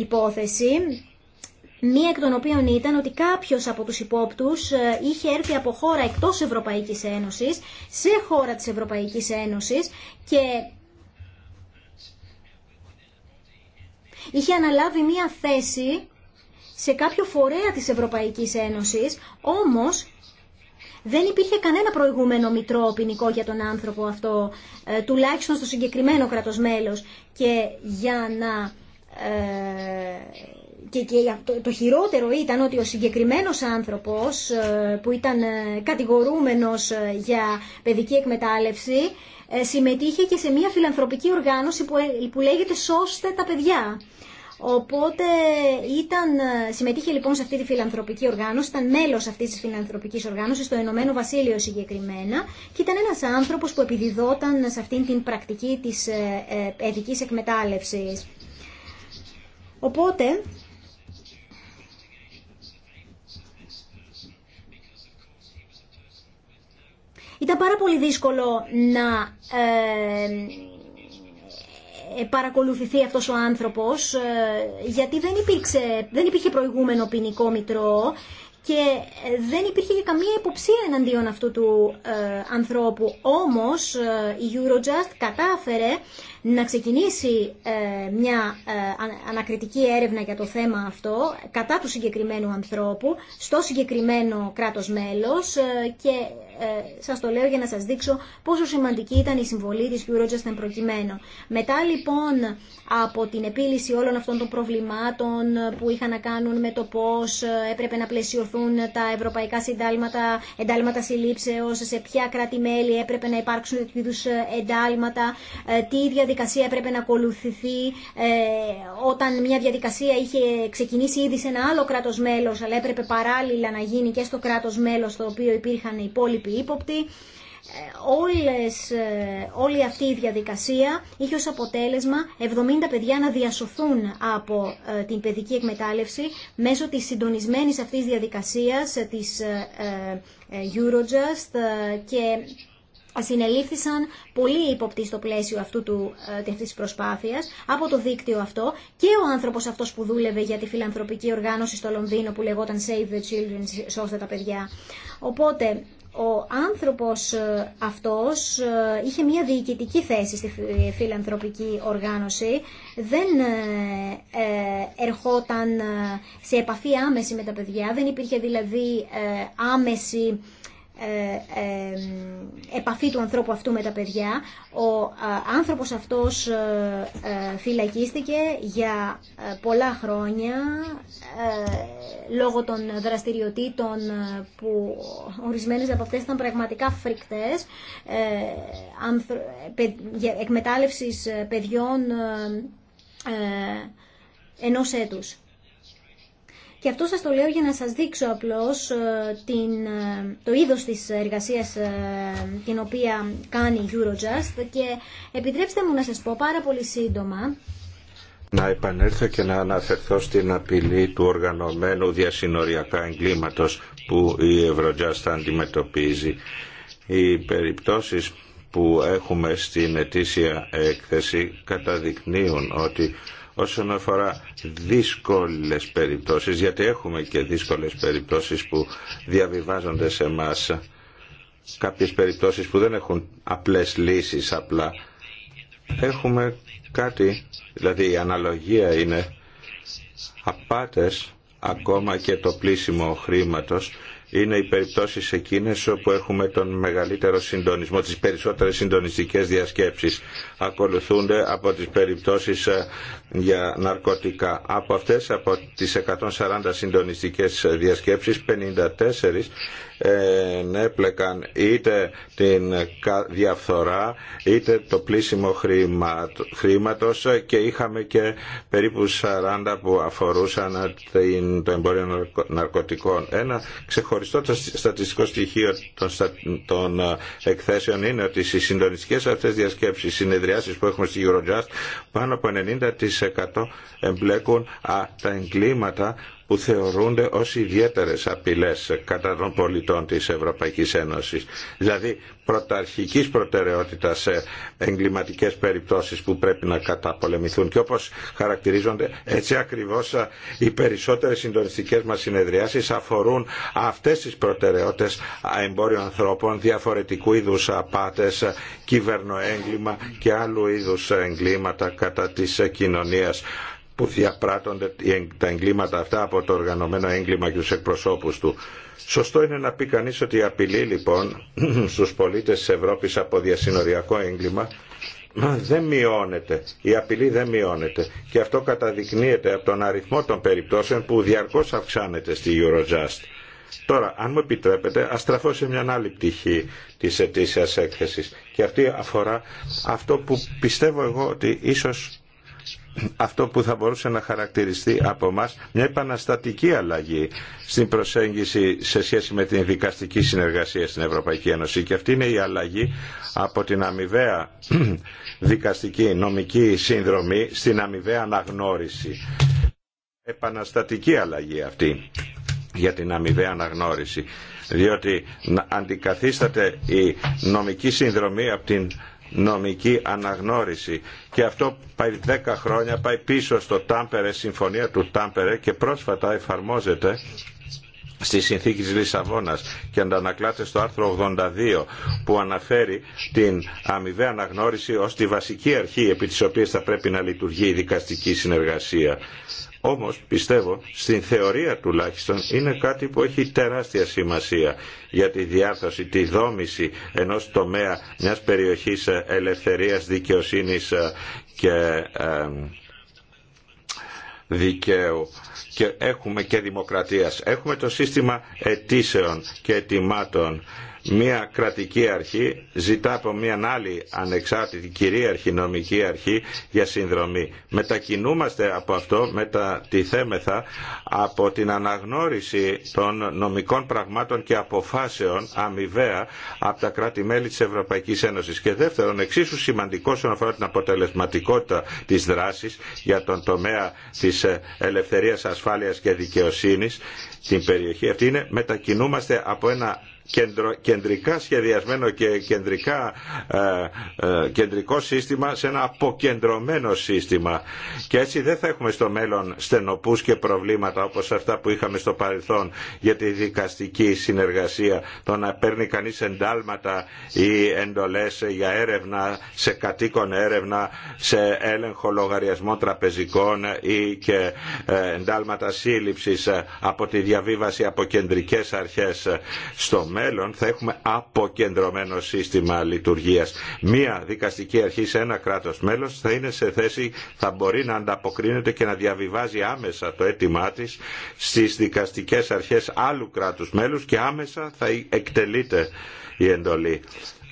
υπόθεση μία εκ των οποίων ήταν ότι κάποιος από τους υπόπτους ε, είχε έρθει από χώρα εκτός Ευρωπαϊκής Ένωσης σε χώρα της Ευρωπαϊκής Ένωσης και είχε αναλάβει μία θέση σε κάποιο φορέα της Ευρωπαϊκής Ένωσης, όμως δεν υπήρχε κανένα προηγούμενο μητρό ποινικό για τον άνθρωπο αυτό, ε, τουλάχιστον στο συγκεκριμένο κρατος μέλος. Και για να ε, και, το, το χειρότερο ήταν ότι ο συγκεκριμένος άνθρωπος ε, που ήταν ε, κατηγορούμενος ε, για παιδική εκμετάλλευση συμμετείχε και σε μια φιλανθρωπική οργάνωση που, λέγεται «Σώστε τα παιδιά». Οπότε ήταν, συμμετείχε λοιπόν σε αυτή τη φιλανθρωπική οργάνωση, ήταν μέλος αυτής της φιλανθρωπικής οργάνωσης το Ηνωμένο Βασίλειο συγκεκριμένα και ήταν ένας άνθρωπος που επιδιδόταν σε αυτήν την πρακτική της παιδικής εκμετάλλευσης. Οπότε Ήταν πάρα πολύ δύσκολο να ε, ε, παρακολουθηθεί αυτός ο άνθρωπος ε, γιατί δεν, υπήρξε, δεν υπήρχε προηγούμενο ποινικό μητρό και δεν υπήρχε καμία υποψία εναντίον αυτού του ανθρώπου. Όμως η Eurojust κατάφερε να ξεκινήσει ε, μια ε, ανακριτική έρευνα για το θέμα αυτό κατά του συγκεκριμένου ανθρώπου στο συγκεκριμένο κράτος μέλος ε, και σας το λέω για να σας δείξω πόσο σημαντική ήταν η συμβολή της Eurojust εν προκειμένου. Μετά λοιπόν από την επίλυση όλων αυτών των προβλημάτων που είχαν να κάνουν με το πώς έπρεπε να πλαισιωθούν τα ευρωπαϊκά συντάλματα, εντάλματα συλλήψεως, σε ποια κράτη-μέλη έπρεπε να υπάρξουν τέτοιου εντάλματα, τι διαδικασία διαδικασία έπρεπε να ακολουθηθεί ε, όταν μια διαδικασία είχε ξεκινήσει ήδη σε ένα άλλο κράτος μέλος, αλλά έπρεπε παράλληλα να γίνει και στο κράτος μέλος στο οποίο υπήρχαν οι υπόλοιποι ύποπτοι. Ε, όλες, ε, όλη αυτή η διαδικασία είχε ως αποτέλεσμα 70 παιδιά να διασωθούν από την παιδική εκμετάλλευση μέσω της συντονισμένης αυτής διαδικασίας της Eurojust και συνελήφθησαν πολύ υποπτοί στο πλαίσιο αυτού του, ε, αυτής της προσπάθειας από το δίκτυο αυτό και ο άνθρωπος αυτός που δούλευε για τη φιλανθρωπική οργάνωση στο Λονδίνο που λεγόταν Save the Children, σώστε τα παιδιά. Οπότε ο άνθρωπος ε, αυτός ε, είχε μια διοικητική θέση στη φιλανθρωπική οργάνωση, δεν ερχόταν σε επαφή άμεση με τα παιδιά, δεν υπήρχε δηλαδή άμεση ε, ε, επαφή του ανθρώπου αυτού με τα παιδιά. Ο άνθρωπος αυτός ε, φυλακίστηκε για πολλά χρόνια λόγω των δραστηριοτήτων που ορισμένες από αυτές ήταν πραγματικά φρικτές εκμετάλλευσης παιδιών ενός έτους. Και αυτό σας το λέω για να σας δείξω απλώς ε, την, ε, το είδος της εργασίας ε, την οποία κάνει η Eurojust και επιτρέψτε μου να σας πω πάρα πολύ σύντομα να επανέλθω και να αναφερθώ στην απειλή του οργανωμένου διασυνοριακά εγκλήματος που η Eurojust αντιμετωπίζει. Οι περιπτώσεις που έχουμε στην ετήσια έκθεση καταδεικνύουν ότι όσον αφορά δύσκολες περιπτώσεις, γιατί έχουμε και δύσκολες περιπτώσεις που διαβιβάζονται σε εμά κάποιες περιπτώσεις που δεν έχουν απλές λύσεις απλά. Έχουμε κάτι, δηλαδή η αναλογία είναι απάτες ακόμα και το πλήσιμο χρήματος είναι οι περιπτώσεις εκείνε όπου έχουμε τον μεγαλύτερο συντονισμό, τι περισσότερε συντονιστικέ διασκέψεις. Ακολουθούνται από τις περιπτώσεις ε, για ναρκωτικά. Από αυτές, από τις 140 συντονιστικέ διασκέψεις, 54 ενέπλεκαν είτε την διαφθορά είτε το πλήσιμο χρήματος και είχαμε και περίπου 40 που αφορούσαν το εμπόριο ναρκωτικών. Ένα ξεχωριστό στατιστικό στοιχείο των ε, εκθέσεων είναι ότι στις συντονιστικές αυτές διασκέψεις, συνεδριάσεις που έχουμε στη Eurojust πάνω από 90% εμπλέκουν τα εγκλήματα που θεωρούνται ως ιδιαίτερες απειλές κατά των πολιτών της Ευρωπαϊκής Ένωσης. Δηλαδή πρωταρχικής προτεραιότητας σε εγκληματικές περιπτώσεις που πρέπει να καταπολεμηθούν. Και όπως χαρακτηρίζονται έτσι ακριβώς οι περισσότερες συντονιστικές μας συνεδριάσεις αφορούν αυτές τις προτεραιότητες εμπόριων ανθρώπων, διαφορετικού είδους απάτες, κυβερνοέγκλημα και άλλου είδους εγκλήματα κατά της ε, κοινωνίας που διαπράττονται τα εγκλήματα αυτά από το οργανωμένο έγκλημα και τους εκπροσώπους του. Σωστό είναι να πει κανείς ότι η απειλή λοιπόν στους πολίτες της Ευρώπης από διασυνοριακό έγκλημα δεν μειώνεται. Η απειλή δεν μειώνεται. Και αυτό καταδεικνύεται από τον αριθμό των περιπτώσεων που διαρκώς αυξάνεται στη Eurojust. Τώρα, αν μου επιτρέπετε, ας στραφώ σε μια άλλη πτυχή της ετήσιας έκθεσης. Και αυτή αφορά αυτό που πιστεύω εγώ ότι ίσως αυτό που θα μπορούσε να χαρακτηριστεί από εμά μια επαναστατική αλλαγή στην προσέγγιση σε σχέση με την δικαστική συνεργασία στην Ευρωπαϊκή Ένωση. Και αυτή είναι η αλλαγή από την αμοιβαία δικαστική νομική σύνδρομη στην αμοιβαία αναγνώριση. Επαναστατική αλλαγή αυτή για την αμοιβαία αναγνώριση. Διότι αντικαθίσταται η νομική συνδρομή από την νομική αναγνώριση. Και αυτό πάει 10 χρόνια, πάει πίσω στο Τάμπερε, συμφωνία του Τάμπερε και πρόσφατα εφαρμόζεται στη συνθήκη της Λισαβόνας και αντανακλάται στο άρθρο 82 που αναφέρει την αμοιβαία αναγνώριση ως τη βασική αρχή επί της οποίας θα πρέπει να λειτουργεί η δικαστική συνεργασία. Όμως πιστεύω στην θεωρία τουλάχιστον είναι κάτι που έχει τεράστια σημασία για τη διάθεση τη δόμηση ενός τομέα μιας περιοχής ε, ελευθερίας, δικαιοσύνης ε, και ε, δικαίου και έχουμε και δημοκρατίας. Έχουμε το σύστημα αιτήσεων και ετοιμάτων μια κρατική αρχή ζητά από μια άλλη ανεξάρτητη κυρίαρχη νομική αρχή για συνδρομή. Μετακινούμαστε από αυτό, μετατιθέμεθα από την αναγνώριση των νομικών πραγμάτων και αποφάσεων αμοιβαία από τα κράτη-μέλη της Ευρωπαϊκής Ένωσης. Και δεύτερον, εξίσου σημαντικό όσον αφορά την αποτελεσματικότητα της δράσης για τον τομέα της ελευθερίας, ασφάλειας και δικαιοσύνης, την περιοχή αυτή είναι μετακινούμαστε από ένα κεντρικά σχεδιασμένο και κεντρικά, ε, ε, κεντρικό σύστημα σε ένα αποκεντρωμένο σύστημα. Και έτσι δεν θα έχουμε στο μέλλον στενοπούς και προβλήματα όπως αυτά που είχαμε στο παρελθόν για τη δικαστική συνεργασία. Το να παίρνει κανείς εντάλματα ή εντολές για έρευνα, σε κατοίκον έρευνα, σε έλεγχο λογαριασμό τραπεζικών ή και ε, εντάλματα σύλληψης από τη διαβίβαση από κεντρικές αρχές στο μέλλον θα έχουμε αποκεντρωμένο σύστημα λειτουργίας. Μία δικαστική αρχή σε ένα κράτος μέλος θα είναι σε θέση, θα μπορεί να ανταποκρίνεται και να διαβιβάζει άμεσα το αίτημά της στις δικαστικές αρχές άλλου κράτους μέλους και άμεσα θα εκτελείται η εντολή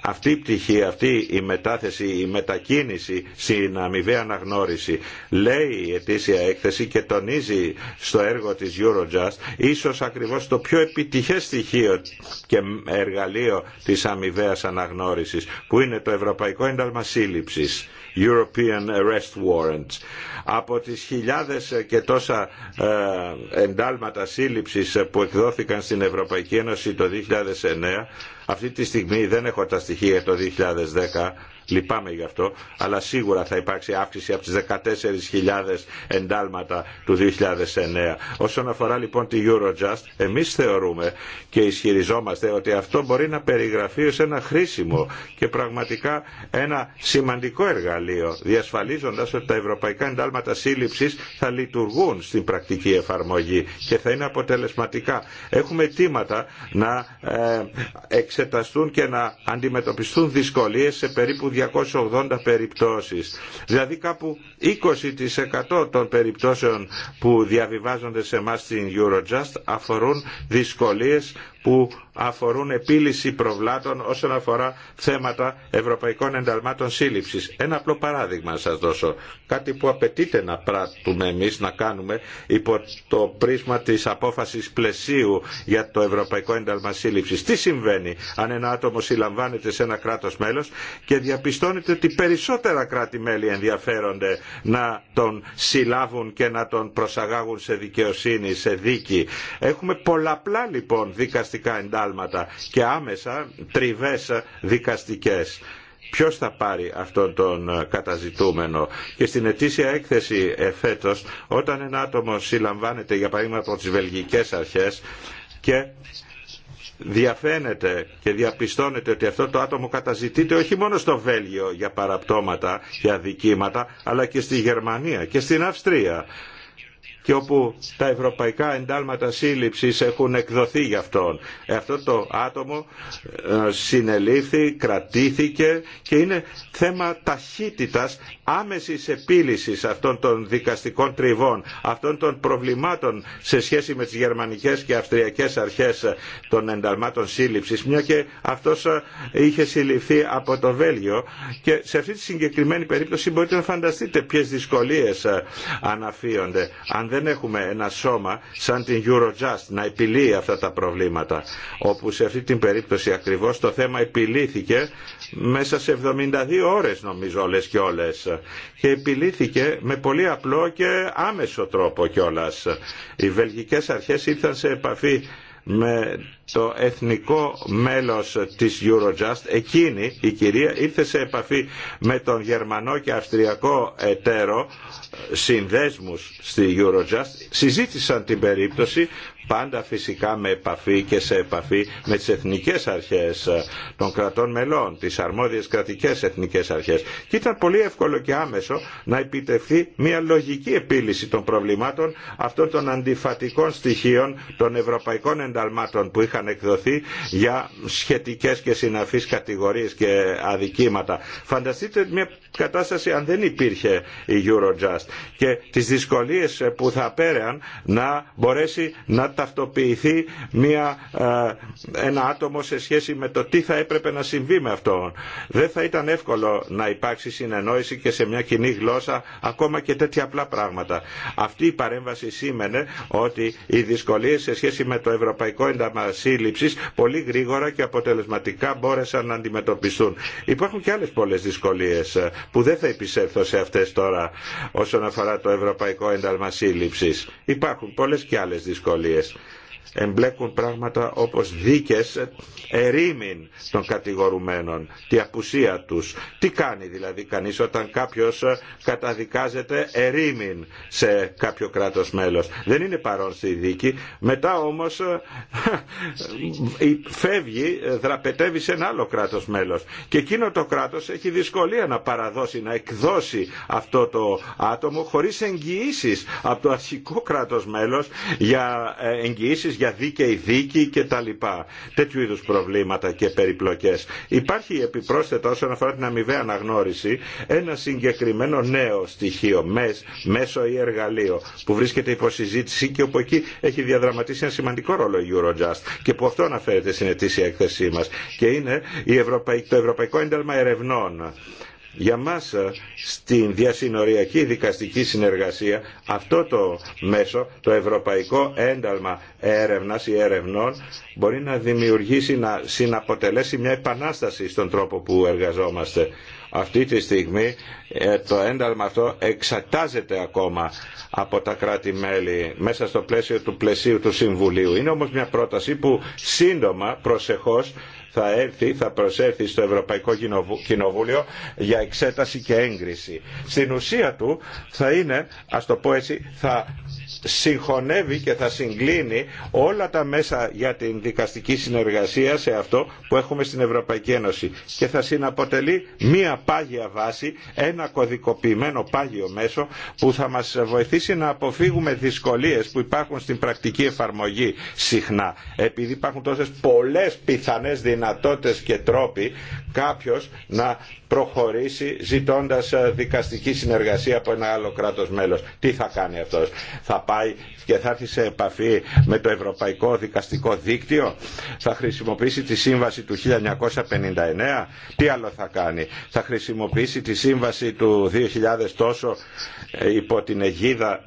αυτή η πτυχή, αυτή η μετάθεση, η μετακίνηση στην αμοιβαία αναγνώριση λέει η ετήσια έκθεση και τονίζει στο έργο της Eurojust ίσως ακριβώς το πιο επιτυχές στοιχείο και εργαλείο της αμοιβαίας αναγνώρισης που είναι το Ευρωπαϊκό Ένταλμα Σύλληψης. European Arrest Warrant. Από τις χιλιάδες και τόσα ε, εντάλματα σύλληψης που εκδόθηκαν στην Ευρωπαϊκή Ένωση το 2009 αυτή τη στιγμή δεν έχω τα στοιχεία το 2010 λυπάμαι γι' αυτό, αλλά σίγουρα θα υπάρξει αύξηση από τις 14.000 εντάλματα του 2009. Όσον αφορά λοιπόν τη Eurojust, εμείς θεωρούμε και ισχυριζόμαστε ότι αυτό μπορεί να περιγραφεί ως ένα χρήσιμο και πραγματικά ένα σημαντικό εργαλείο, διασφαλίζοντας ότι τα ευρωπαϊκά εντάλματα σύλληψης θα λειτουργούν στην πρακτική εφαρμογή και θα είναι αποτελεσματικά. Έχουμε αιτήματα να ε, εξεταστούν και να αντιμετωπιστούν δυσκολίες σε περίπου 280 περιπτώσεις. Δηλαδή κάπου 20% των περιπτώσεων που διαβιβάζονται σε εμάς στην Eurojust αφορούν δυσκολίες που αφορούν επίλυση προβλάτων όσον αφορά θέματα ευρωπαϊκών ενταλμάτων σύλληψη. Ένα απλό παράδειγμα να σας δώσω. Κάτι που απαιτείται να πράττουμε εμεί να κάνουμε υπό το πρίσμα τη απόφαση πλαισίου για το ευρωπαϊκό ενταλμα σύλληψης. Τι συμβαίνει αν ένα άτομο συλλαμβάνεται σε ένα κράτο μέλο και διαπιστώνεται ότι περισσότερα κράτη-μέλη ενδιαφέρονται να τον συλλάβουν και να τον προσαγάγουν σε δικαιοσύνη, σε δίκη. Έχουμε πολλαπλά λοιπόν δικαστικά δικαστικά εντάλματα και άμεσα τριβές δικαστικές. Ποιος θα πάρει αυτόν τον ε, καταζητούμενο. Και στην ετήσια έκθεση εφέτος, όταν ένα άτομο συλλαμβάνεται για παράδειγμα από τις βελγικές αρχές και διαφαίνεται και διαπιστώνεται ότι αυτό το άτομο καταζητείται όχι μόνο στο Βέλγιο για παραπτώματα και αδικήματα, αλλά και στη Γερμανία και στην Αυστρία και όπου τα ευρωπαϊκά εντάλματα σύλληψης έχουν εκδοθεί για αυτόν. Ε, αυτό το άτομο ε, συνελήφθη, κρατήθηκε και είναι θέμα ταχύτητας άμεσης επίλυσης αυτών των δικαστικών τριβών, αυτών των προβλημάτων σε σχέση με τις γερμανικές και αυστριακές αρχές των ενταλμάτων σύλληψης, μια και αυτός ε, είχε συλληφθεί από το Βέλγιο και σε αυτή τη συγκεκριμένη περίπτωση μπορείτε να φανταστείτε ποιες δυσκολίες αναφύονται δεν έχουμε ένα σώμα σαν την Eurojust να επιλύει αυτά τα προβλήματα όπου σε αυτή την περίπτωση ακριβώς το θέμα επιλύθηκε μέσα σε 72 ώρες νομίζω όλες και όλες και επιλύθηκε με πολύ απλό και άμεσο τρόπο κιόλας. Οι βελγικές αρχές ήρθαν σε επαφή με το εθνικό μέλος της Eurojust, εκείνη η κυρία ήρθε σε επαφή με τον γερμανό και αυστριακό εταίρο συνδέσμους στη Eurojust, συζήτησαν την περίπτωση πάντα φυσικά με επαφή και σε επαφή με τις εθνικές αρχές των κρατών μελών, τις αρμόδιες κρατικές εθνικές αρχές. Και ήταν πολύ εύκολο και άμεσο να επιτευχθεί μια λογική επίλυση των προβλημάτων αυτών των αντιφατικών στοιχείων των ευρωπαϊκών ενταλμάτων είχαν εκδοθεί για σχετικές και συναφείς κατηγορίες και αδικήματα. Φανταστείτε μια κατάσταση αν δεν υπήρχε η Eurojust και τις δυσκολίες που θα πέραν να μπορέσει να ταυτοποιηθεί μια, ε, ένα άτομο σε σχέση με το τι θα έπρεπε να συμβεί με αυτόν. Δεν θα ήταν εύκολο να υπάρξει συνεννόηση και σε μια κοινή γλώσσα ακόμα και τέτοια απλά πράγματα. Αυτή η παρέμβαση σήμαινε ότι οι δυσκολίες σε σχέση με το Ευρωπαϊκό Ένταμα Σύλληψης πολύ γρήγορα και αποτελεσματικά μπόρεσαν να αντιμετωπιστούν. Υπάρχουν και άλλες πολλές δυσκολίες που δεν θα επισέλθω σε αυτές τώρα όσον αφορά το Ευρωπαϊκό Ένταλμα Υπάρχουν πολλές και άλλες δυσκολίες εμπλέκουν πράγματα όπως δίκες ερήμην των κατηγορουμένων, τη απουσία τους. Τι κάνει δηλαδή κανείς όταν κάποιος καταδικάζεται ερήμην σε κάποιο κράτος μέλος. Δεν είναι παρόν στη δίκη, μετά όμως ε, φεύγει, δραπετεύει σε ένα άλλο κράτος μέλος. Και εκείνο το κράτος έχει δυσκολία να παραδώσει, να εκδώσει αυτό το άτομο χωρίς εγγυήσεις από το αρχικό κράτος μέλος για ε, εγγυήσεις για δίκαιη δίκη και τα λοιπά. Τέτοιου είδους προβλήματα και περιπλοκές. Υπάρχει επιπρόσθετα όσον αφορά την αμοιβαία αναγνώριση ένα συγκεκριμένο νέο στοιχείο, μέσο ή εργαλείο που βρίσκεται υπό συζήτηση και όπου εκεί έχει διαδραματίσει ένα σημαντικό ρόλο η Eurojust και που αυτό αναφέρεται στην ετήσια έκθεσή μας και είναι το Ευρωπαϊκό Ένταλμα Ερευνών για μας ε, στην διασυνοριακή δικαστική συνεργασία αυτό το μέσο, το ευρωπαϊκό ένταλμα έρευνας ή ερευνών μπορεί να δημιουργήσει, να συναποτελέσει μια επανάσταση στον τρόπο που εργαζόμαστε. Αυτή τη στιγμή ε, το ένταλμα αυτό εξατάζεται ακόμα από τα κράτη-μέλη μέσα στο πλαίσιο του πλαισίου του Συμβουλίου. Είναι όμως μια πρόταση που σύντομα, προσεχώς, θα έρθει, θα προσέλθει στο Ευρωπαϊκό Κοινοβούλιο για εξέταση και έγκριση. Στην ουσία του θα είναι, ας το πω έτσι, θα συγχωνεύει και θα συγκλίνει όλα τα μέσα για την δικαστική συνεργασία σε αυτό που έχουμε στην Ευρωπαϊκή Ένωση και θα συναποτελεί μία πάγια βάση, ένα κωδικοποιημένο πάγιο μέσο που θα μας βοηθήσει να αποφύγουμε δυσκολίες που υπάρχουν στην πρακτική εφαρμογή συχνά. Επειδή υπάρχουν τόσες πολλές πιθανές δυνατότητες και τρόποι κάποιος να προχωρήσει ζητώντας δικαστική συνεργασία από ένα άλλο κράτος μέλος. Τι θα κάνει αυτός πάει και θα έρθει σε επαφή με το Ευρωπαϊκό Δικαστικό Δίκτυο, θα χρησιμοποιήσει τη σύμβαση του 1959, τι άλλο θα κάνει, θα χρησιμοποιήσει τη σύμβαση του 2000 τόσο ε, υπό την αιγίδα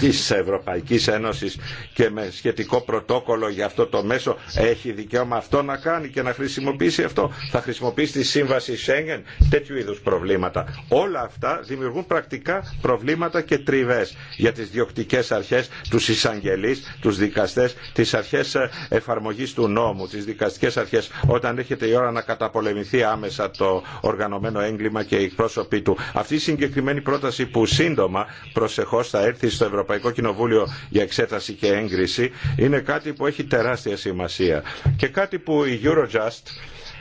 της Ευρωπαϊκής Ένωσης και με σχετικό πρωτόκολλο για αυτό το μέσο έχει δικαίωμα αυτό να κάνει και να χρησιμοποιήσει αυτό. Θα χρησιμοποιήσει τη σύμβαση Σέγγεν, τέτοιου είδους προβλήματα. Όλα αυτά δημιουργούν πρακτικά προβλήματα και τριβές για τις διοκτικές αρχές, τους εισαγγελείς, τους δικαστές, τις αρχές ε, εφαρμογής του νόμου, τις δικαστικές αρχές όταν έρχεται η ώρα να καταπολεμηθεί άμεσα το οργανωμένο έγκλημα και οι πρόσωποι του. Αυτή η συγκεκριμένη πρόταση που σύντομα προσεχώς θα έρθει στο Ευρωπαϊκό Ευρωπαϊκό Κοινοβούλιο για εξέταση και έγκριση είναι κάτι που έχει τεράστια σημασία και κάτι που η Eurojust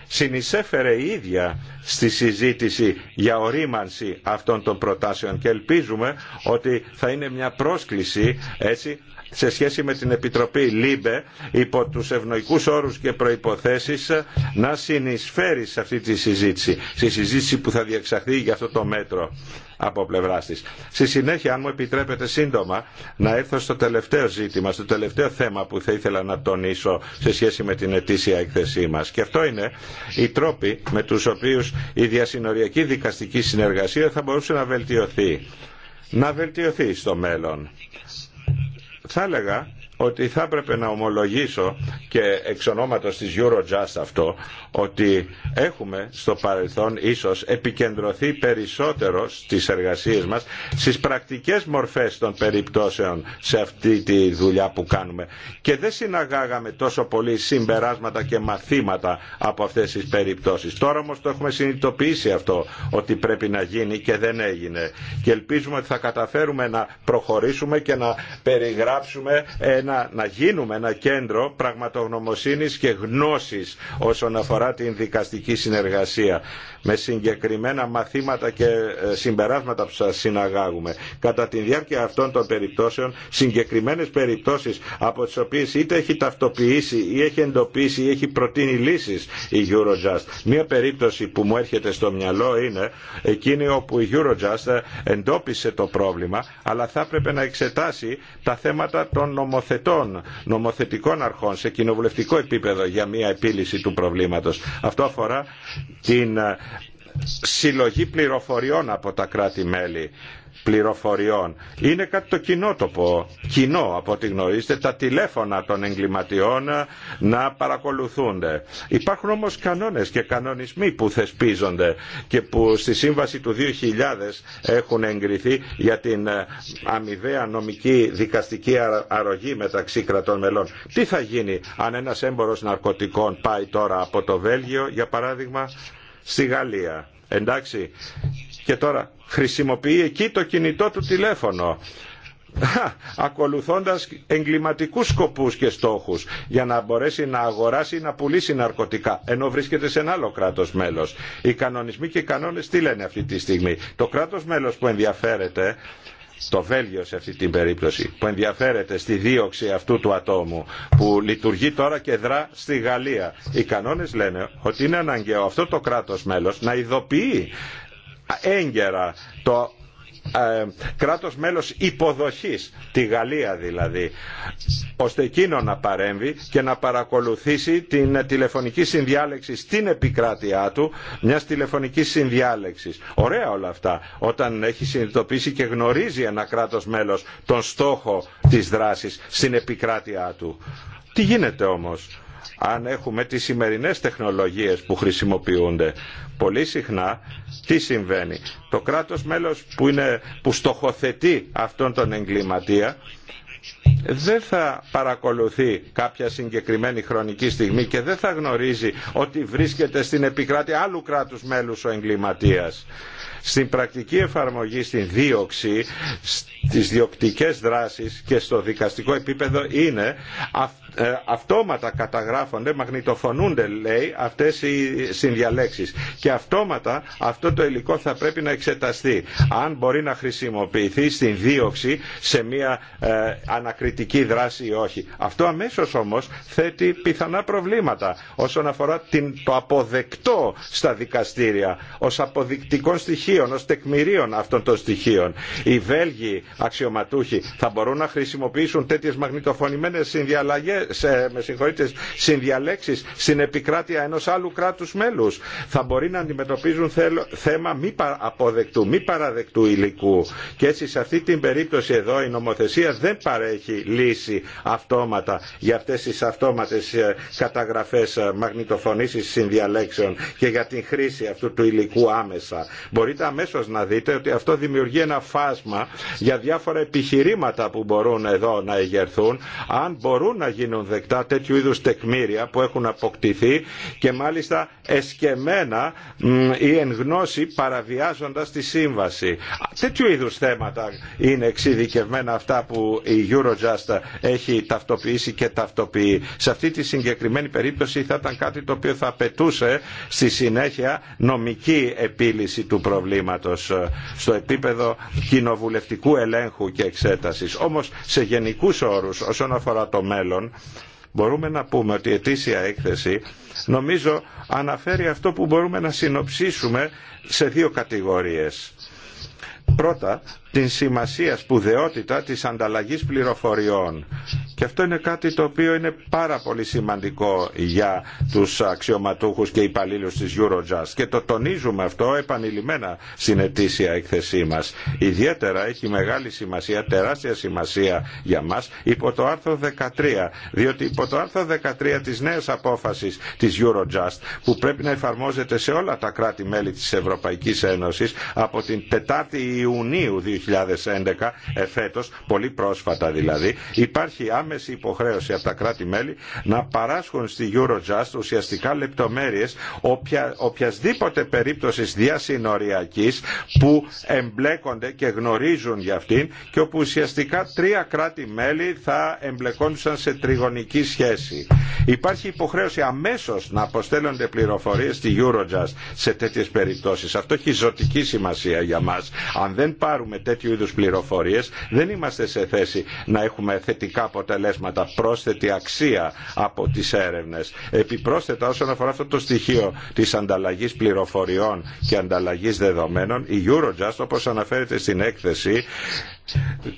συνεισέφερε η ίδια στη συζήτηση για ορίμανση αυτών των προτάσεων και ελπίζουμε ότι θα είναι μια πρόσκληση έτσι σε σχέση με την Επιτροπή ΛΥΜΠΕ υπό τους ευνοϊκούς όρους και προϋποθέσεις να συνεισφέρει σε αυτή τη συζήτηση, στη συζήτηση που θα διεξαχθεί για αυτό το μέτρο από πλευρά τη. Στη συνέχεια, αν μου επιτρέπετε σύντομα, να έρθω στο τελευταίο ζήτημα, στο τελευταίο θέμα που θα ήθελα να τονίσω σε σχέση με την ετήσια έκθεσή μα. Και αυτό είναι οι τρόποι με του οποίου η διασυνοριακή δικαστική συνεργασία θα μπορούσε να βελτιωθεί. Να βελτιωθεί στο μέλλον θα έλεγα ότι θα έπρεπε να ομολογήσω και εξ ονόματος της Eurojust αυτό ότι έχουμε στο παρελθόν ίσως επικεντρωθεί περισσότερο στις εργασίες μας στις πρακτικές μορφές των περιπτώσεων σε αυτή τη δουλειά που κάνουμε και δεν συναγάγαμε τόσο πολύ συμπεράσματα και μαθήματα από αυτές τις περιπτώσεις. Τώρα όμως το έχουμε συνειδητοποιήσει αυτό ότι πρέπει να γίνει και δεν έγινε και ελπίζουμε ότι θα καταφέρουμε να προχωρήσουμε και να περιγράψουμε να γίνουμε ένα κέντρο πραγματογνωμοσύνης και γνώσης όσον αφορά την δικαστική συνεργασία με συγκεκριμένα μαθήματα και ε, συμπεράσματα που σας συναγάγουμε. Κατά τη διάρκεια αυτών των περιπτώσεων, συγκεκριμένες περιπτώσεις από τις οποίες είτε έχει ταυτοποιήσει ή έχει εντοπίσει ή έχει προτείνει λύσεις η Eurojust. Μία περίπτωση που μου έρχεται στο μυαλό είναι εκείνη όπου η Eurojust ε, εντόπισε το πρόβλημα αλλά θα έπρεπε να εξετάσει τα θέματα των νομοθετών των νομοθετικών αρχών σε κοινοβουλευτικό επίπεδο για μια επίλυση του προβλήματος. Αυτό αφορά την ε, συλλογή πληροφοριών από τα κράτη-μέλη πληροφοριών. Είναι κάτι το κοινότοπο, κοινό από ό,τι γνωρίζετε, τα τηλέφωνα των εγκληματιών ε, να παρακολουθούνται. Υπάρχουν όμως κανόνες και κανονισμοί που θεσπίζονται και που στη σύμβαση του 2000 έχουν εγκριθεί για την ε, αμοιβαία νομική δικαστική αρρωγή μεταξύ κρατών μελών. Τι θα γίνει αν ένας έμπορος ναρκωτικών πάει τώρα από το Βέλγιο, για παράδειγμα, στη Γαλλία. Εντάξει, και τώρα χρησιμοποιεί εκεί το κινητό του τηλέφωνο ακολουθώντας εγκληματικούς σκοπούς και στόχους για να μπορέσει να αγοράσει ή να πουλήσει ναρκωτικά ενώ βρίσκεται σε ένα άλλο κράτος μέλος. Οι κανονισμοί και οι κανόνες τι λένε αυτή τη στιγμή. Το κράτος μέλος που ενδιαφέρεται το Βέλγιο σε αυτή την περίπτωση που ενδιαφέρεται στη δίωξη αυτού του ατόμου που λειτουργεί τώρα και δρά στη Γαλλία. Οι κανόνες λένε ότι είναι αναγκαίο αυτό το κράτος μέλος να ειδοποιεί έγκαιρα το ε, κράτος μέλος υποδοχής, τη Γαλλία δηλαδή, ώστε εκείνο να παρέμβει και να παρακολουθήσει την τηλεφωνική συνδιάλεξη στην επικράτειά του, μιας τηλεφωνικής συνδιάλεξης. Ωραία όλα αυτά, όταν έχει συνειδητοποιήσει και γνωρίζει ένα κράτος μέλος τον στόχο της δράσης στην επικράτειά του. Τι γίνεται όμως αν έχουμε τις σημερινές τεχνολογίες που χρησιμοποιούνται. Πολύ συχνά τι συμβαίνει. Το κράτος μέλος που, είναι, που στοχοθετεί αυτόν τον εγκληματία δεν θα παρακολουθεί κάποια συγκεκριμένη χρονική στιγμή και δεν θα γνωρίζει ότι βρίσκεται στην επικράτεια άλλου κράτους μέλους ο εγκληματίας. Στην πρακτική εφαρμογή, στην δίωξη, στις διοκτικές δράσεις και στο δικαστικό επίπεδο είναι ε, αυτόματα καταγράφονται, μαγνητοφωνούνται λέει αυτές οι συνδιαλέξεις και αυτόματα αυτό το υλικό θα πρέπει να εξεταστεί αν μπορεί να χρησιμοποιηθεί στην δίωξη σε μια ε, ανακριτική δράση ή όχι. Αυτό αμέσως όμως θέτει πιθανά προβλήματα όσον αφορά την, το αποδεκτό στα δικαστήρια ως αποδεικτικών στοιχείων, ως τεκμηρίων αυτών των στοιχείων. Οι Βέλγοι αξιωματούχοι θα μπορούν να χρησιμοποιήσουν τέτοιες μαγνητοφωνημένες συνδιαλλαγές συνδιαλέξει στην επικράτεια ενό άλλου κράτου μέλου. Θα μπορεί να αντιμετωπίζουν θέμα μη αποδεκτού, μη παραδεκτού υλικού. Και έτσι σε αυτή την περίπτωση εδώ η νομοθεσία δεν παρέχει λύση αυτόματα για αυτέ τι αυτόματε καταγραφέ ε, μαγνητοφωνήσει συνδιαλέξεων και για την χρήση αυτού του υλικού άμεσα. Μπορείτε αμέσω να δείτε ότι αυτό δημιουργεί ένα φάσμα για διάφορα επιχειρήματα που μπορούν εδώ να εγερθούν αν μπορούν να γίνουν τέτοιου είδους τεκμήρια που έχουν αποκτηθεί και μάλιστα εσκεμμένα ή εν γνώση παραβιάζοντας τη σύμβαση. Τέτοιου είδου θέματα είναι εξειδικευμένα αυτά που η Eurojust έχει ταυτοποιήσει και ταυτοποιεί. Σε αυτή τη συγκεκριμένη περίπτωση θα ήταν κάτι το οποίο θα απαιτούσε στη συνέχεια νομική επίλυση του προβλήματος στο επίπεδο κοινοβουλευτικού ελέγχου και εξέταση. Όμως σε γενικού όρους όσον αφορά το μέλλον μπορούμε να πούμε ότι η ετήσια έκθεση νομίζω αναφέρει αυτό που μπορούμε να συνοψίσουμε σε δύο κατηγορίες. Πρώτα, την σημασία, σπουδαιότητα της ανταλλαγής πληροφοριών. Και αυτό είναι κάτι το οποίο είναι πάρα πολύ σημαντικό για τους αξιωματούχους και υπαλλήλους της Eurojust και το τονίζουμε αυτό επανειλημμένα στην ετήσια εκθεσή μας. Ιδιαίτερα έχει μεγάλη σημασία, τεράστια σημασία για μας υπό το άρθρο 13, διότι υπό το άρθρο 13 της νέας απόφασης της Eurojust που πρέπει να εφαρμόζεται σε όλα τα κράτη-μέλη της Ευρωπαϊκής Ένωσης από την 4η Ιουνίου 2011, εφέτος, πολύ πρόσφατα δηλαδή, υπάρχει άμεση υποχρέωση από τα κράτη-μέλη να παράσχουν στη Eurojust ουσιαστικά λεπτομέρειες οποια, οποιασδήποτε περίπτωσης διασυνοριακής που εμπλέκονται και γνωρίζουν για αυτήν και όπου ουσιαστικά τρία κράτη-μέλη θα εμπλεκόντουσαν σε τριγωνική σχέση. Υπάρχει υποχρέωση αμέσως να αποστέλλονται πληροφορίες στη Eurojust σε τέτοιες περιπτώσεις. Αυτό έχει ζωτική σημασία για μας. Αν δεν πάρουμε τέτοιου είδους πληροφορίες δεν είμαστε σε θέση να έχουμε θετικά αποτελέσματα, πρόσθετη αξία από τις έρευνες. Επιπρόσθετα όσον αφορά αυτό το στοιχείο της ανταλλαγής πληροφοριών και ανταλλαγής δεδομένων, η Eurojust όπως αναφέρεται στην έκθεση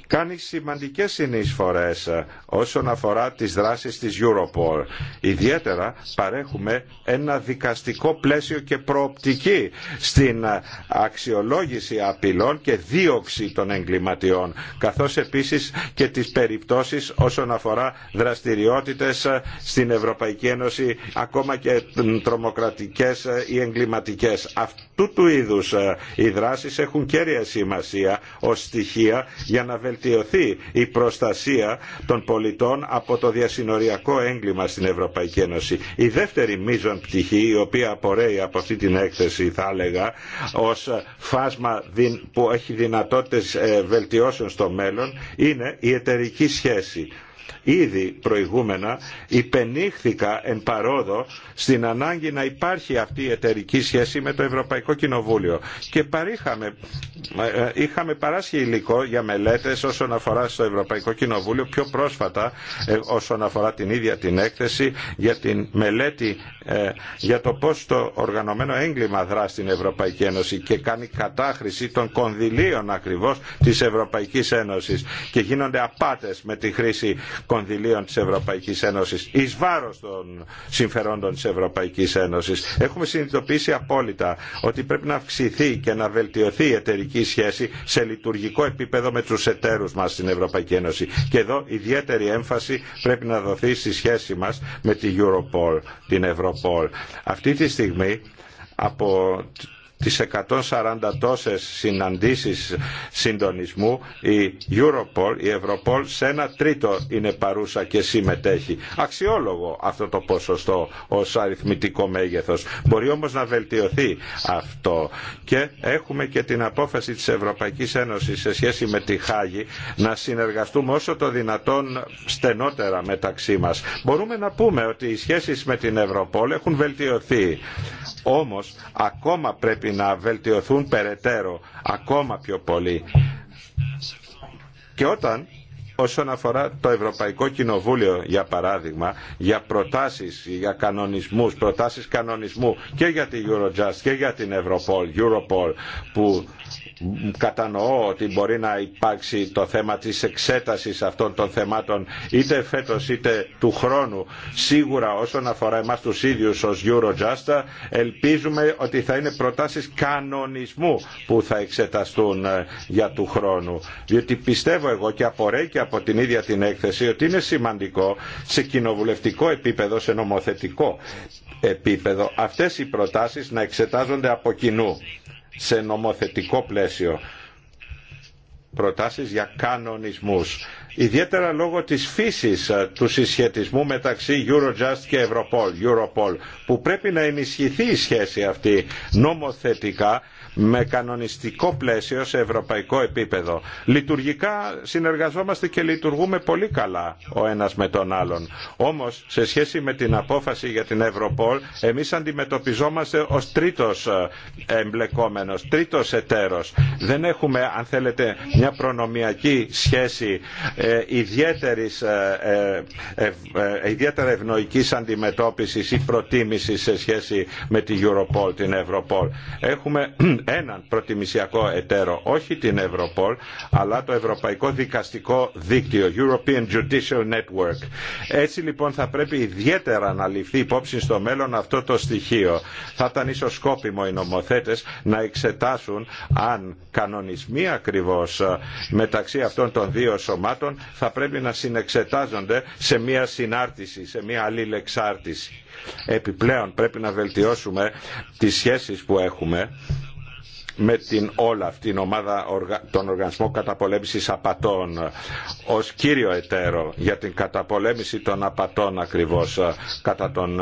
κάνει σημαντικές συνεισφορές όσον αφορά τις δράσεις της Europol. Ιδιαίτερα παρέχουμε ένα δικαστικό πλαίσιο και προοπτική στην αξιολόγηση απειλών και δίωξη των εγκληματιών καθώς επίσης και τις περιπτώσεις όσον αφορά δραστηριότητες στην Ευρωπαϊκή Ένωση ακόμα και τρομοκρατικές ή εγκληματικές. Αυτού του είδους ε, οι δράσεις έχουν κέρια σημασία ως στοιχεία για να βελτιωθεί η προστασία των πολιτών από το διασυνοριακό έγκλημα στην Ευρωπαϊκή Ένωση. Η δεύτερη μείζον πτυχή η οποία απορρέει από αυτή την έκθεση θα έλεγα ως φάσμα που έχει δυνατότητα δυνατότητες ε, βελτιώσεων στο μέλλον είναι η εταιρική σχέση ήδη προηγούμενα υπενήχθηκα εν παρόδο στην ανάγκη να υπάρχει αυτή η εταιρική σχέση με το Ευρωπαϊκό Κοινοβούλιο και παρήχαμε, ε, ε, είχαμε παράσχει υλικό για μελέτες όσον αφορά στο Ευρωπαϊκό Κοινοβούλιο πιο πρόσφατα ε, όσον αφορά την ίδια την έκθεση για την μελέτη για το πώς το οργανωμένο έγκλημα δρά στην Ευρωπαϊκή Ένωση και κάνει κατάχρηση των κονδυλίων ακριβώς της Ευρωπαϊκής Ένωσης και γίνονται απάτες με τη χρήση κονδυλίων της Ευρωπαϊκής Ένωσης, εις βάρος των συμφερόντων της Ευρωπαϊκής Ένωσης. Έχουμε συνειδητοποιήσει απόλυτα ότι πρέπει να αυξηθεί και να βελτιωθεί η εταιρική σχέση σε λειτουργικό επίπεδο με τους εταίρους μας στην Ευρωπαϊκή Ένωση. Και εδώ ιδιαίτερη έμφαση πρέπει να δοθεί στη σχέση μας με Europol, την Europol. Αυτή τη στιγμή από τις 140 τόσες συναντήσεις συντονισμού η Europol, η Ευρωπόλ σε ένα τρίτο είναι παρούσα και συμμετέχει. Αξιόλογο αυτό το ποσοστό ως αριθμητικό μέγεθος. Μπορεί όμως να βελτιωθεί αυτό. Και έχουμε και την απόφαση της Ευρωπαϊκής Ένωσης σε σχέση με τη Χάγη να συνεργαστούμε όσο το δυνατόν στενότερα μεταξύ μας. Μπορούμε να πούμε ότι οι σχέσεις με την Ευρωπόλ έχουν βελτιωθεί. Όμως ακόμα πρέπει να βελτιωθούν περαιτέρω, ακόμα πιο πολύ. Και όταν όσον αφορά το Ευρωπαϊκό Κοινοβούλιο για παράδειγμα για προτάσεις για κανονισμούς προτάσεις κανονισμού και για την Eurojust και για την Europol, Europol που κατανοώ ότι μπορεί να υπάρξει το θέμα της εξέτασης αυτών των θεμάτων είτε φέτος είτε του χρόνου. Σίγουρα όσον αφορά εμάς τους ίδιους ως Eurojust ελπίζουμε ότι θα είναι προτάσεις κανονισμού που θα εξεταστούν ε, για του χρόνου. Διότι πιστεύω εγώ και απορρέει και από την ίδια την έκθεση ότι είναι σημαντικό σε κοινοβουλευτικό επίπεδο, σε νομοθετικό επίπεδο αυτές οι προτάσεις να εξετάζονται από κοινού σε νομοθετικό πλαίσιο προτάσεις για κανονισμούς. Ιδιαίτερα λόγω της φύσης ε, του συσχετισμού μεταξύ Eurojust και Europol, Europol που πρέπει να ενισχυθεί η σχέση αυτή νομοθετικά με κανονιστικό πλαίσιο σε ευρωπαϊκό επίπεδο. Λειτουργικά συνεργαζόμαστε και λειτουργούμε πολύ καλά ο ένας με τον άλλον. Όμως σε σχέση με την απόφαση για την Ευρωπόλ εμείς αντιμετωπιζόμαστε ως τρίτος ε, εμπλεκόμενος, τρίτος εταίρος. Δεν έχουμε αν θέλετε μια προνομιακή σχέση ε, ιδιαίτερης, ε, ε, ιδιαίτερα ευνοϊκής αντιμετώπισης ή προτίμησης σε σχέση με την Europol, την Ευρωπόλ έναν προτιμησιακό εταίρο, όχι την Ευρωπόλ, αλλά το Ευρωπαϊκό Δικαστικό Δίκτυο, European Judicial Network. Έτσι λοιπόν θα πρέπει ιδιαίτερα να ληφθεί υπόψη στο μέλλον αυτό το στοιχείο. Θα ήταν ίσω σκόπιμο οι νομοθέτες να εξετάσουν αν κανονισμοί ακριβώς ε, μεταξύ αυτών των δύο σωμάτων θα πρέπει να συνεξετάζονται σε μια συνάρτηση, σε μια αλληλεξάρτηση. Επιπλέον πρέπει να βελτιώσουμε τις σχέσεις που έχουμε με την όλα την ομάδα τον Οργανισμό Καταπολέμησης Απατών ως κύριο εταίρο για την καταπολέμηση των απατών ακριβώς ε, κατά τον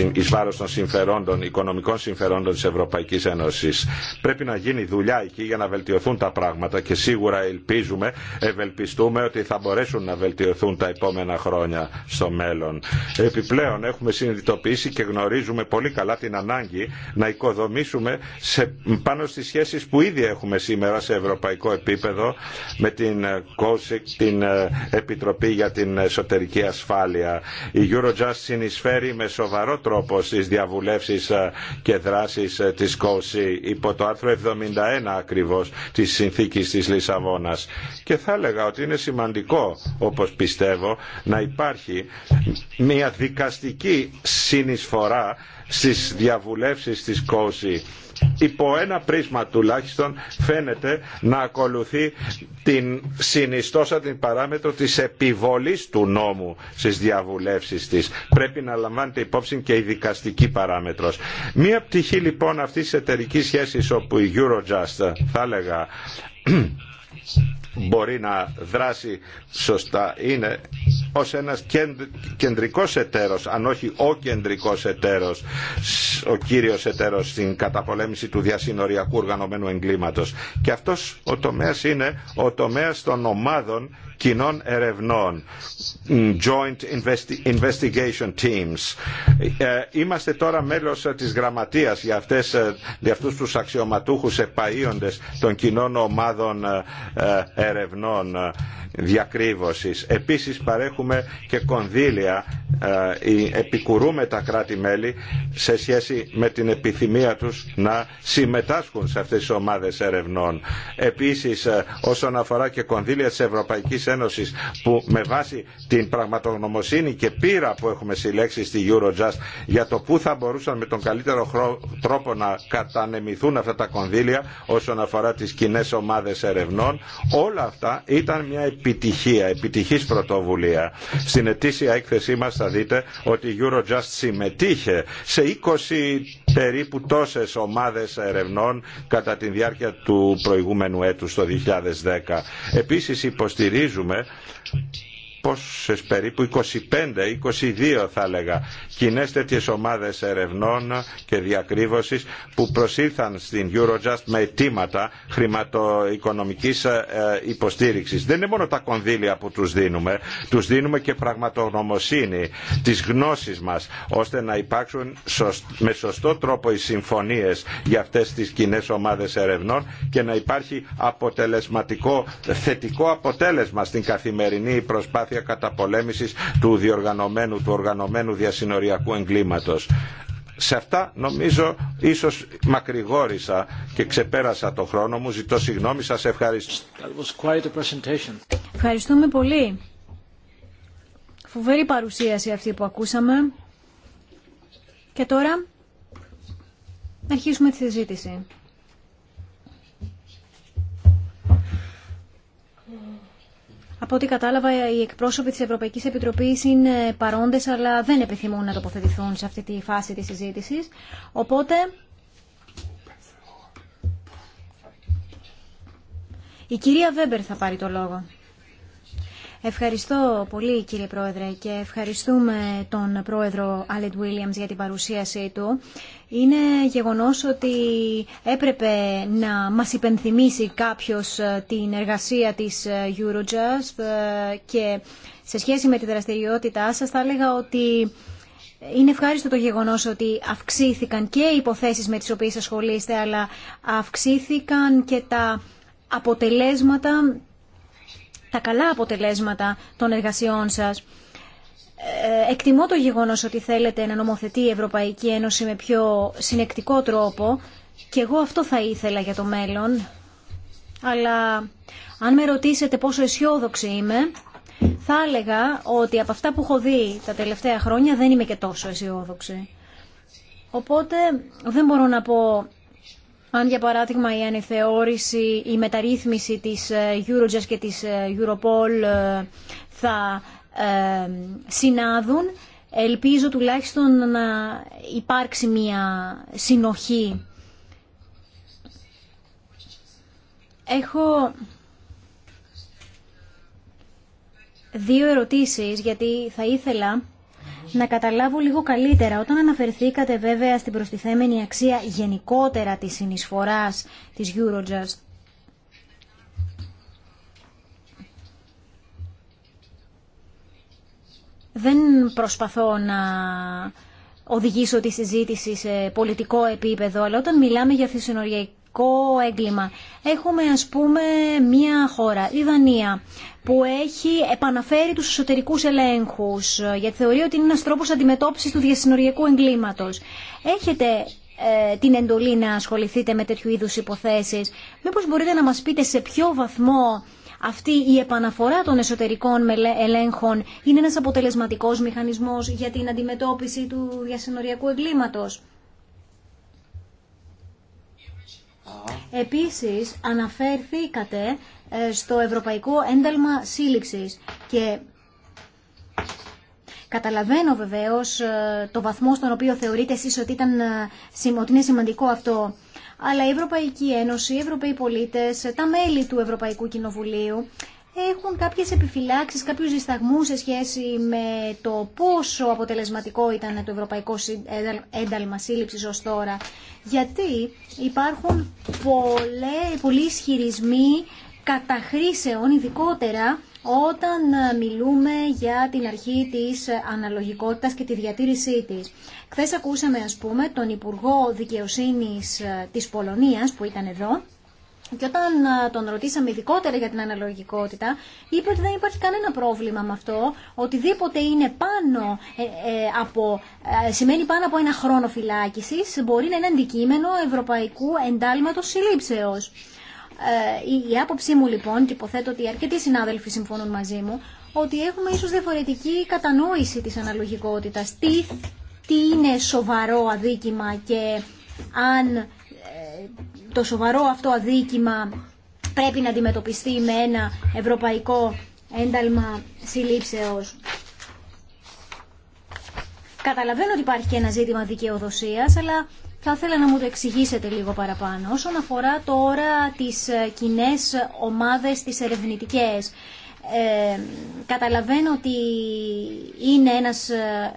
ε, εις βάρος των συμφερόντων, οικονομικών συμφερόντων της Ευρωπαϊκής Ένωσης. Πρέπει να γίνει δουλειά εκεί για να βελτιωθούν τα πράγματα και σίγουρα ελπίζουμε, ευελπιστούμε ότι θα μπορέσουν να βελτιωθούν τα επόμενα χρόνια στο μέλλον. Επιπλέον έχουμε συνειδητοποιήσει και γνωρίζουμε πολύ καλά την ανάγκη να οικοδομήσουμε σε, πάνω στις σχέσεις που ήδη έχουμε σήμερα σε ευρωπαϊκό επίπεδο με την COSIC, ε, την ε, Επιτροπή για την Εσωτερική Ασφάλεια. Η Eurojust συνεισφέρει με σοβαρό τρόπο στις διαβουλεύσεις ε, και δράσεις της COSIC υπό το άρθρο 71 ακριβώς της συνθήκης της Λισαβόνας. Και θα έλεγα ότι είναι σημαντικό, όπως πιστεύω, να υπάρχει μια δικαστική συνεισφορά στις διαβουλεύσεις της ΚΟΣΙΚ υπό ένα πρίσμα τουλάχιστον φαίνεται να ακολουθεί την συνιστόσα την παράμετρο της επιβολής του νόμου στις διαβουλεύσεις της. Πρέπει να λαμβάνεται υπόψη και η δικαστική παράμετρος. Μία πτυχή λοιπόν αυτής της εταιρικής σχέσης όπου η Eurojust θα έλεγα μπορεί να δράσει σωστά είναι ως ένας κεντρικός εταίρος, αν όχι ο κεντρικός εταίρος, ο κύριος εταίρος στην καταπολέμηση του διασυνοριακού οργανωμένου εγκλήματος. Και αυτός ο τομέας είναι ο τομέας των ομάδων κοινών ερευνών, joint investigation teams. Ε, είμαστε τώρα μέλος ε, της γραμματείας για, αυτές, ε, για αυτούς τους αξιωματούχους επαΐοντες των κοινών ομάδων ερευνών διακρύβωσης. Επίσης παρέχουμε και κονδύλια, επικουρούμε τα κράτη-μέλη σε σχέση με την επιθυμία τους να συμμετάσχουν σε αυτές τις ομάδες ερευνών. Επίσης όσον αφορά και κονδύλια της Ευρωπαϊκής που με βάση την πραγματογνωμοσύνη και πείρα που έχουμε συλλέξει στη Eurojust για το πού θα μπορούσαν με τον καλύτερο τρόπο να κατανεμηθούν αυτά τα κονδύλια όσον αφορά τις κοινέ ομάδες ερευνών όλα αυτά ήταν μια επιτυχία, επιτυχής πρωτοβουλία. Στην ετήσια έκθεσή μας θα δείτε ότι η Eurojust συμμετείχε σε 20 περίπου τόσες ομάδες ερευνών κατά τη διάρκεια του προηγούμενου έτους το 2010. Επίσης υποστηρίζουμε πόσες περίπου, 25, 22 θα έλεγα, κοινέ τέτοιε ομάδες ερευνών και διακρύβωσης που προσήλθαν στην Eurojust με αιτήματα χρηματοοικονομικής ε, υποστήριξης. Δεν είναι μόνο τα κονδύλια που τους δίνουμε, τους δίνουμε και πραγματογνωμοσύνη της γνώσης μας, ώστε να υπάρξουν με σωστό τρόπο οι συμφωνίες για αυτές τις κοινέ ομάδες ερευνών και να υπάρχει αποτελεσματικό, θετικό αποτέλεσμα στην καθημερινή προσπάθεια προσπάθεια καταπολέμησης του διοργανωμένου, του οργανωμένου διασυνοριακού εγκλήματος. Σε αυτά νομίζω ίσως μακρηγόρησα και ξεπέρασα το χρόνο μου. Ζητώ συγγνώμη, σας ευχαριστώ. Ευχαριστούμε πολύ. Φοβερή παρουσίαση αυτή που ακούσαμε. Και τώρα να αρχίσουμε τη συζήτηση. Από ό,τι κατάλαβα, οι εκπρόσωποι της Ευρωπαϊκής Επιτροπής είναι παρόντες, αλλά δεν επιθυμούν να τοποθετηθούν σε αυτή τη φάση της συζήτηση. Οπότε, η κυρία Βέμπερ θα πάρει το λόγο. Ευχαριστώ πολύ κύριε Πρόεδρε και ευχαριστούμε τον Πρόεδρο Άλετ Βίλιαμς για την παρουσίασή του. Είναι γεγονός ότι έπρεπε να μας υπενθυμίσει κάποιος ε, την εργασία της ε, Eurojust ε, και σε σχέση με τη δραστηριότητά σας θα έλεγα ότι είναι ευχάριστο το γεγονός ότι αυξήθηκαν και οι υποθέσεις με τις οποίες ασχολείστε αλλά αυξήθηκαν και τα αποτελέσματα τα καλά αποτελέσματα των εργασιών σας. Ε, εκτιμώ το γεγονός ότι θέλετε να νομοθετεί η Ευρωπαϊκή Ένωση με πιο συνεκτικό τρόπο και εγώ αυτό θα ήθελα για το μέλλον. Αλλά αν με ρωτήσετε πόσο αισιόδοξη είμαι, θα έλεγα ότι από αυτά που έχω δει τα τελευταία χρόνια δεν είμαι και τόσο αισιόδοξη. Οπότε δεν μπορώ να πω αν για παράδειγμα η ανεθεώρηση, η μεταρρύθμιση της ε, Eurojust και της ε, Europol ε, θα συνάδουν, ελπίζω τουλάχιστον να υπάρξει μια συνοχή. Έχω δύο ερωτήσεις γιατί θα ήθελα να καταλάβω λίγο καλύτερα. Όταν αναφερθήκατε βέβαια στην προστιθέμενη αξία γενικότερα της συνεισφοράς της Eurojust, δεν προσπαθώ να οδηγήσω τη συζήτηση σε πολιτικό επίπεδο, αλλά όταν μιλάμε για οικονομικό έγκλημα. Έχουμε ας πούμε μια χώρα, η Δανία, που έχει επαναφέρει τους εσωτερικούς ελέγχους, γιατί θεωρεί ότι είναι ένας τρόπος αντιμετώπισης του διασυνοριακού εγκλήματος. Έχετε ε, την εντολή να ασχοληθείτε με τέτοιου είδους υποθέσεις. Μήπως μπορείτε να μας πείτε σε ποιο βαθμό αυτή η επαναφορά των εσωτερικών ελέγχων είναι ένας αποτελεσματικός μηχανισμός για την αντιμετώπιση του διασυνοριακού εγκλήματος. Επίσης αναφέρθηκατε ε, στο Ευρωπαϊκό Ένταλμα Σύλληψης και Καταλαβαίνω βεβαίως ε, το βαθμό στον οποίο θεωρείτε εσείς ότι, ήταν, ε, είναι σημαντικό αυτό. Αλλά η Ευρωπαϊκή Ένωση, οι Ευρωπαίοι πολίτες, τα μέλη του Ευρωπαϊκού Κοινοβουλίου έχουν κάποιες επιφυλάξεις, κάποιους δισταγμούς σε σχέση με το πόσο αποτελεσματικό ήταν το Ευρωπαϊκό Ένταλμα Σύλληψης ως τώρα. Γιατί υπάρχουν πολλέ, πολλοί ισχυρισμοί καταχρήσεων, ειδικότερα όταν μιλούμε για την αρχή της αναλογικότητας και τη διατήρησή της. Χθε ακούσαμε, ας πούμε, τον Υπουργό Δικαιοσύνης ε, της Πολωνίας, που ήταν εδώ, και όταν τον ρωτήσαμε ειδικότερα για την αναλογικότητα, είπε ότι δεν υπάρχει κανένα πρόβλημα με αυτό. Οτιδήποτε είναι πάνω ε, ε, από, ε, σημαίνει πάνω από ένα χρόνο φυλάκιση, μπορεί να είναι αντικείμενο ευρωπαϊκού εντάλματο συλλήψεω. Η, η άποψή μου λοιπόν, και υποθέτω ότι αρκετοί συνάδελφοι συμφωνούν μαζί μου, ότι έχουμε ίσω διαφορετική κατανόηση τη αναλογικότητα. Τι, τι είναι σοβαρό αδίκημα και αν το σοβαρό αυτό αδίκημα πρέπει να αντιμετωπιστεί με ένα ευρωπαϊκό ένταλμα συλλήψεως. Καταλαβαίνω ότι υπάρχει και ένα ζήτημα δικαιοδοσίας, αλλά θα ήθελα να μου το εξηγήσετε λίγο παραπάνω. Όσον αφορά τώρα τις ε, κοινέ ομάδες, τις ερευνητικές, ε, καταλαβαίνω ότι είναι ένας ε,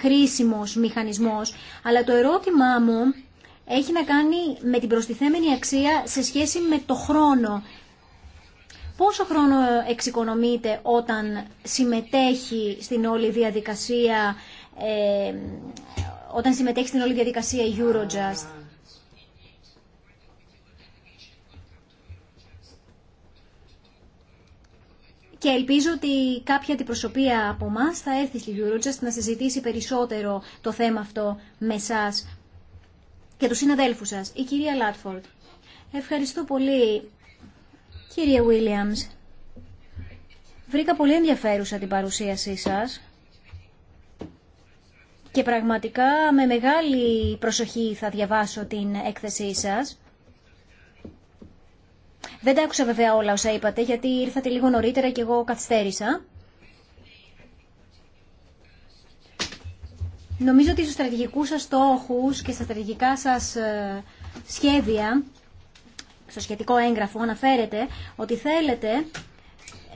χρήσιμος μηχανισμός, αλλά το ερώτημά μου έχει να κάνει με την προστιθέμενη αξία σε σχέση με το χρόνο. Πόσο χρόνο εξοικονομείται όταν συμμετέχει στην όλη διαδικασία ε, όταν συμμετέχει στην όλη διαδικασία Eurojust. Και ελπίζω ότι κάποια αντιπροσωπεία από εμά θα έρθει στη Eurojust να συζητήσει περισσότερο το θέμα αυτό με εσά για τους συναδέλφους σας. Η κυρία Λάτφορντ. Ευχαριστώ πολύ, κύριε Βίλιαμς. Βρήκα πολύ ενδιαφέρουσα την παρουσίασή σας και πραγματικά με μεγάλη προσοχή θα διαβάσω την έκθεσή σας. Δεν τα άκουσα βέβαια όλα όσα είπατε γιατί ήρθατε λίγο νωρίτερα και εγώ καθυστέρησα. Νομίζω ότι στους στρατηγικούς σας στόχους και στα στρατηγικά σας ε, σχέδια, στο σχετικό έγγραφο αναφέρετε ότι θέλετε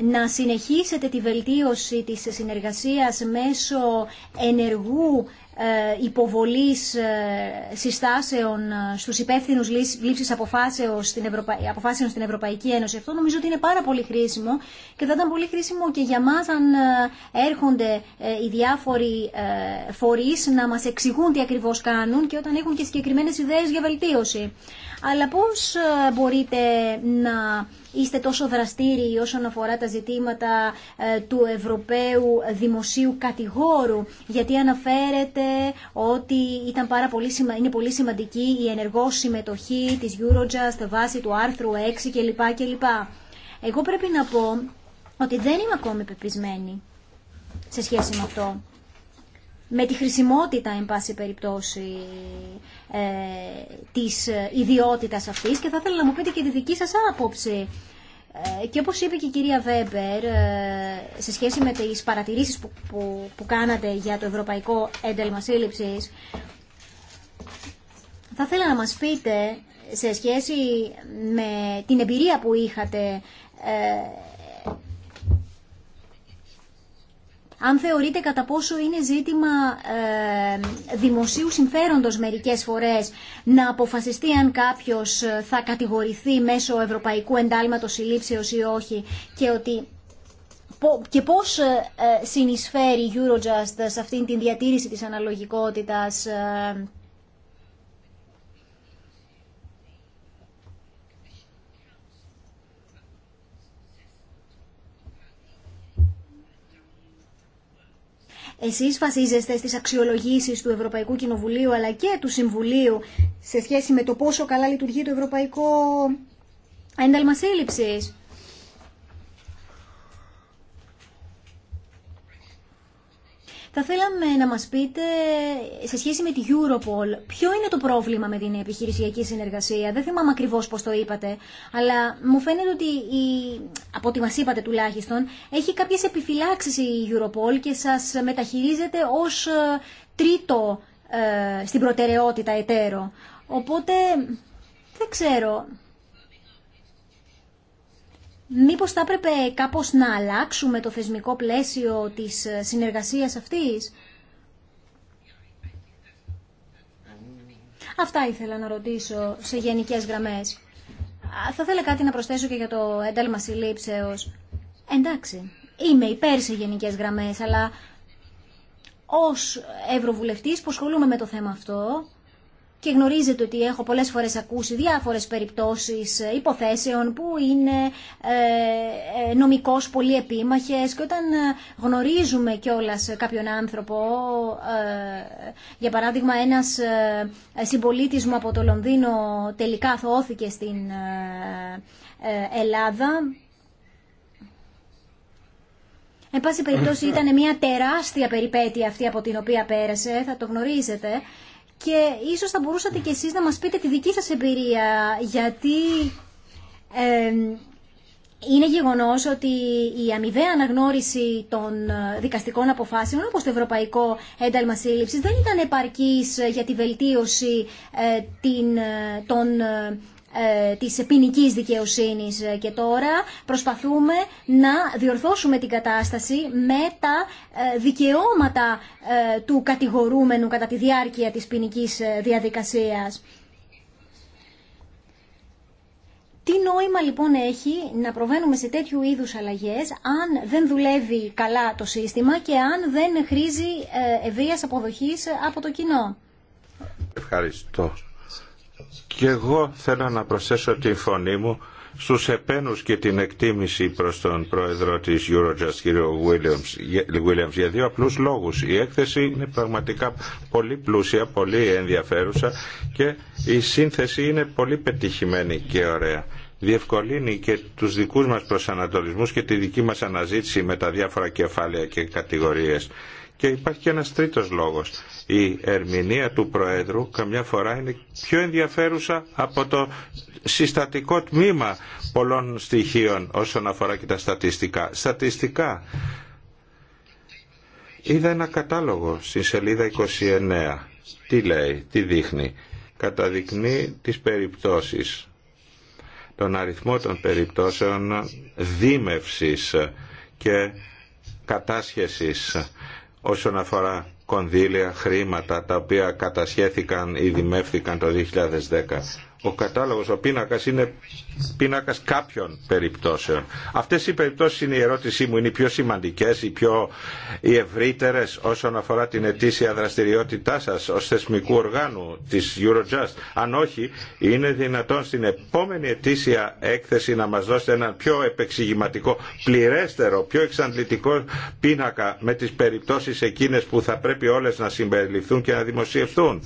να συνεχίσετε τη βελτίωση της συνεργασίας μέσω ενεργού ε, Υποβολή ε, συστάσεων ε, στους υπεύθυνου λήψη αποφάσεων στην, Ευρωπαϊκή Ένωση. Αυτό νομίζω ότι είναι πάρα πολύ χρήσιμο και θα ήταν πολύ χρήσιμο και για μα αν έρχονται οι διάφοροι φορείς να μας εξηγούν τι ακριβώς κάνουν και όταν έχουν και συγκεκριμένες ιδέες για βελτίωση. Αλλά πώς μπορείτε να είστε τόσο δραστήριοι όσον αφορά τα ζητήματα ε, του Ευρωπαίου Δημοσίου Κατηγόρου, γιατί αναφέρετε ότι ήταν πάρα πολύ σημα... είναι πολύ σημαντική η ενεργό συμμετοχή της Eurojust βάσει του άρθρου 6 κλπ. κλπ. Εγώ πρέπει να πω ότι δεν είμαι ακόμη πεπισμένη σε σχέση με αυτό. Με τη χρησιμότητα, εν πάση περιπτώσει, ε, της ε, ιδιότητας αυτής και θα ήθελα να μου πείτε και τη δική σας άποψη. Ε, και όπως είπε και η κυρία Βέμπερ, σε σχέση με τις παρατηρήσεις που, που, κάνατε για το Ευρωπαϊκό Έντελμα Σύλληψης, θα ήθελα να μας πείτε σε σχέση με την εμπειρία που είχατε αν θεωρείτε κατά πόσο είναι ζήτημα ε, δημοσίου συμφέροντος μερικές φορές να αποφασιστεί αν κάποιος ε, θα κατηγορηθεί μέσω ευρωπαϊκού εντάλματος συλλήψεως ή όχι και ότι και πώς ε, συνεισφέρει η Eurojust σε αυτήν την διατήρηση της αναλογικότητας Εσείς βασίζεστε στις αξιολογήσει του Ευρωπαϊκού Κοινοβουλίου αλλά και του Συμβουλίου σε σχέση με το πόσο καλά λειτουργεί το Ευρωπαϊκό Ένταλμα σύλληψη. Θα θέλαμε να μας πείτε σε σχέση με την Europol ποιο είναι το πρόβλημα με την επιχειρησιακή συνεργασία. Δεν θυμάμαι ακριβώ πώς το είπατε, αλλά μου φαίνεται ότι η, από ό,τι μας είπατε τουλάχιστον έχει κάποιες επιφυλάξεις η Europol και σας μεταχειρίζεται ως ε, τρίτο ε, στην προτεραιότητα εταίρο. Οπότε δεν ξέρω Μήπως θα έπρεπε κάπως να αλλάξουμε το θεσμικό πλαίσιο της ε, συνεργασίας αυτής. Αυτά ήθελα να ρωτήσω σε γενικές γραμμές. Θα ήθελα κάτι να προσθέσω και για το ένταλμα συλλήψεως. Εντάξει, είμαι υπέρ σε γενικές γραμμές, αλλά ως Ευρωβουλευτής που ασχολούμαι με το θέμα αυτό, και γνωρίζετε ότι έχω πολλές φορές ακούσει διάφορες περιπτώσεις ε, υποθέσεων που είναι ε, ε, νομικώς πολύ επίμαχες και όταν ε, γνωρίζουμε κιόλας κάποιον άνθρωπο, για παράδειγμα ένας συμπολίτης μου από το Λονδίνο τελικά θωώθηκε στην Ελλάδα, Εν πάση περιπτώσει ήταν μια τεράστια περιπέτεια αυτή από την οποία πέρασε, θα το γνωρίζετε και ίσως θα μπορούσατε κι εσείς να μας πείτε τη δική σας εμπειρία, γιατί είναι γεγονός ότι η αμοιβαία αναγνώριση των ε, δικαστικών αποφάσεων, όπως το Ευρωπαϊκό Ένταλμα Σύλληψης, δεν ήταν επαρκής για τη βελτίωση ε, ε, των ε, της ποινική δικαιοσύνης και τώρα προσπαθούμε να διορθώσουμε την κατάσταση με τα ε, δικαιώματα ε, του κατηγορούμενου κατά τη διάρκεια της ποινική διαδικασίας. Τι νόημα λοιπόν έχει να προβαίνουμε σε τέτοιου είδους αλλαγές αν δεν δουλεύει καλά το σύστημα και αν δεν χρήζει ευρείας αποδοχής από το κοινό. Ευχαριστώ. Και εγώ θέλω να προσθέσω τη φωνή μου στους επένους και την εκτίμηση προς τον πρόεδρο της Eurojust, κύριο Williams, για δύο απλούς λόγους. Η έκθεση είναι πραγματικά πολύ πλούσια, πολύ ενδιαφέρουσα και η σύνθεση είναι πολύ πετυχημένη και ωραία διευκολύνει και τους δικούς μας προσανατολισμούς και τη δική μας αναζήτηση με τα διάφορα κεφάλαια και κατηγορίες. Και υπάρχει και ένας τρίτος λόγος. Η ερμηνεία του Προέδρου καμιά φορά είναι πιο ενδιαφέρουσα από το συστατικό τμήμα πολλών στοιχείων όσον αφορά και τα στατιστικά. Στατιστικά. Είδα ένα κατάλογο στη σελίδα 29. Τι λέει, τι δείχνει. Καταδεικνύει τις περιπτώσεις. Τον αριθμό των περιπτώσεων δίμευσης και κατάσχεσης όσον αφορά κονδύλια, χρήματα τα οποία κατασχέθηκαν ή δημεύθηκαν το 2010 ο κατάλογος, ο πίνακας είναι πίνακας κάποιων περιπτώσεων. Αυτές οι περιπτώσεις είναι η ερώτησή μου, είναι οι πιο σημαντικές, οι πιο οι ευρύτερες όσον αφορά την ετήσια δραστηριότητά σας ως θεσμικού οργάνου της Eurojust. Αν όχι, είναι δυνατόν στην επόμενη ετήσια έκθεση να μας δώσετε έναν πιο επεξηγηματικό, πληρέστερο, πιο εξαντλητικό πίνακα με τις περιπτώσεις εκείνες που θα πρέπει όλες να συμπεριληφθούν και να δημοσιευθούν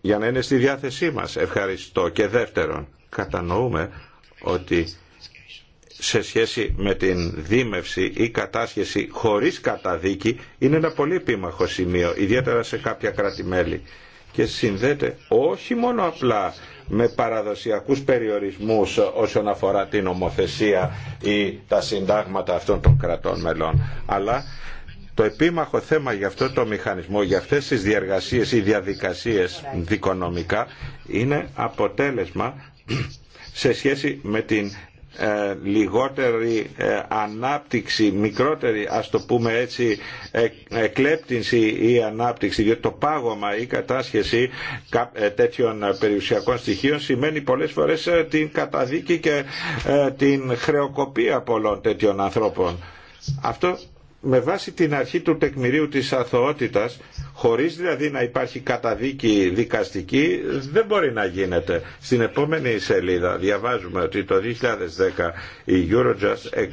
για να είναι στη διάθεσή μας. Ευχαριστώ. Και δεύτερον, κατανοούμε ότι σε σχέση με την δίμευση ή κατάσχεση χωρίς καταδίκη είναι ένα πολύ επίμαχο σημείο, ιδιαίτερα σε κάποια κράτη-μέλη. Και συνδέεται όχι μόνο απλά με παραδοσιακούς περιορισμούς όσον αφορά την ομοθεσία ή τα συντάγματα αυτών των κρατών μελών, αλλά το επίμαχο θέμα για αυτό το μηχανισμό, για αυτές τις διεργασίες ή διαδικασίες δικονομικά είναι αποτέλεσμα σε σχέση με την ε, λιγότερη ε, ανάπτυξη, μικρότερη ας το πούμε έτσι ε, εκλέπτυνση ή ανάπτυξη διότι το πάγωμα ή κατάσχεση τέτοιων περιουσιακών στοιχείων σημαίνει πολλές φορές την καταδίκη και την χρεοκοπία πολλών τέτοιων ανθρώπων. Αυτό με βάση την αρχή του τεκμηρίου της αθωότητας, χωρίς δηλαδή να υπάρχει καταδίκη δικαστική, δεν μπορεί να γίνεται. Στην επόμενη σελίδα διαβάζουμε ότι το 2010 η Eurojust ε,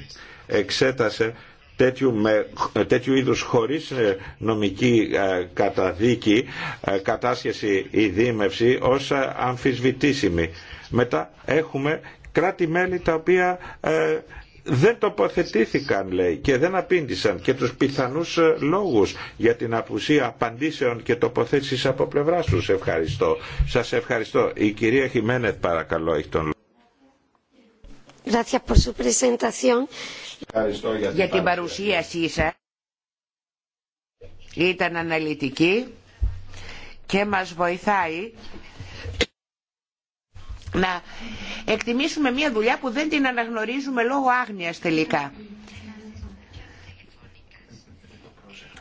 εξέτασε τέτοιου, με, τέτοιου είδους χωρίς ε, νομική ε, καταδίκη, κατάσχεση ή δίμευση ως αμφισβητήσιμη. Μετά έχουμε κράτη-μέλη τα οποία δεν τοποθετήθηκαν λέει και δεν απήντησαν και τους πιθανούς ε, λόγους για την απουσία απαντήσεων και τοποθέτησης από πλευρά τους. Ευχαριστώ. Σας ευχαριστώ. Η κυρία Χιμένετ παρακαλώ έχει τον λόγο. Ευχαριστώ για την, για την παρουσίασή σας. Ήταν αναλυτική και μας βοηθάει να εκτιμήσουμε μια δουλειά που δεν την αναγνωρίζουμε λόγω άγνοιας τελικά.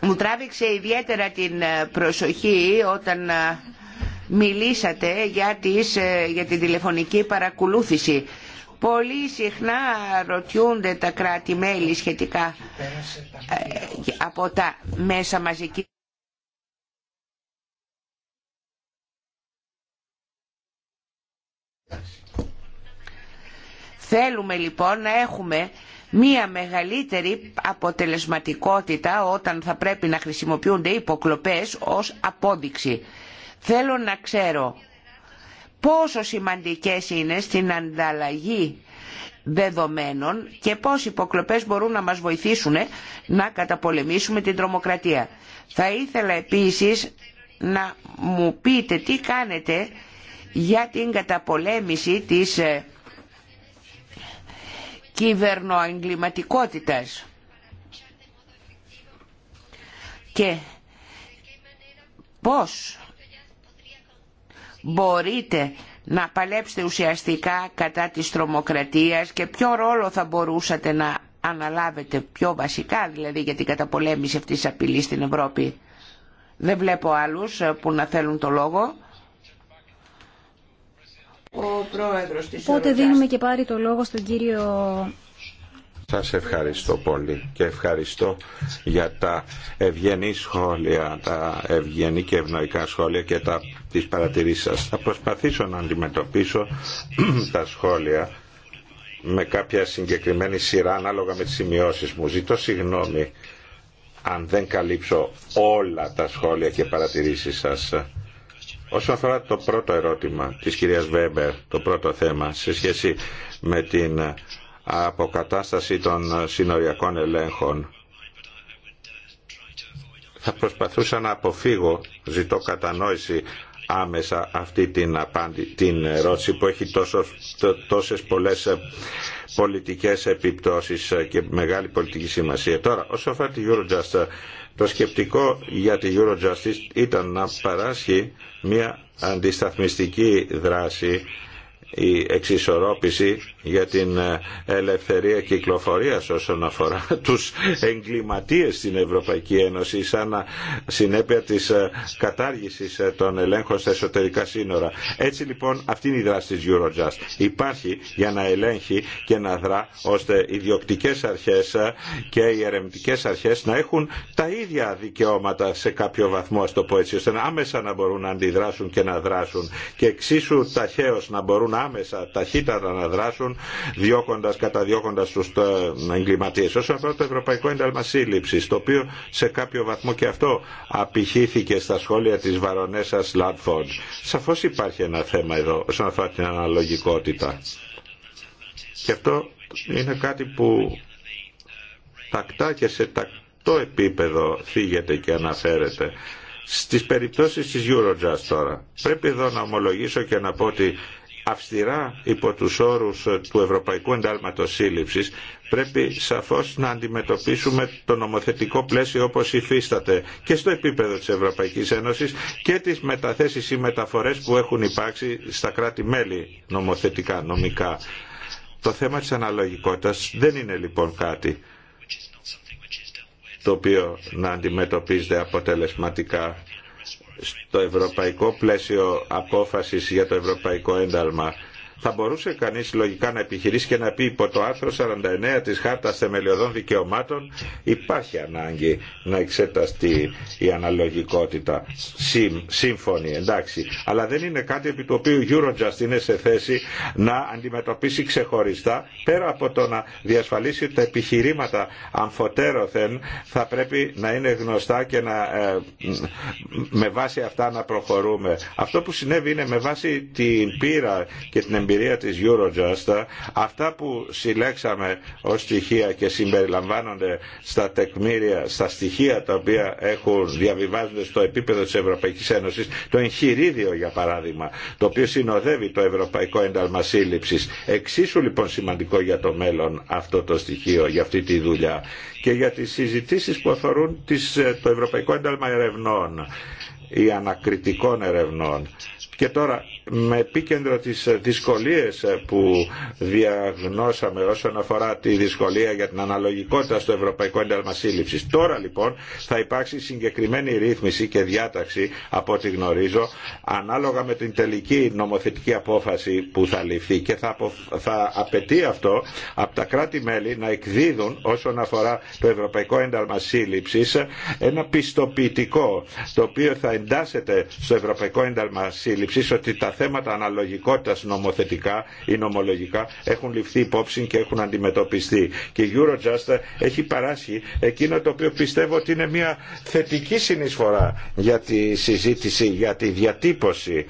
Μου τράβηξε ιδιαίτερα την ε, προσοχή όταν ε, μιλήσατε για, ε, για την τηλεφωνική παρακολούθηση. Πολύ συχνά ρωτιούνται τα κράτη-μέλη σχετικά από τα μέσα μαζική. Θέλουμε λοιπόν να έχουμε μία μεγαλύτερη αποτελεσματικότητα όταν θα πρέπει να χρησιμοποιούνται υποκλοπές ως απόδειξη. Θέλω να ξέρω πόσο σημαντικές είναι στην ανταλλαγή δεδομένων και πώς οι υποκλοπές μπορούν να μας βοηθήσουν να καταπολεμήσουμε την τρομοκρατία. Θα ήθελα επίσης να μου πείτε τι κάνετε για την καταπολέμηση της ε, κυβερνοεγκληματικότητας και πώς μπορείτε να παλέψετε ουσιαστικά κατά της τρομοκρατίας και ποιο ρόλο θα μπορούσατε να αναλάβετε πιο βασικά δηλαδή για την καταπολέμηση αυτής της απειλής στην Ευρώπη. Δεν βλέπω άλλους ε, που να θέλουν το λόγο. Ο πρόεδρος της Οπότε δίνουμε και πάρει το λόγο στον κύριο σας ευχαριστώ πολύ και ευχαριστώ για τα ευγενή σχόλια, τα ευγενή και ευνοϊκά σχόλια και τα, τις παρατηρήσεις σας. Θα προσπαθήσω να αντιμετωπίσω τα σχόλια με κάποια συγκεκριμένη σειρά ανάλογα με τις σημειώσεις μου. Ζητώ συγγνώμη αν δεν καλύψω όλα τα σχόλια και παρατηρήσεις σας. Όσον αφορά το πρώτο ερώτημα της κυρίας Βέμπερ, το πρώτο θέμα σε σχέση με την αποκατάσταση των συνοριακών ελέγχων, θα προσπαθούσα να αποφύγω, ζητώ κατανόηση άμεσα αυτή την, απάντη, την ερώτηση που έχει τόσο, τόσες πολλές ε, πολιτικές επιπτώσεις ε, και μεγάλη πολιτική σημασία. Τώρα, όσο αφορά τη Eurojust, το σκεπτικό για τη Eurojustice ήταν να παράσχει μια αντισταθμιστική δράση η εξισορρόπηση για την ε, ελευθερία κυκλοφορίας όσον αφορά τους εγκληματίες στην Ευρωπαϊκή Ένωση σαν ε, συνέπεια της ε, κατάργησης των ελέγχων στα εσωτερικά σύνορα. Έτσι λοιπόν αυτή είναι η δράση της Eurojust. Υπάρχει για να ελέγχει και να δρά ώστε οι διοκτικές αρχές και οι ερευνητικές αρχές να έχουν τα ίδια δικαιώματα σε κάποιο βαθμό, α το πω έτσι, ώστε άμεσα να μπορούν να αντιδράσουν και να δράσουν και εξίσου ταχαίως να μπορούν άμεσα ταχύτατα να δράσουν δράσεων, διώκοντας, καταδιώκοντας τους ε, εγκληματίες. Όσον αφορά το Ευρωπαϊκό Ένταλμα Σύλληψης, το οποίο σε κάποιο βαθμό και αυτό απηχήθηκε στα σχόλια της Βαρονέσας Λαντφόντ. Σαφώς υπάρχει ένα θέμα εδώ όσον αφορά την αναλογικότητα. Και αυτό είναι κάτι που τακτά και σε τακτό επίπεδο θίγεται και αναφέρεται. Στις περιπτώσεις της Eurojust τώρα, πρέπει εδώ να ομολογήσω και να πω ότι αυστηρά υπό τους όρους του Ευρωπαϊκού Εντάλματος Σύλληψης πρέπει σαφώς να αντιμετωπίσουμε το νομοθετικό πλαίσιο όπως υφίσταται και στο επίπεδο της Ευρωπαϊκής Ένωσης και τις μεταθέσεις ή μεταφορές που έχουν υπάρξει στα κράτη-μέλη νομοθετικά, νομικά. Το θέμα της αναλογικότητας δεν είναι λοιπόν κάτι το οποίο να αντιμετωπίζεται αποτελεσματικά στο ευρωπαϊκό πλαίσιο απόφασης για το ευρωπαϊκό ένταλμα θα μπορούσε κανείς λογικά να επιχειρήσει και να πει υπό το άρθρο 49 της Χάρτας Θεμελιωδών Δικαιωμάτων υπάρχει ανάγκη να εξεταστεί η αναλογικότητα σύμφωνη εντάξει αλλά δεν είναι κάτι επί του οποίου Eurojust είναι σε θέση να αντιμετωπίσει ξεχωριστά πέρα από το να διασφαλίσει ότι τα επιχειρήματα αμφωτέρωθεν θα πρέπει να είναι γνωστά και να ε, με βάση αυτά να προχωρούμε. Αυτό που συνέβη είναι με βάση την πείρα και την εμπειρία εμπειρία της Eurojust, αυτά που συλλέξαμε ως στοιχεία και συμπεριλαμβάνονται στα τεκμήρια, στα στοιχεία τα οποία έχουν διαβιβάζονται στο επίπεδο της Ευρωπαϊκής Ένωσης, το εγχειρίδιο για παράδειγμα, το οποίο συνοδεύει το Ευρωπαϊκό Ένταλμα Σύλληψης. Εξίσου λοιπόν σημαντικό για το μέλλον αυτό το στοιχείο, για αυτή τη δουλειά και για τις συζητήσεις που αφορούν τις, ε, το Ευρωπαϊκό Ένταλμα Ερευνών ή ανακριτικών ερευνών. Και τώρα με επίκεντρο τις δυσκολίες που διαγνώσαμε όσον αφορά τη δυσκολία για την αναλογικότητα στο Ευρωπαϊκό Ένταλμα Σύλληψης. Τώρα λοιπόν θα υπάρξει συγκεκριμένη ρύθμιση και διάταξη από ό,τι γνωρίζω ανάλογα με την τελική νομοθετική απόφαση που θα ληφθεί και θα, θα απαιτεί αυτό από τα κράτη-μέλη να εκδίδουν όσον αφορά το Ευρωπαϊκό Ένταλμα Σύλληψης ένα πιστοποιητικό το οποίο θα εντάσσεται στο Ευρωπαϊκό Ένταλμα ότι θέματα αναλογικότητας νομοθετικά ή νομολογικά έχουν ληφθεί υπόψη και έχουν αντιμετωπιστεί. Και η Eurojust έχει παράσχει εκείνο το οποίο πιστεύω ότι είναι μια θετική συνεισφορά για τη συζήτηση, για τη διατύπωση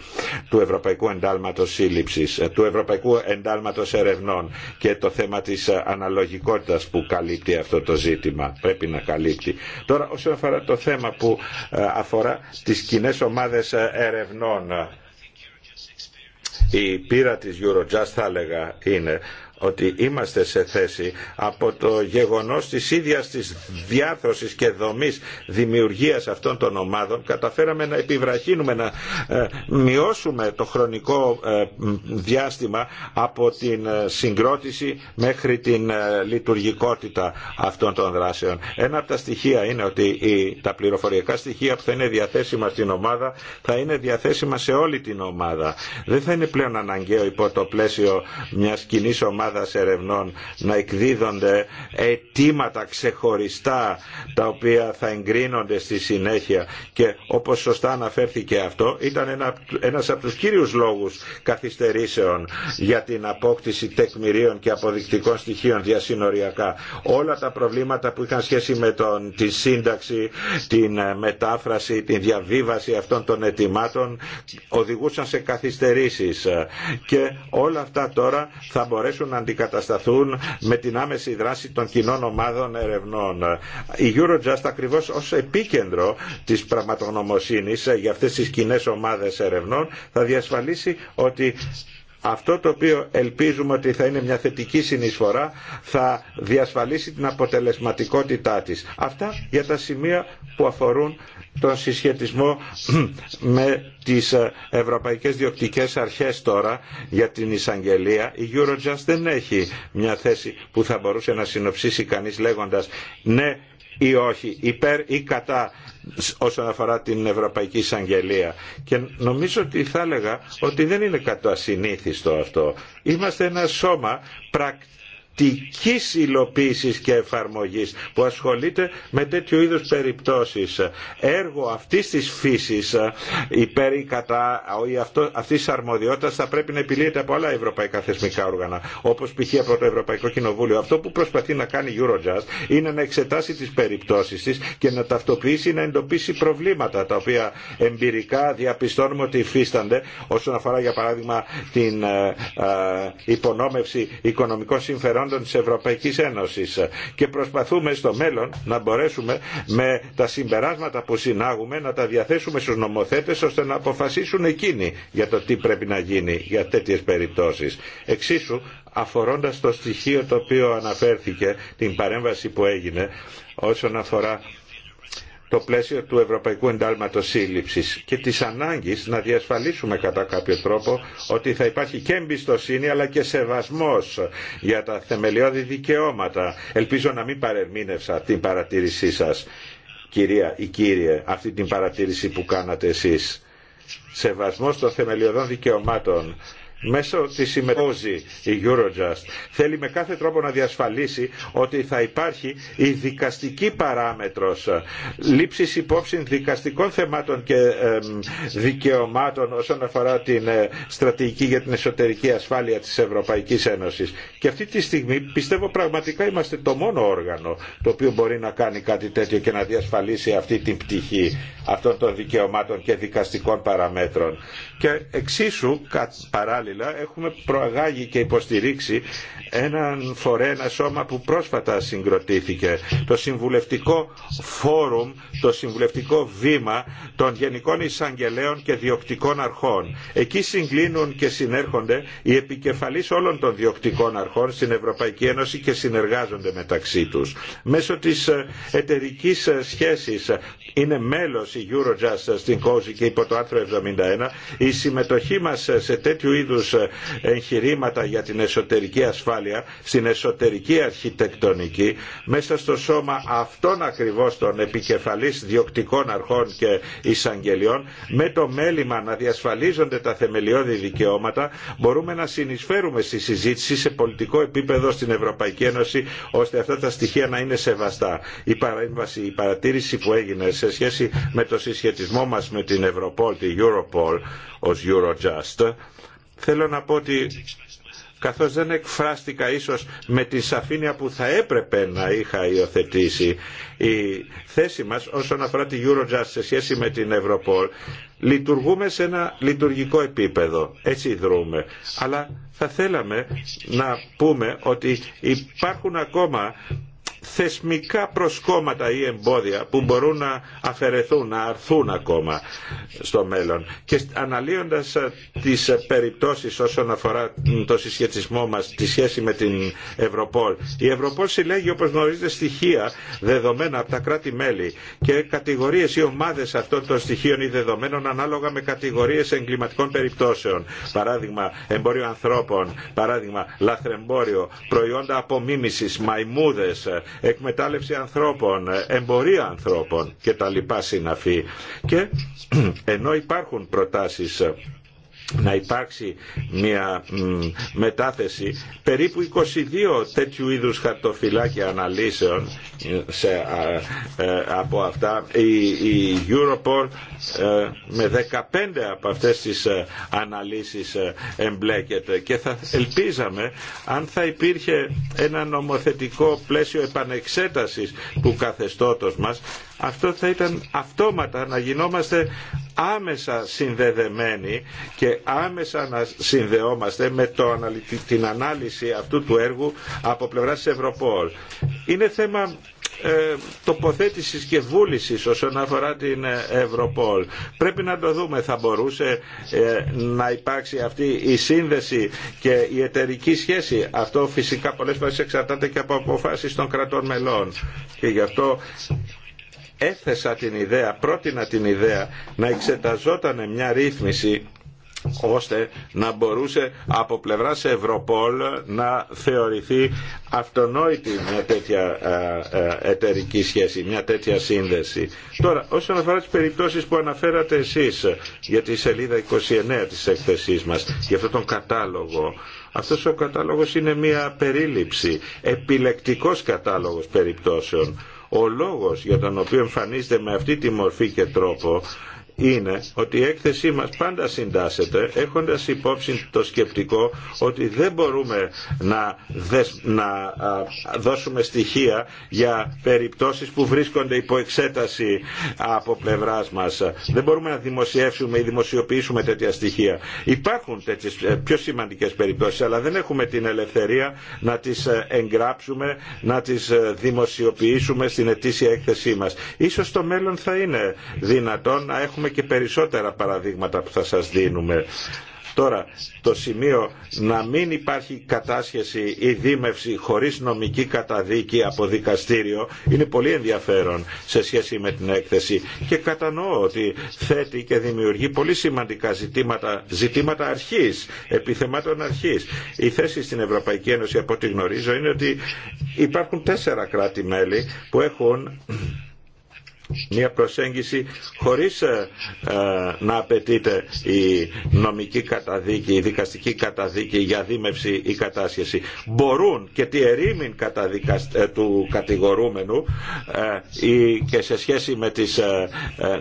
του Ευρωπαϊκού Εντάλματος Σύλληψης, του Ευρωπαϊκού Εντάλματος Ερευνών και το θέμα της αναλογικότητας που καλύπτει αυτό το ζήτημα, πρέπει να καλύπτει. Τώρα όσον αφορά το θέμα που ε, αφορά τις κοινέ ομάδες ε, ερευνών η πείρα της Eurojust θα έλεγα είναι ότι είμαστε σε θέση από το γεγονός της ίδιας της διάρθρωσης και δομής δημιουργίας αυτών των ομάδων καταφέραμε να επιβραχύνουμε, να ε, μειώσουμε το χρονικό ε, διάστημα από την ε, συγκρότηση μέχρι την λειτουργικότητα αυτών των δράσεων. Ένα από τα στοιχεία είναι ότι τα πληροφοριακά στοιχεία που θα είναι διαθέσιμα στην ομάδα θα είναι διαθέσιμα σε όλη την ομάδα. Δεν θα είναι πλέον αναγκαίο υπό το πλαίσιο μιας κοινή ομάδας ερευνών να εκδίδονται αιτήματα ξεχωριστά τα οποία θα εγκρίνονται στη συνέχεια και όπως σωστά αναφέρθηκε αυτό ήταν ένα, ένας από τους κύριους λόγους καθυστερήσεων για την απόκτηση τεκμηρίων και αποδεικτικών στοιχείων διασυνοριακά. Όλα τα προβλήματα που είχαν σχέση με τον, τη σύνταξη, την ε, μετάφραση, την διαβίβαση αυτών των αιτημάτων οδηγούσαν σε καθυστερήσεις και όλα αυτά τώρα θα μπορέσουν να αντικατασταθούν με την άμεση δράση των κοινών ομάδων ερευνών. Η Eurojust ακριβώς ως επίκεντρο της πραγματογνωμοσύνης για αυτές τις κοινέ ομάδες ερευνών θα διασφαλίσει ότι αυτό το οποίο ελπίζουμε ότι θα είναι μια θετική συνεισφορά θα διασφαλίσει την αποτελεσματικότητά της. Αυτά για τα σημεία που αφορούν τον συσχετισμό με τις ε, ευρωπαϊκές διοκτικές αρχές τώρα για την εισαγγελία. Η Eurojust δεν έχει μια θέση που θα μπορούσε να συνοψίσει κανείς λέγοντας ναι ή όχι, υπέρ ή κατά όσον αφορά την Ευρωπαϊκή Εισαγγελία. Και νομίζω ότι θα έλεγα ότι δεν είναι συνήθιστο αυτό. Είμαστε ένα σώμα πρακτικό πρακτικής υλοποίησης και εφαρμογής που ασχολείται με τέτοιου είδους περιπτώσεις. Έργο αυτής της φύσης ε, υπέρ ή κατά αυτό, αυτής της αρμοδιότητας θα πρέπει να επιλύεται από άλλα ευρωπαϊκά θεσμικά όργανα όπως π.χ. από το Ευρωπαϊκό Κοινοβούλιο. Αυτό που προσπαθεί να κάνει η Eurojust είναι να εξετάσει τις περιπτώσεις της και να ταυτοποιήσει να εντοπίσει προβλήματα τα οποία εμπειρικά διαπιστώνουμε ότι υφίστανται όσον αφορά για παράδειγμα την ε, ε, υπονόμευση οικονομικών συμφερών προϊόντων της Ευρωπαϊκής Ένωσης και προσπαθούμε στο μέλλον να μπορέσουμε με τα συμπεράσματα που συνάγουμε να τα διαθέσουμε στους νομοθέτες ώστε να αποφασίσουν εκείνοι για το τι πρέπει να γίνει για τέτοιες περιπτώσεις. Εξίσου αφορώντας το στοιχείο το οποίο αναφέρθηκε, την παρέμβαση που έγινε όσον αφορά το πλαίσιο του Ευρωπαϊκού Εντάλματος Σύλληψης και της ανάγκης να διασφαλίσουμε κατά κάποιο τρόπο ότι θα υπάρχει και εμπιστοσύνη αλλά και σεβασμός για τα θεμελιώδη δικαιώματα. Ελπίζω να μην παρεμήνευσα την παρατήρησή σας, κυρία ή κύριε, αυτή την παρατήρηση που κάνατε εσείς. Σεβασμός των θεμελιωδών δικαιωμάτων μέσω της συμμετόζει η Eurojust θέλει με κάθε τρόπο να διασφαλίσει ότι θα υπάρχει η δικαστική παράμετρος λήψης υπόψη δικαστικών θεμάτων και δικαιωμάτων όσον αφορά την ε, στρατηγική για την εσωτερική ασφάλεια της Ευρωπαϊκής Ένωσης. Και αυτή τη στιγμή πιστεύω πραγματικά είμαστε το μόνο όργανο το οποίο μπορεί να κάνει κάτι τέτοιο και να διασφαλίσει αυτή την πτυχή αυτών των δικαιωμάτων και δικαστικών παραμέτρων. Και εξίσου παράλληλα παράλληλα έχουμε προαγάγει και υποστηρίξει έναν φορέα, ένα σώμα που πρόσφατα συγκροτήθηκε. Το Συμβουλευτικό Φόρουμ, το Συμβουλευτικό Βήμα των Γενικών Εισαγγελέων και Διοκτικών Αρχών. Εκεί συγκλίνουν και συνέρχονται οι επικεφαλείς όλων των διοκτικών αρχών στην Ευρωπαϊκή Ένωση και συνεργάζονται μεταξύ τους. Μέσω της ε, εταιρική ε, σχέσης είναι μέλος η Eurojust στην Κόζη και υπό το άρθρο 71 η συμμετοχή μας σε τέτοιου είδου τους ε, εγχειρήματα για την εσωτερική ασφάλεια, στην εσωτερική αρχιτεκτονική, μέσα στο σώμα αυτών ακριβώς των επικεφαλής διοκτικών αρχών και εισαγγελιών, με το μέλημα να διασφαλίζονται τα θεμελιώδη δικαιώματα, μπορούμε να συνεισφέρουμε στη συζήτηση σε πολιτικό επίπεδο στην Ευρωπαϊκή Ένωση, ώστε αυτά τα στοιχεία να είναι σεβαστά. Η παρέμβαση, η παρατήρηση που έγινε σε σχέση με το συσχετισμό μας με την Ευρωπόλ, τη Europol ως Eurojust, Θέλω να πω ότι καθώς δεν εκφράστηκα ίσως με τη σαφήνεια που θα έπρεπε να είχα υιοθετήσει η θέση μας όσον αφορά τη Eurojust σε σχέση με την Ευρωπόλ λειτουργούμε σε ένα λειτουργικό επίπεδο, έτσι δρούμε. Αλλά θα θέλαμε να πούμε ότι υπάρχουν ακόμα θεσμικά προσκόμματα ή εμπόδια που μπορούν να αφαιρεθούν, να αρθούν ακόμα στο μέλλον. Και αναλύοντας ε, τις περιπτώσεις όσον αφορά το συσχετισμό μας, τη σχέση με την Ευρωπόλ. Η Ευρωπόλ συλλέγει όπως γνωρίζετε στοιχεία δεδομένα από τα κράτη-μέλη και κατηγορίες ή ομάδες αυτών των στοιχείων ή δεδομένων ανάλογα με κατηγορίες εγκληματικών περιπτώσεων. Παράδειγμα, εμπόριο ανθρώπων, παράδειγμα, λαθρεμπόριο, προϊόντα απομίμησης, μαϊμούδε εκμετάλλευση ανθρώπων, εμπορία ανθρώπων και τα λοιπά συναφή. Και ενώ υπάρχουν προτάσεις να υπάρξει μια μετάθεση περίπου 22 τέτοιου είδους χαρτοφυλάκια αναλύσεων ε, σε, ε, από αυτά η, η Europol ε, με 15 από αυτές τις αναλύσεις εμπλέκεται και θα ελπίζαμε αν θα υπήρχε ένα νομοθετικό πλαίσιο επανεξέτασης του καθεστώτος μας αυτό θα ήταν αυτόματα να γινόμαστε άμεσα συνδεδεμένοι και άμεσα να συνδεόμαστε με το, την ανάλυση αυτού του έργου από πλευράς της Ευρωπόλ. Είναι θέμα ε, τοποθέτησης και βούλησης όσον αφορά την ε, Ευρωπόλ. Πρέπει να το δούμε. Θα μπορούσε ε, να υπάρξει αυτή η σύνδεση και η εταιρική σχέση. Αυτό φυσικά πολλές φορές εξαρτάται και από αποφάσεις των κρατών μελών. Και γι' αυτό έθεσα την ιδέα, πρότεινα την ιδέα να εξεταζόταν μια ρύθμιση ώστε να μπορούσε από πλευράς Ευρωπόλ να θεωρηθεί αυτονόητη μια τέτοια εταιρική σχέση, μια τέτοια σύνδεση. Τώρα, όσον αφορά τις περιπτώσεις που αναφέρατε εσείς για τη σελίδα 29 της έκθεσής μας, για αυτόν τον κατάλογο, αυτός ο κατάλογος είναι μια περίληψη, επιλεκτικός κατάλογος περιπτώσεων ο λόγος για τον οποίο εμφανίζεται με αυτή τη μορφή και τρόπο είναι ότι η έκθεσή μας πάντα συντάσσεται έχοντας υπόψη το σκεπτικό ότι δεν μπορούμε να, να δώσουμε στοιχεία για περιπτώσεις που βρίσκονται υπό εξέταση από πλευράς μας. Δεν μπορούμε να δημοσιεύσουμε ή δημοσιοποιήσουμε τέτοια στοιχεία. Υπάρχουν τέτοιες ε, πιο σημαντικές περιπτώσεις αλλά δεν έχουμε την ελευθερία να τις ε, εγγράψουμε, να τις ε, δημοσιοποιήσουμε στην ετήσια έκθεσή μας. Ίσως στο μέλλον θα είναι δυνατόν να έχουμε και περισσότερα παραδείγματα που θα σας δίνουμε. Τώρα, το σημείο να μην υπάρχει κατάσχεση ή δίμευση χωρίς νομική καταδίκη από δικαστήριο είναι πολύ ενδιαφέρον σε σχέση με την έκθεση και κατανοώ ότι θέτει και δημιουργεί πολύ σημαντικά ζητήματα, ζητήματα αρχής, επιθεμάτων αρχής. Η θέση στην Ευρωπαϊκή Ένωση από ό,τι γνωρίζω είναι ότι υπάρχουν τέσσερα κράτη-μέλη που έχουν μια προσέγγιση χωρίς ε, ε, να απαιτείται η νομική καταδίκη, η δικαστική καταδίκη για δίμευση ή κατάσχεση. Μπορούν και τη ερήμην ε, του κατηγορούμενου και σε σχέση με τις,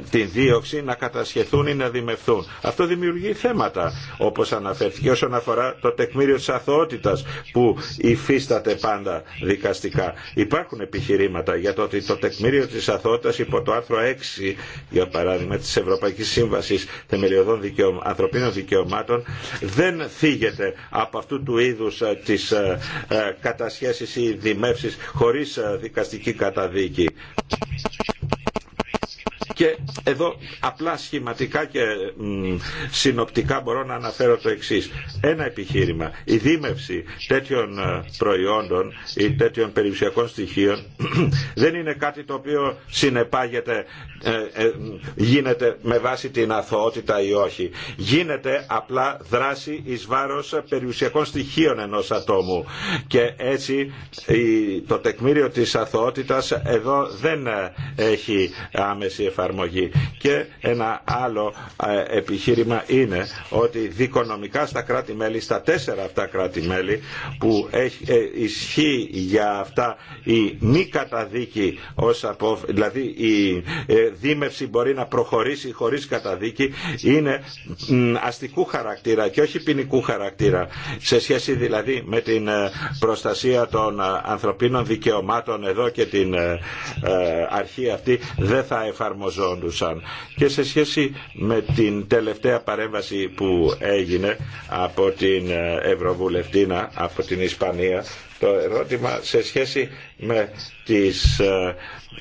την δίωξη να κατασχεθούν ή να δημευθούν. Αυτό δημιουργεί θέματα όπως αναφέρθηκε όσον αφορά το τεκμήριο της αθωότητας που υφίσταται πάντα δικαστικά. Υπάρχουν επιχειρήματα για το τεκμήριο το άρθρο 6 για παράδειγμα της Ευρωπαϊκής Σύμβασης Θεμελιωδών Ανθρωπίνων Δικαιωμάτων δεν θίγεται από αυτού του είδους ε, της ε, ε, κατασχέσης ή δημεύσης χωρίς δικαστική καταδίκη. Και εδώ απλά σχηματικά και συνοπτικά μπορώ να αναφέρω το εξή. Ένα επιχείρημα. Η δίμευση τέτοιων ε, προϊόντων ή τέτοιων περιουσιακών στοιχείων δεν είναι κάτι το οποίο συνεπάγεται, ε, ε, γίνεται με βάση την αθωότητα ή όχι. Γίνεται απλά δράση εις βάρος περιουσιακών στοιχείων ενός ατόμου. Και έτσι το τεκμήριο της αθωότητας εδώ δεν έχει άμεση εφαρμογή και ένα άλλο ε, επιχείρημα είναι ότι δικονομικά στα κράτη-μέλη, στα τέσσερα αυτά κράτη-μέλη που έχει, ε, ισχύει για αυτά η μη καταδίκη, ως δηλαδή η ε, δίμευση μπορεί να προχωρήσει χωρίς καταδίκη, είναι αστικού χαρακτήρα και όχι ποινικού χαρακτήρα. Σε σχέση δηλαδή με την ε, προστασία των ε, ανθρωπίνων δικαιωμάτων εδώ και την αρχή αυτή δεν θα εφαρμοστεί και σε σχέση με την τελευταία παρέμβαση που έγινε από την ε, Ευρωβουλευτήνα, από την Ισπανία, το ερώτημα σε σχέση με τις ε,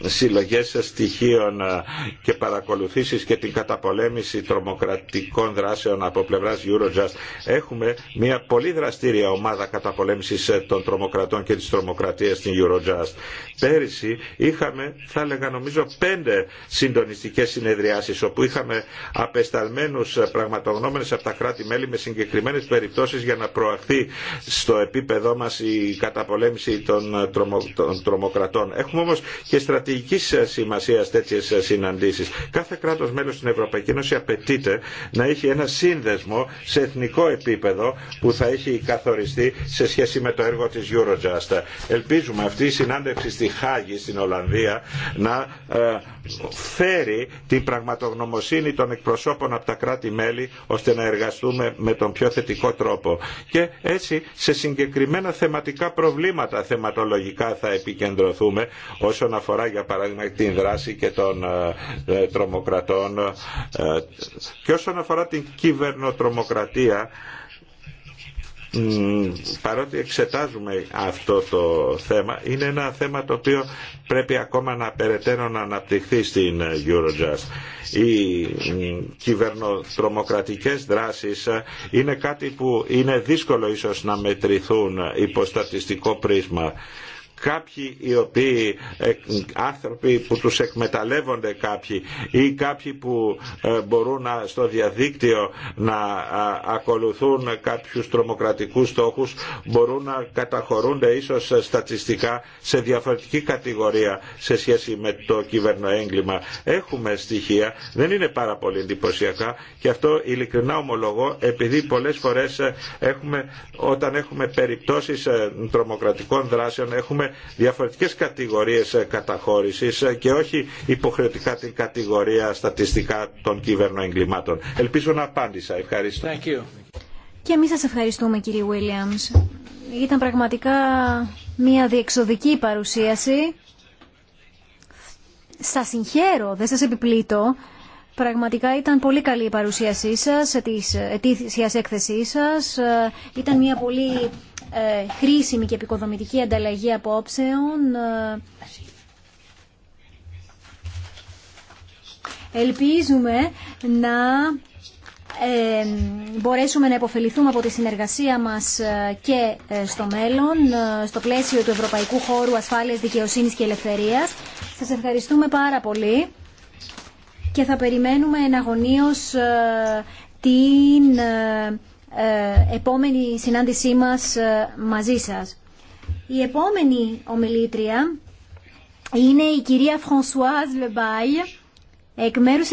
συλλογές στοιχείων ε, και παρακολουθήσεις και την καταπολέμηση τρομοκρατικών δράσεων από πλευράς Eurojust έχουμε μια πολύ δραστήρια ομάδα καταπολέμησης ε, των τρομοκρατών και της τρομοκρατίας στην Eurojust. Πέρυσι είχαμε θα έλεγα νομίζω πέντε συντονιστικές συνεδριάσεις όπου είχαμε απεσταλμένους πραγματογνώμενες από τα κράτη-μέλη με συγκεκριμένες περιπτώσεις για να προαχθεί στο επίπεδό μας η καταπολέμηση των, τρομο τρομοκρατών. Έχουμε όμω και στρατηγική ε, σημασία τέτοιε συναντήσει. Κάθε κράτο μέλο στην Ευρωπαϊκή Ένωση απαιτείται να έχει ένα σύνδεσμο σε εθνικό επίπεδο που θα έχει καθοριστεί σε σχέση με το έργο τη Eurojust. Ελπίζουμε αυτή η συνάντηση στη Χάγη στην Ολλανδία να ε, φέρει την πραγματογνωμοσύνη των εκπροσώπων από τα κράτη-μέλη ώστε να εργαστούμε με τον πιο θετικό τρόπο. Και έτσι σε συγκεκριμένα θεματικά προβλήματα θεματολογικά θα επικεντρωθούμε όσον αφορά για παράδειγμα την δράση και των ε, ε, τρομοκρατών ε, και όσον αφορά την κυβερνοτρομοκρατία παρότι εξετάζουμε αυτό το θέμα, είναι ένα θέμα το οποίο πρέπει ακόμα να περαιτέρω να αναπτυχθεί στην Eurojust. Οι κυβερνοτρομοκρατικές δράσεις είναι κάτι που είναι δύσκολο ίσως να μετρηθούν υπό στατιστικό πρίσμα κάποιοι οι οποίοι ε, άνθρωποι που τους εκμεταλλεύονται κάποιοι ή κάποιοι που ε, μπορούν να, στο διαδίκτυο να ακολουθούν κάποιους τρομοκρατικούς στόχους μπορούν να καταχωρούνται ίσως στατιστικά σε διαφορετική κατηγορία σε σχέση με το κυβερνοέγκλημα. Έχουμε στοιχεία, δεν είναι πάρα πολύ εντυπωσιακά και αυτό ειλικρινά ομολογώ επειδή πολλές φορές ε, έχουμε, όταν έχουμε περιπτώσεις τρομοκρατικών δράσεων έχουμε διαφορετικές κατηγορίες ε, καταχώρησης ε, και όχι υποχρεωτικά την κατηγορία στατιστικά των εγκλημάτων. Ελπίζω να απάντησα. Ευχαριστώ. Και εμείς σας ευχαριστούμε κύριε Williams. Ήταν πραγματικά μια διεξοδική παρουσίαση. Σα συγχαίρω, δεν σας επιπλήττω. Πραγματικά ήταν πολύ καλή η παρουσίασή σας, της ε, ετήσιας έκθεσή σας. Ήταν μια πολύ ε, χρήσιμη και επικοδομητική ανταλλαγή απόψεων. Ε, ελπίζουμε να ε, μπορέσουμε να υποφεληθούμε από τη συνεργασία μας και στο μέλλον, στο πλαίσιο του Ευρωπαϊκού Χώρου Ασφάλειας, Δικαιοσύνης και Ελευθερίας. Σας ευχαριστούμε πάρα πολύ και θα περιμένουμε εναγωνίως την ε, επόμενη συνάντησή μας ε, μαζί σας. Η επόμενη ομιλήτρια είναι η κυρία Φρανσουάζ Λεμπάι, εκ μέρους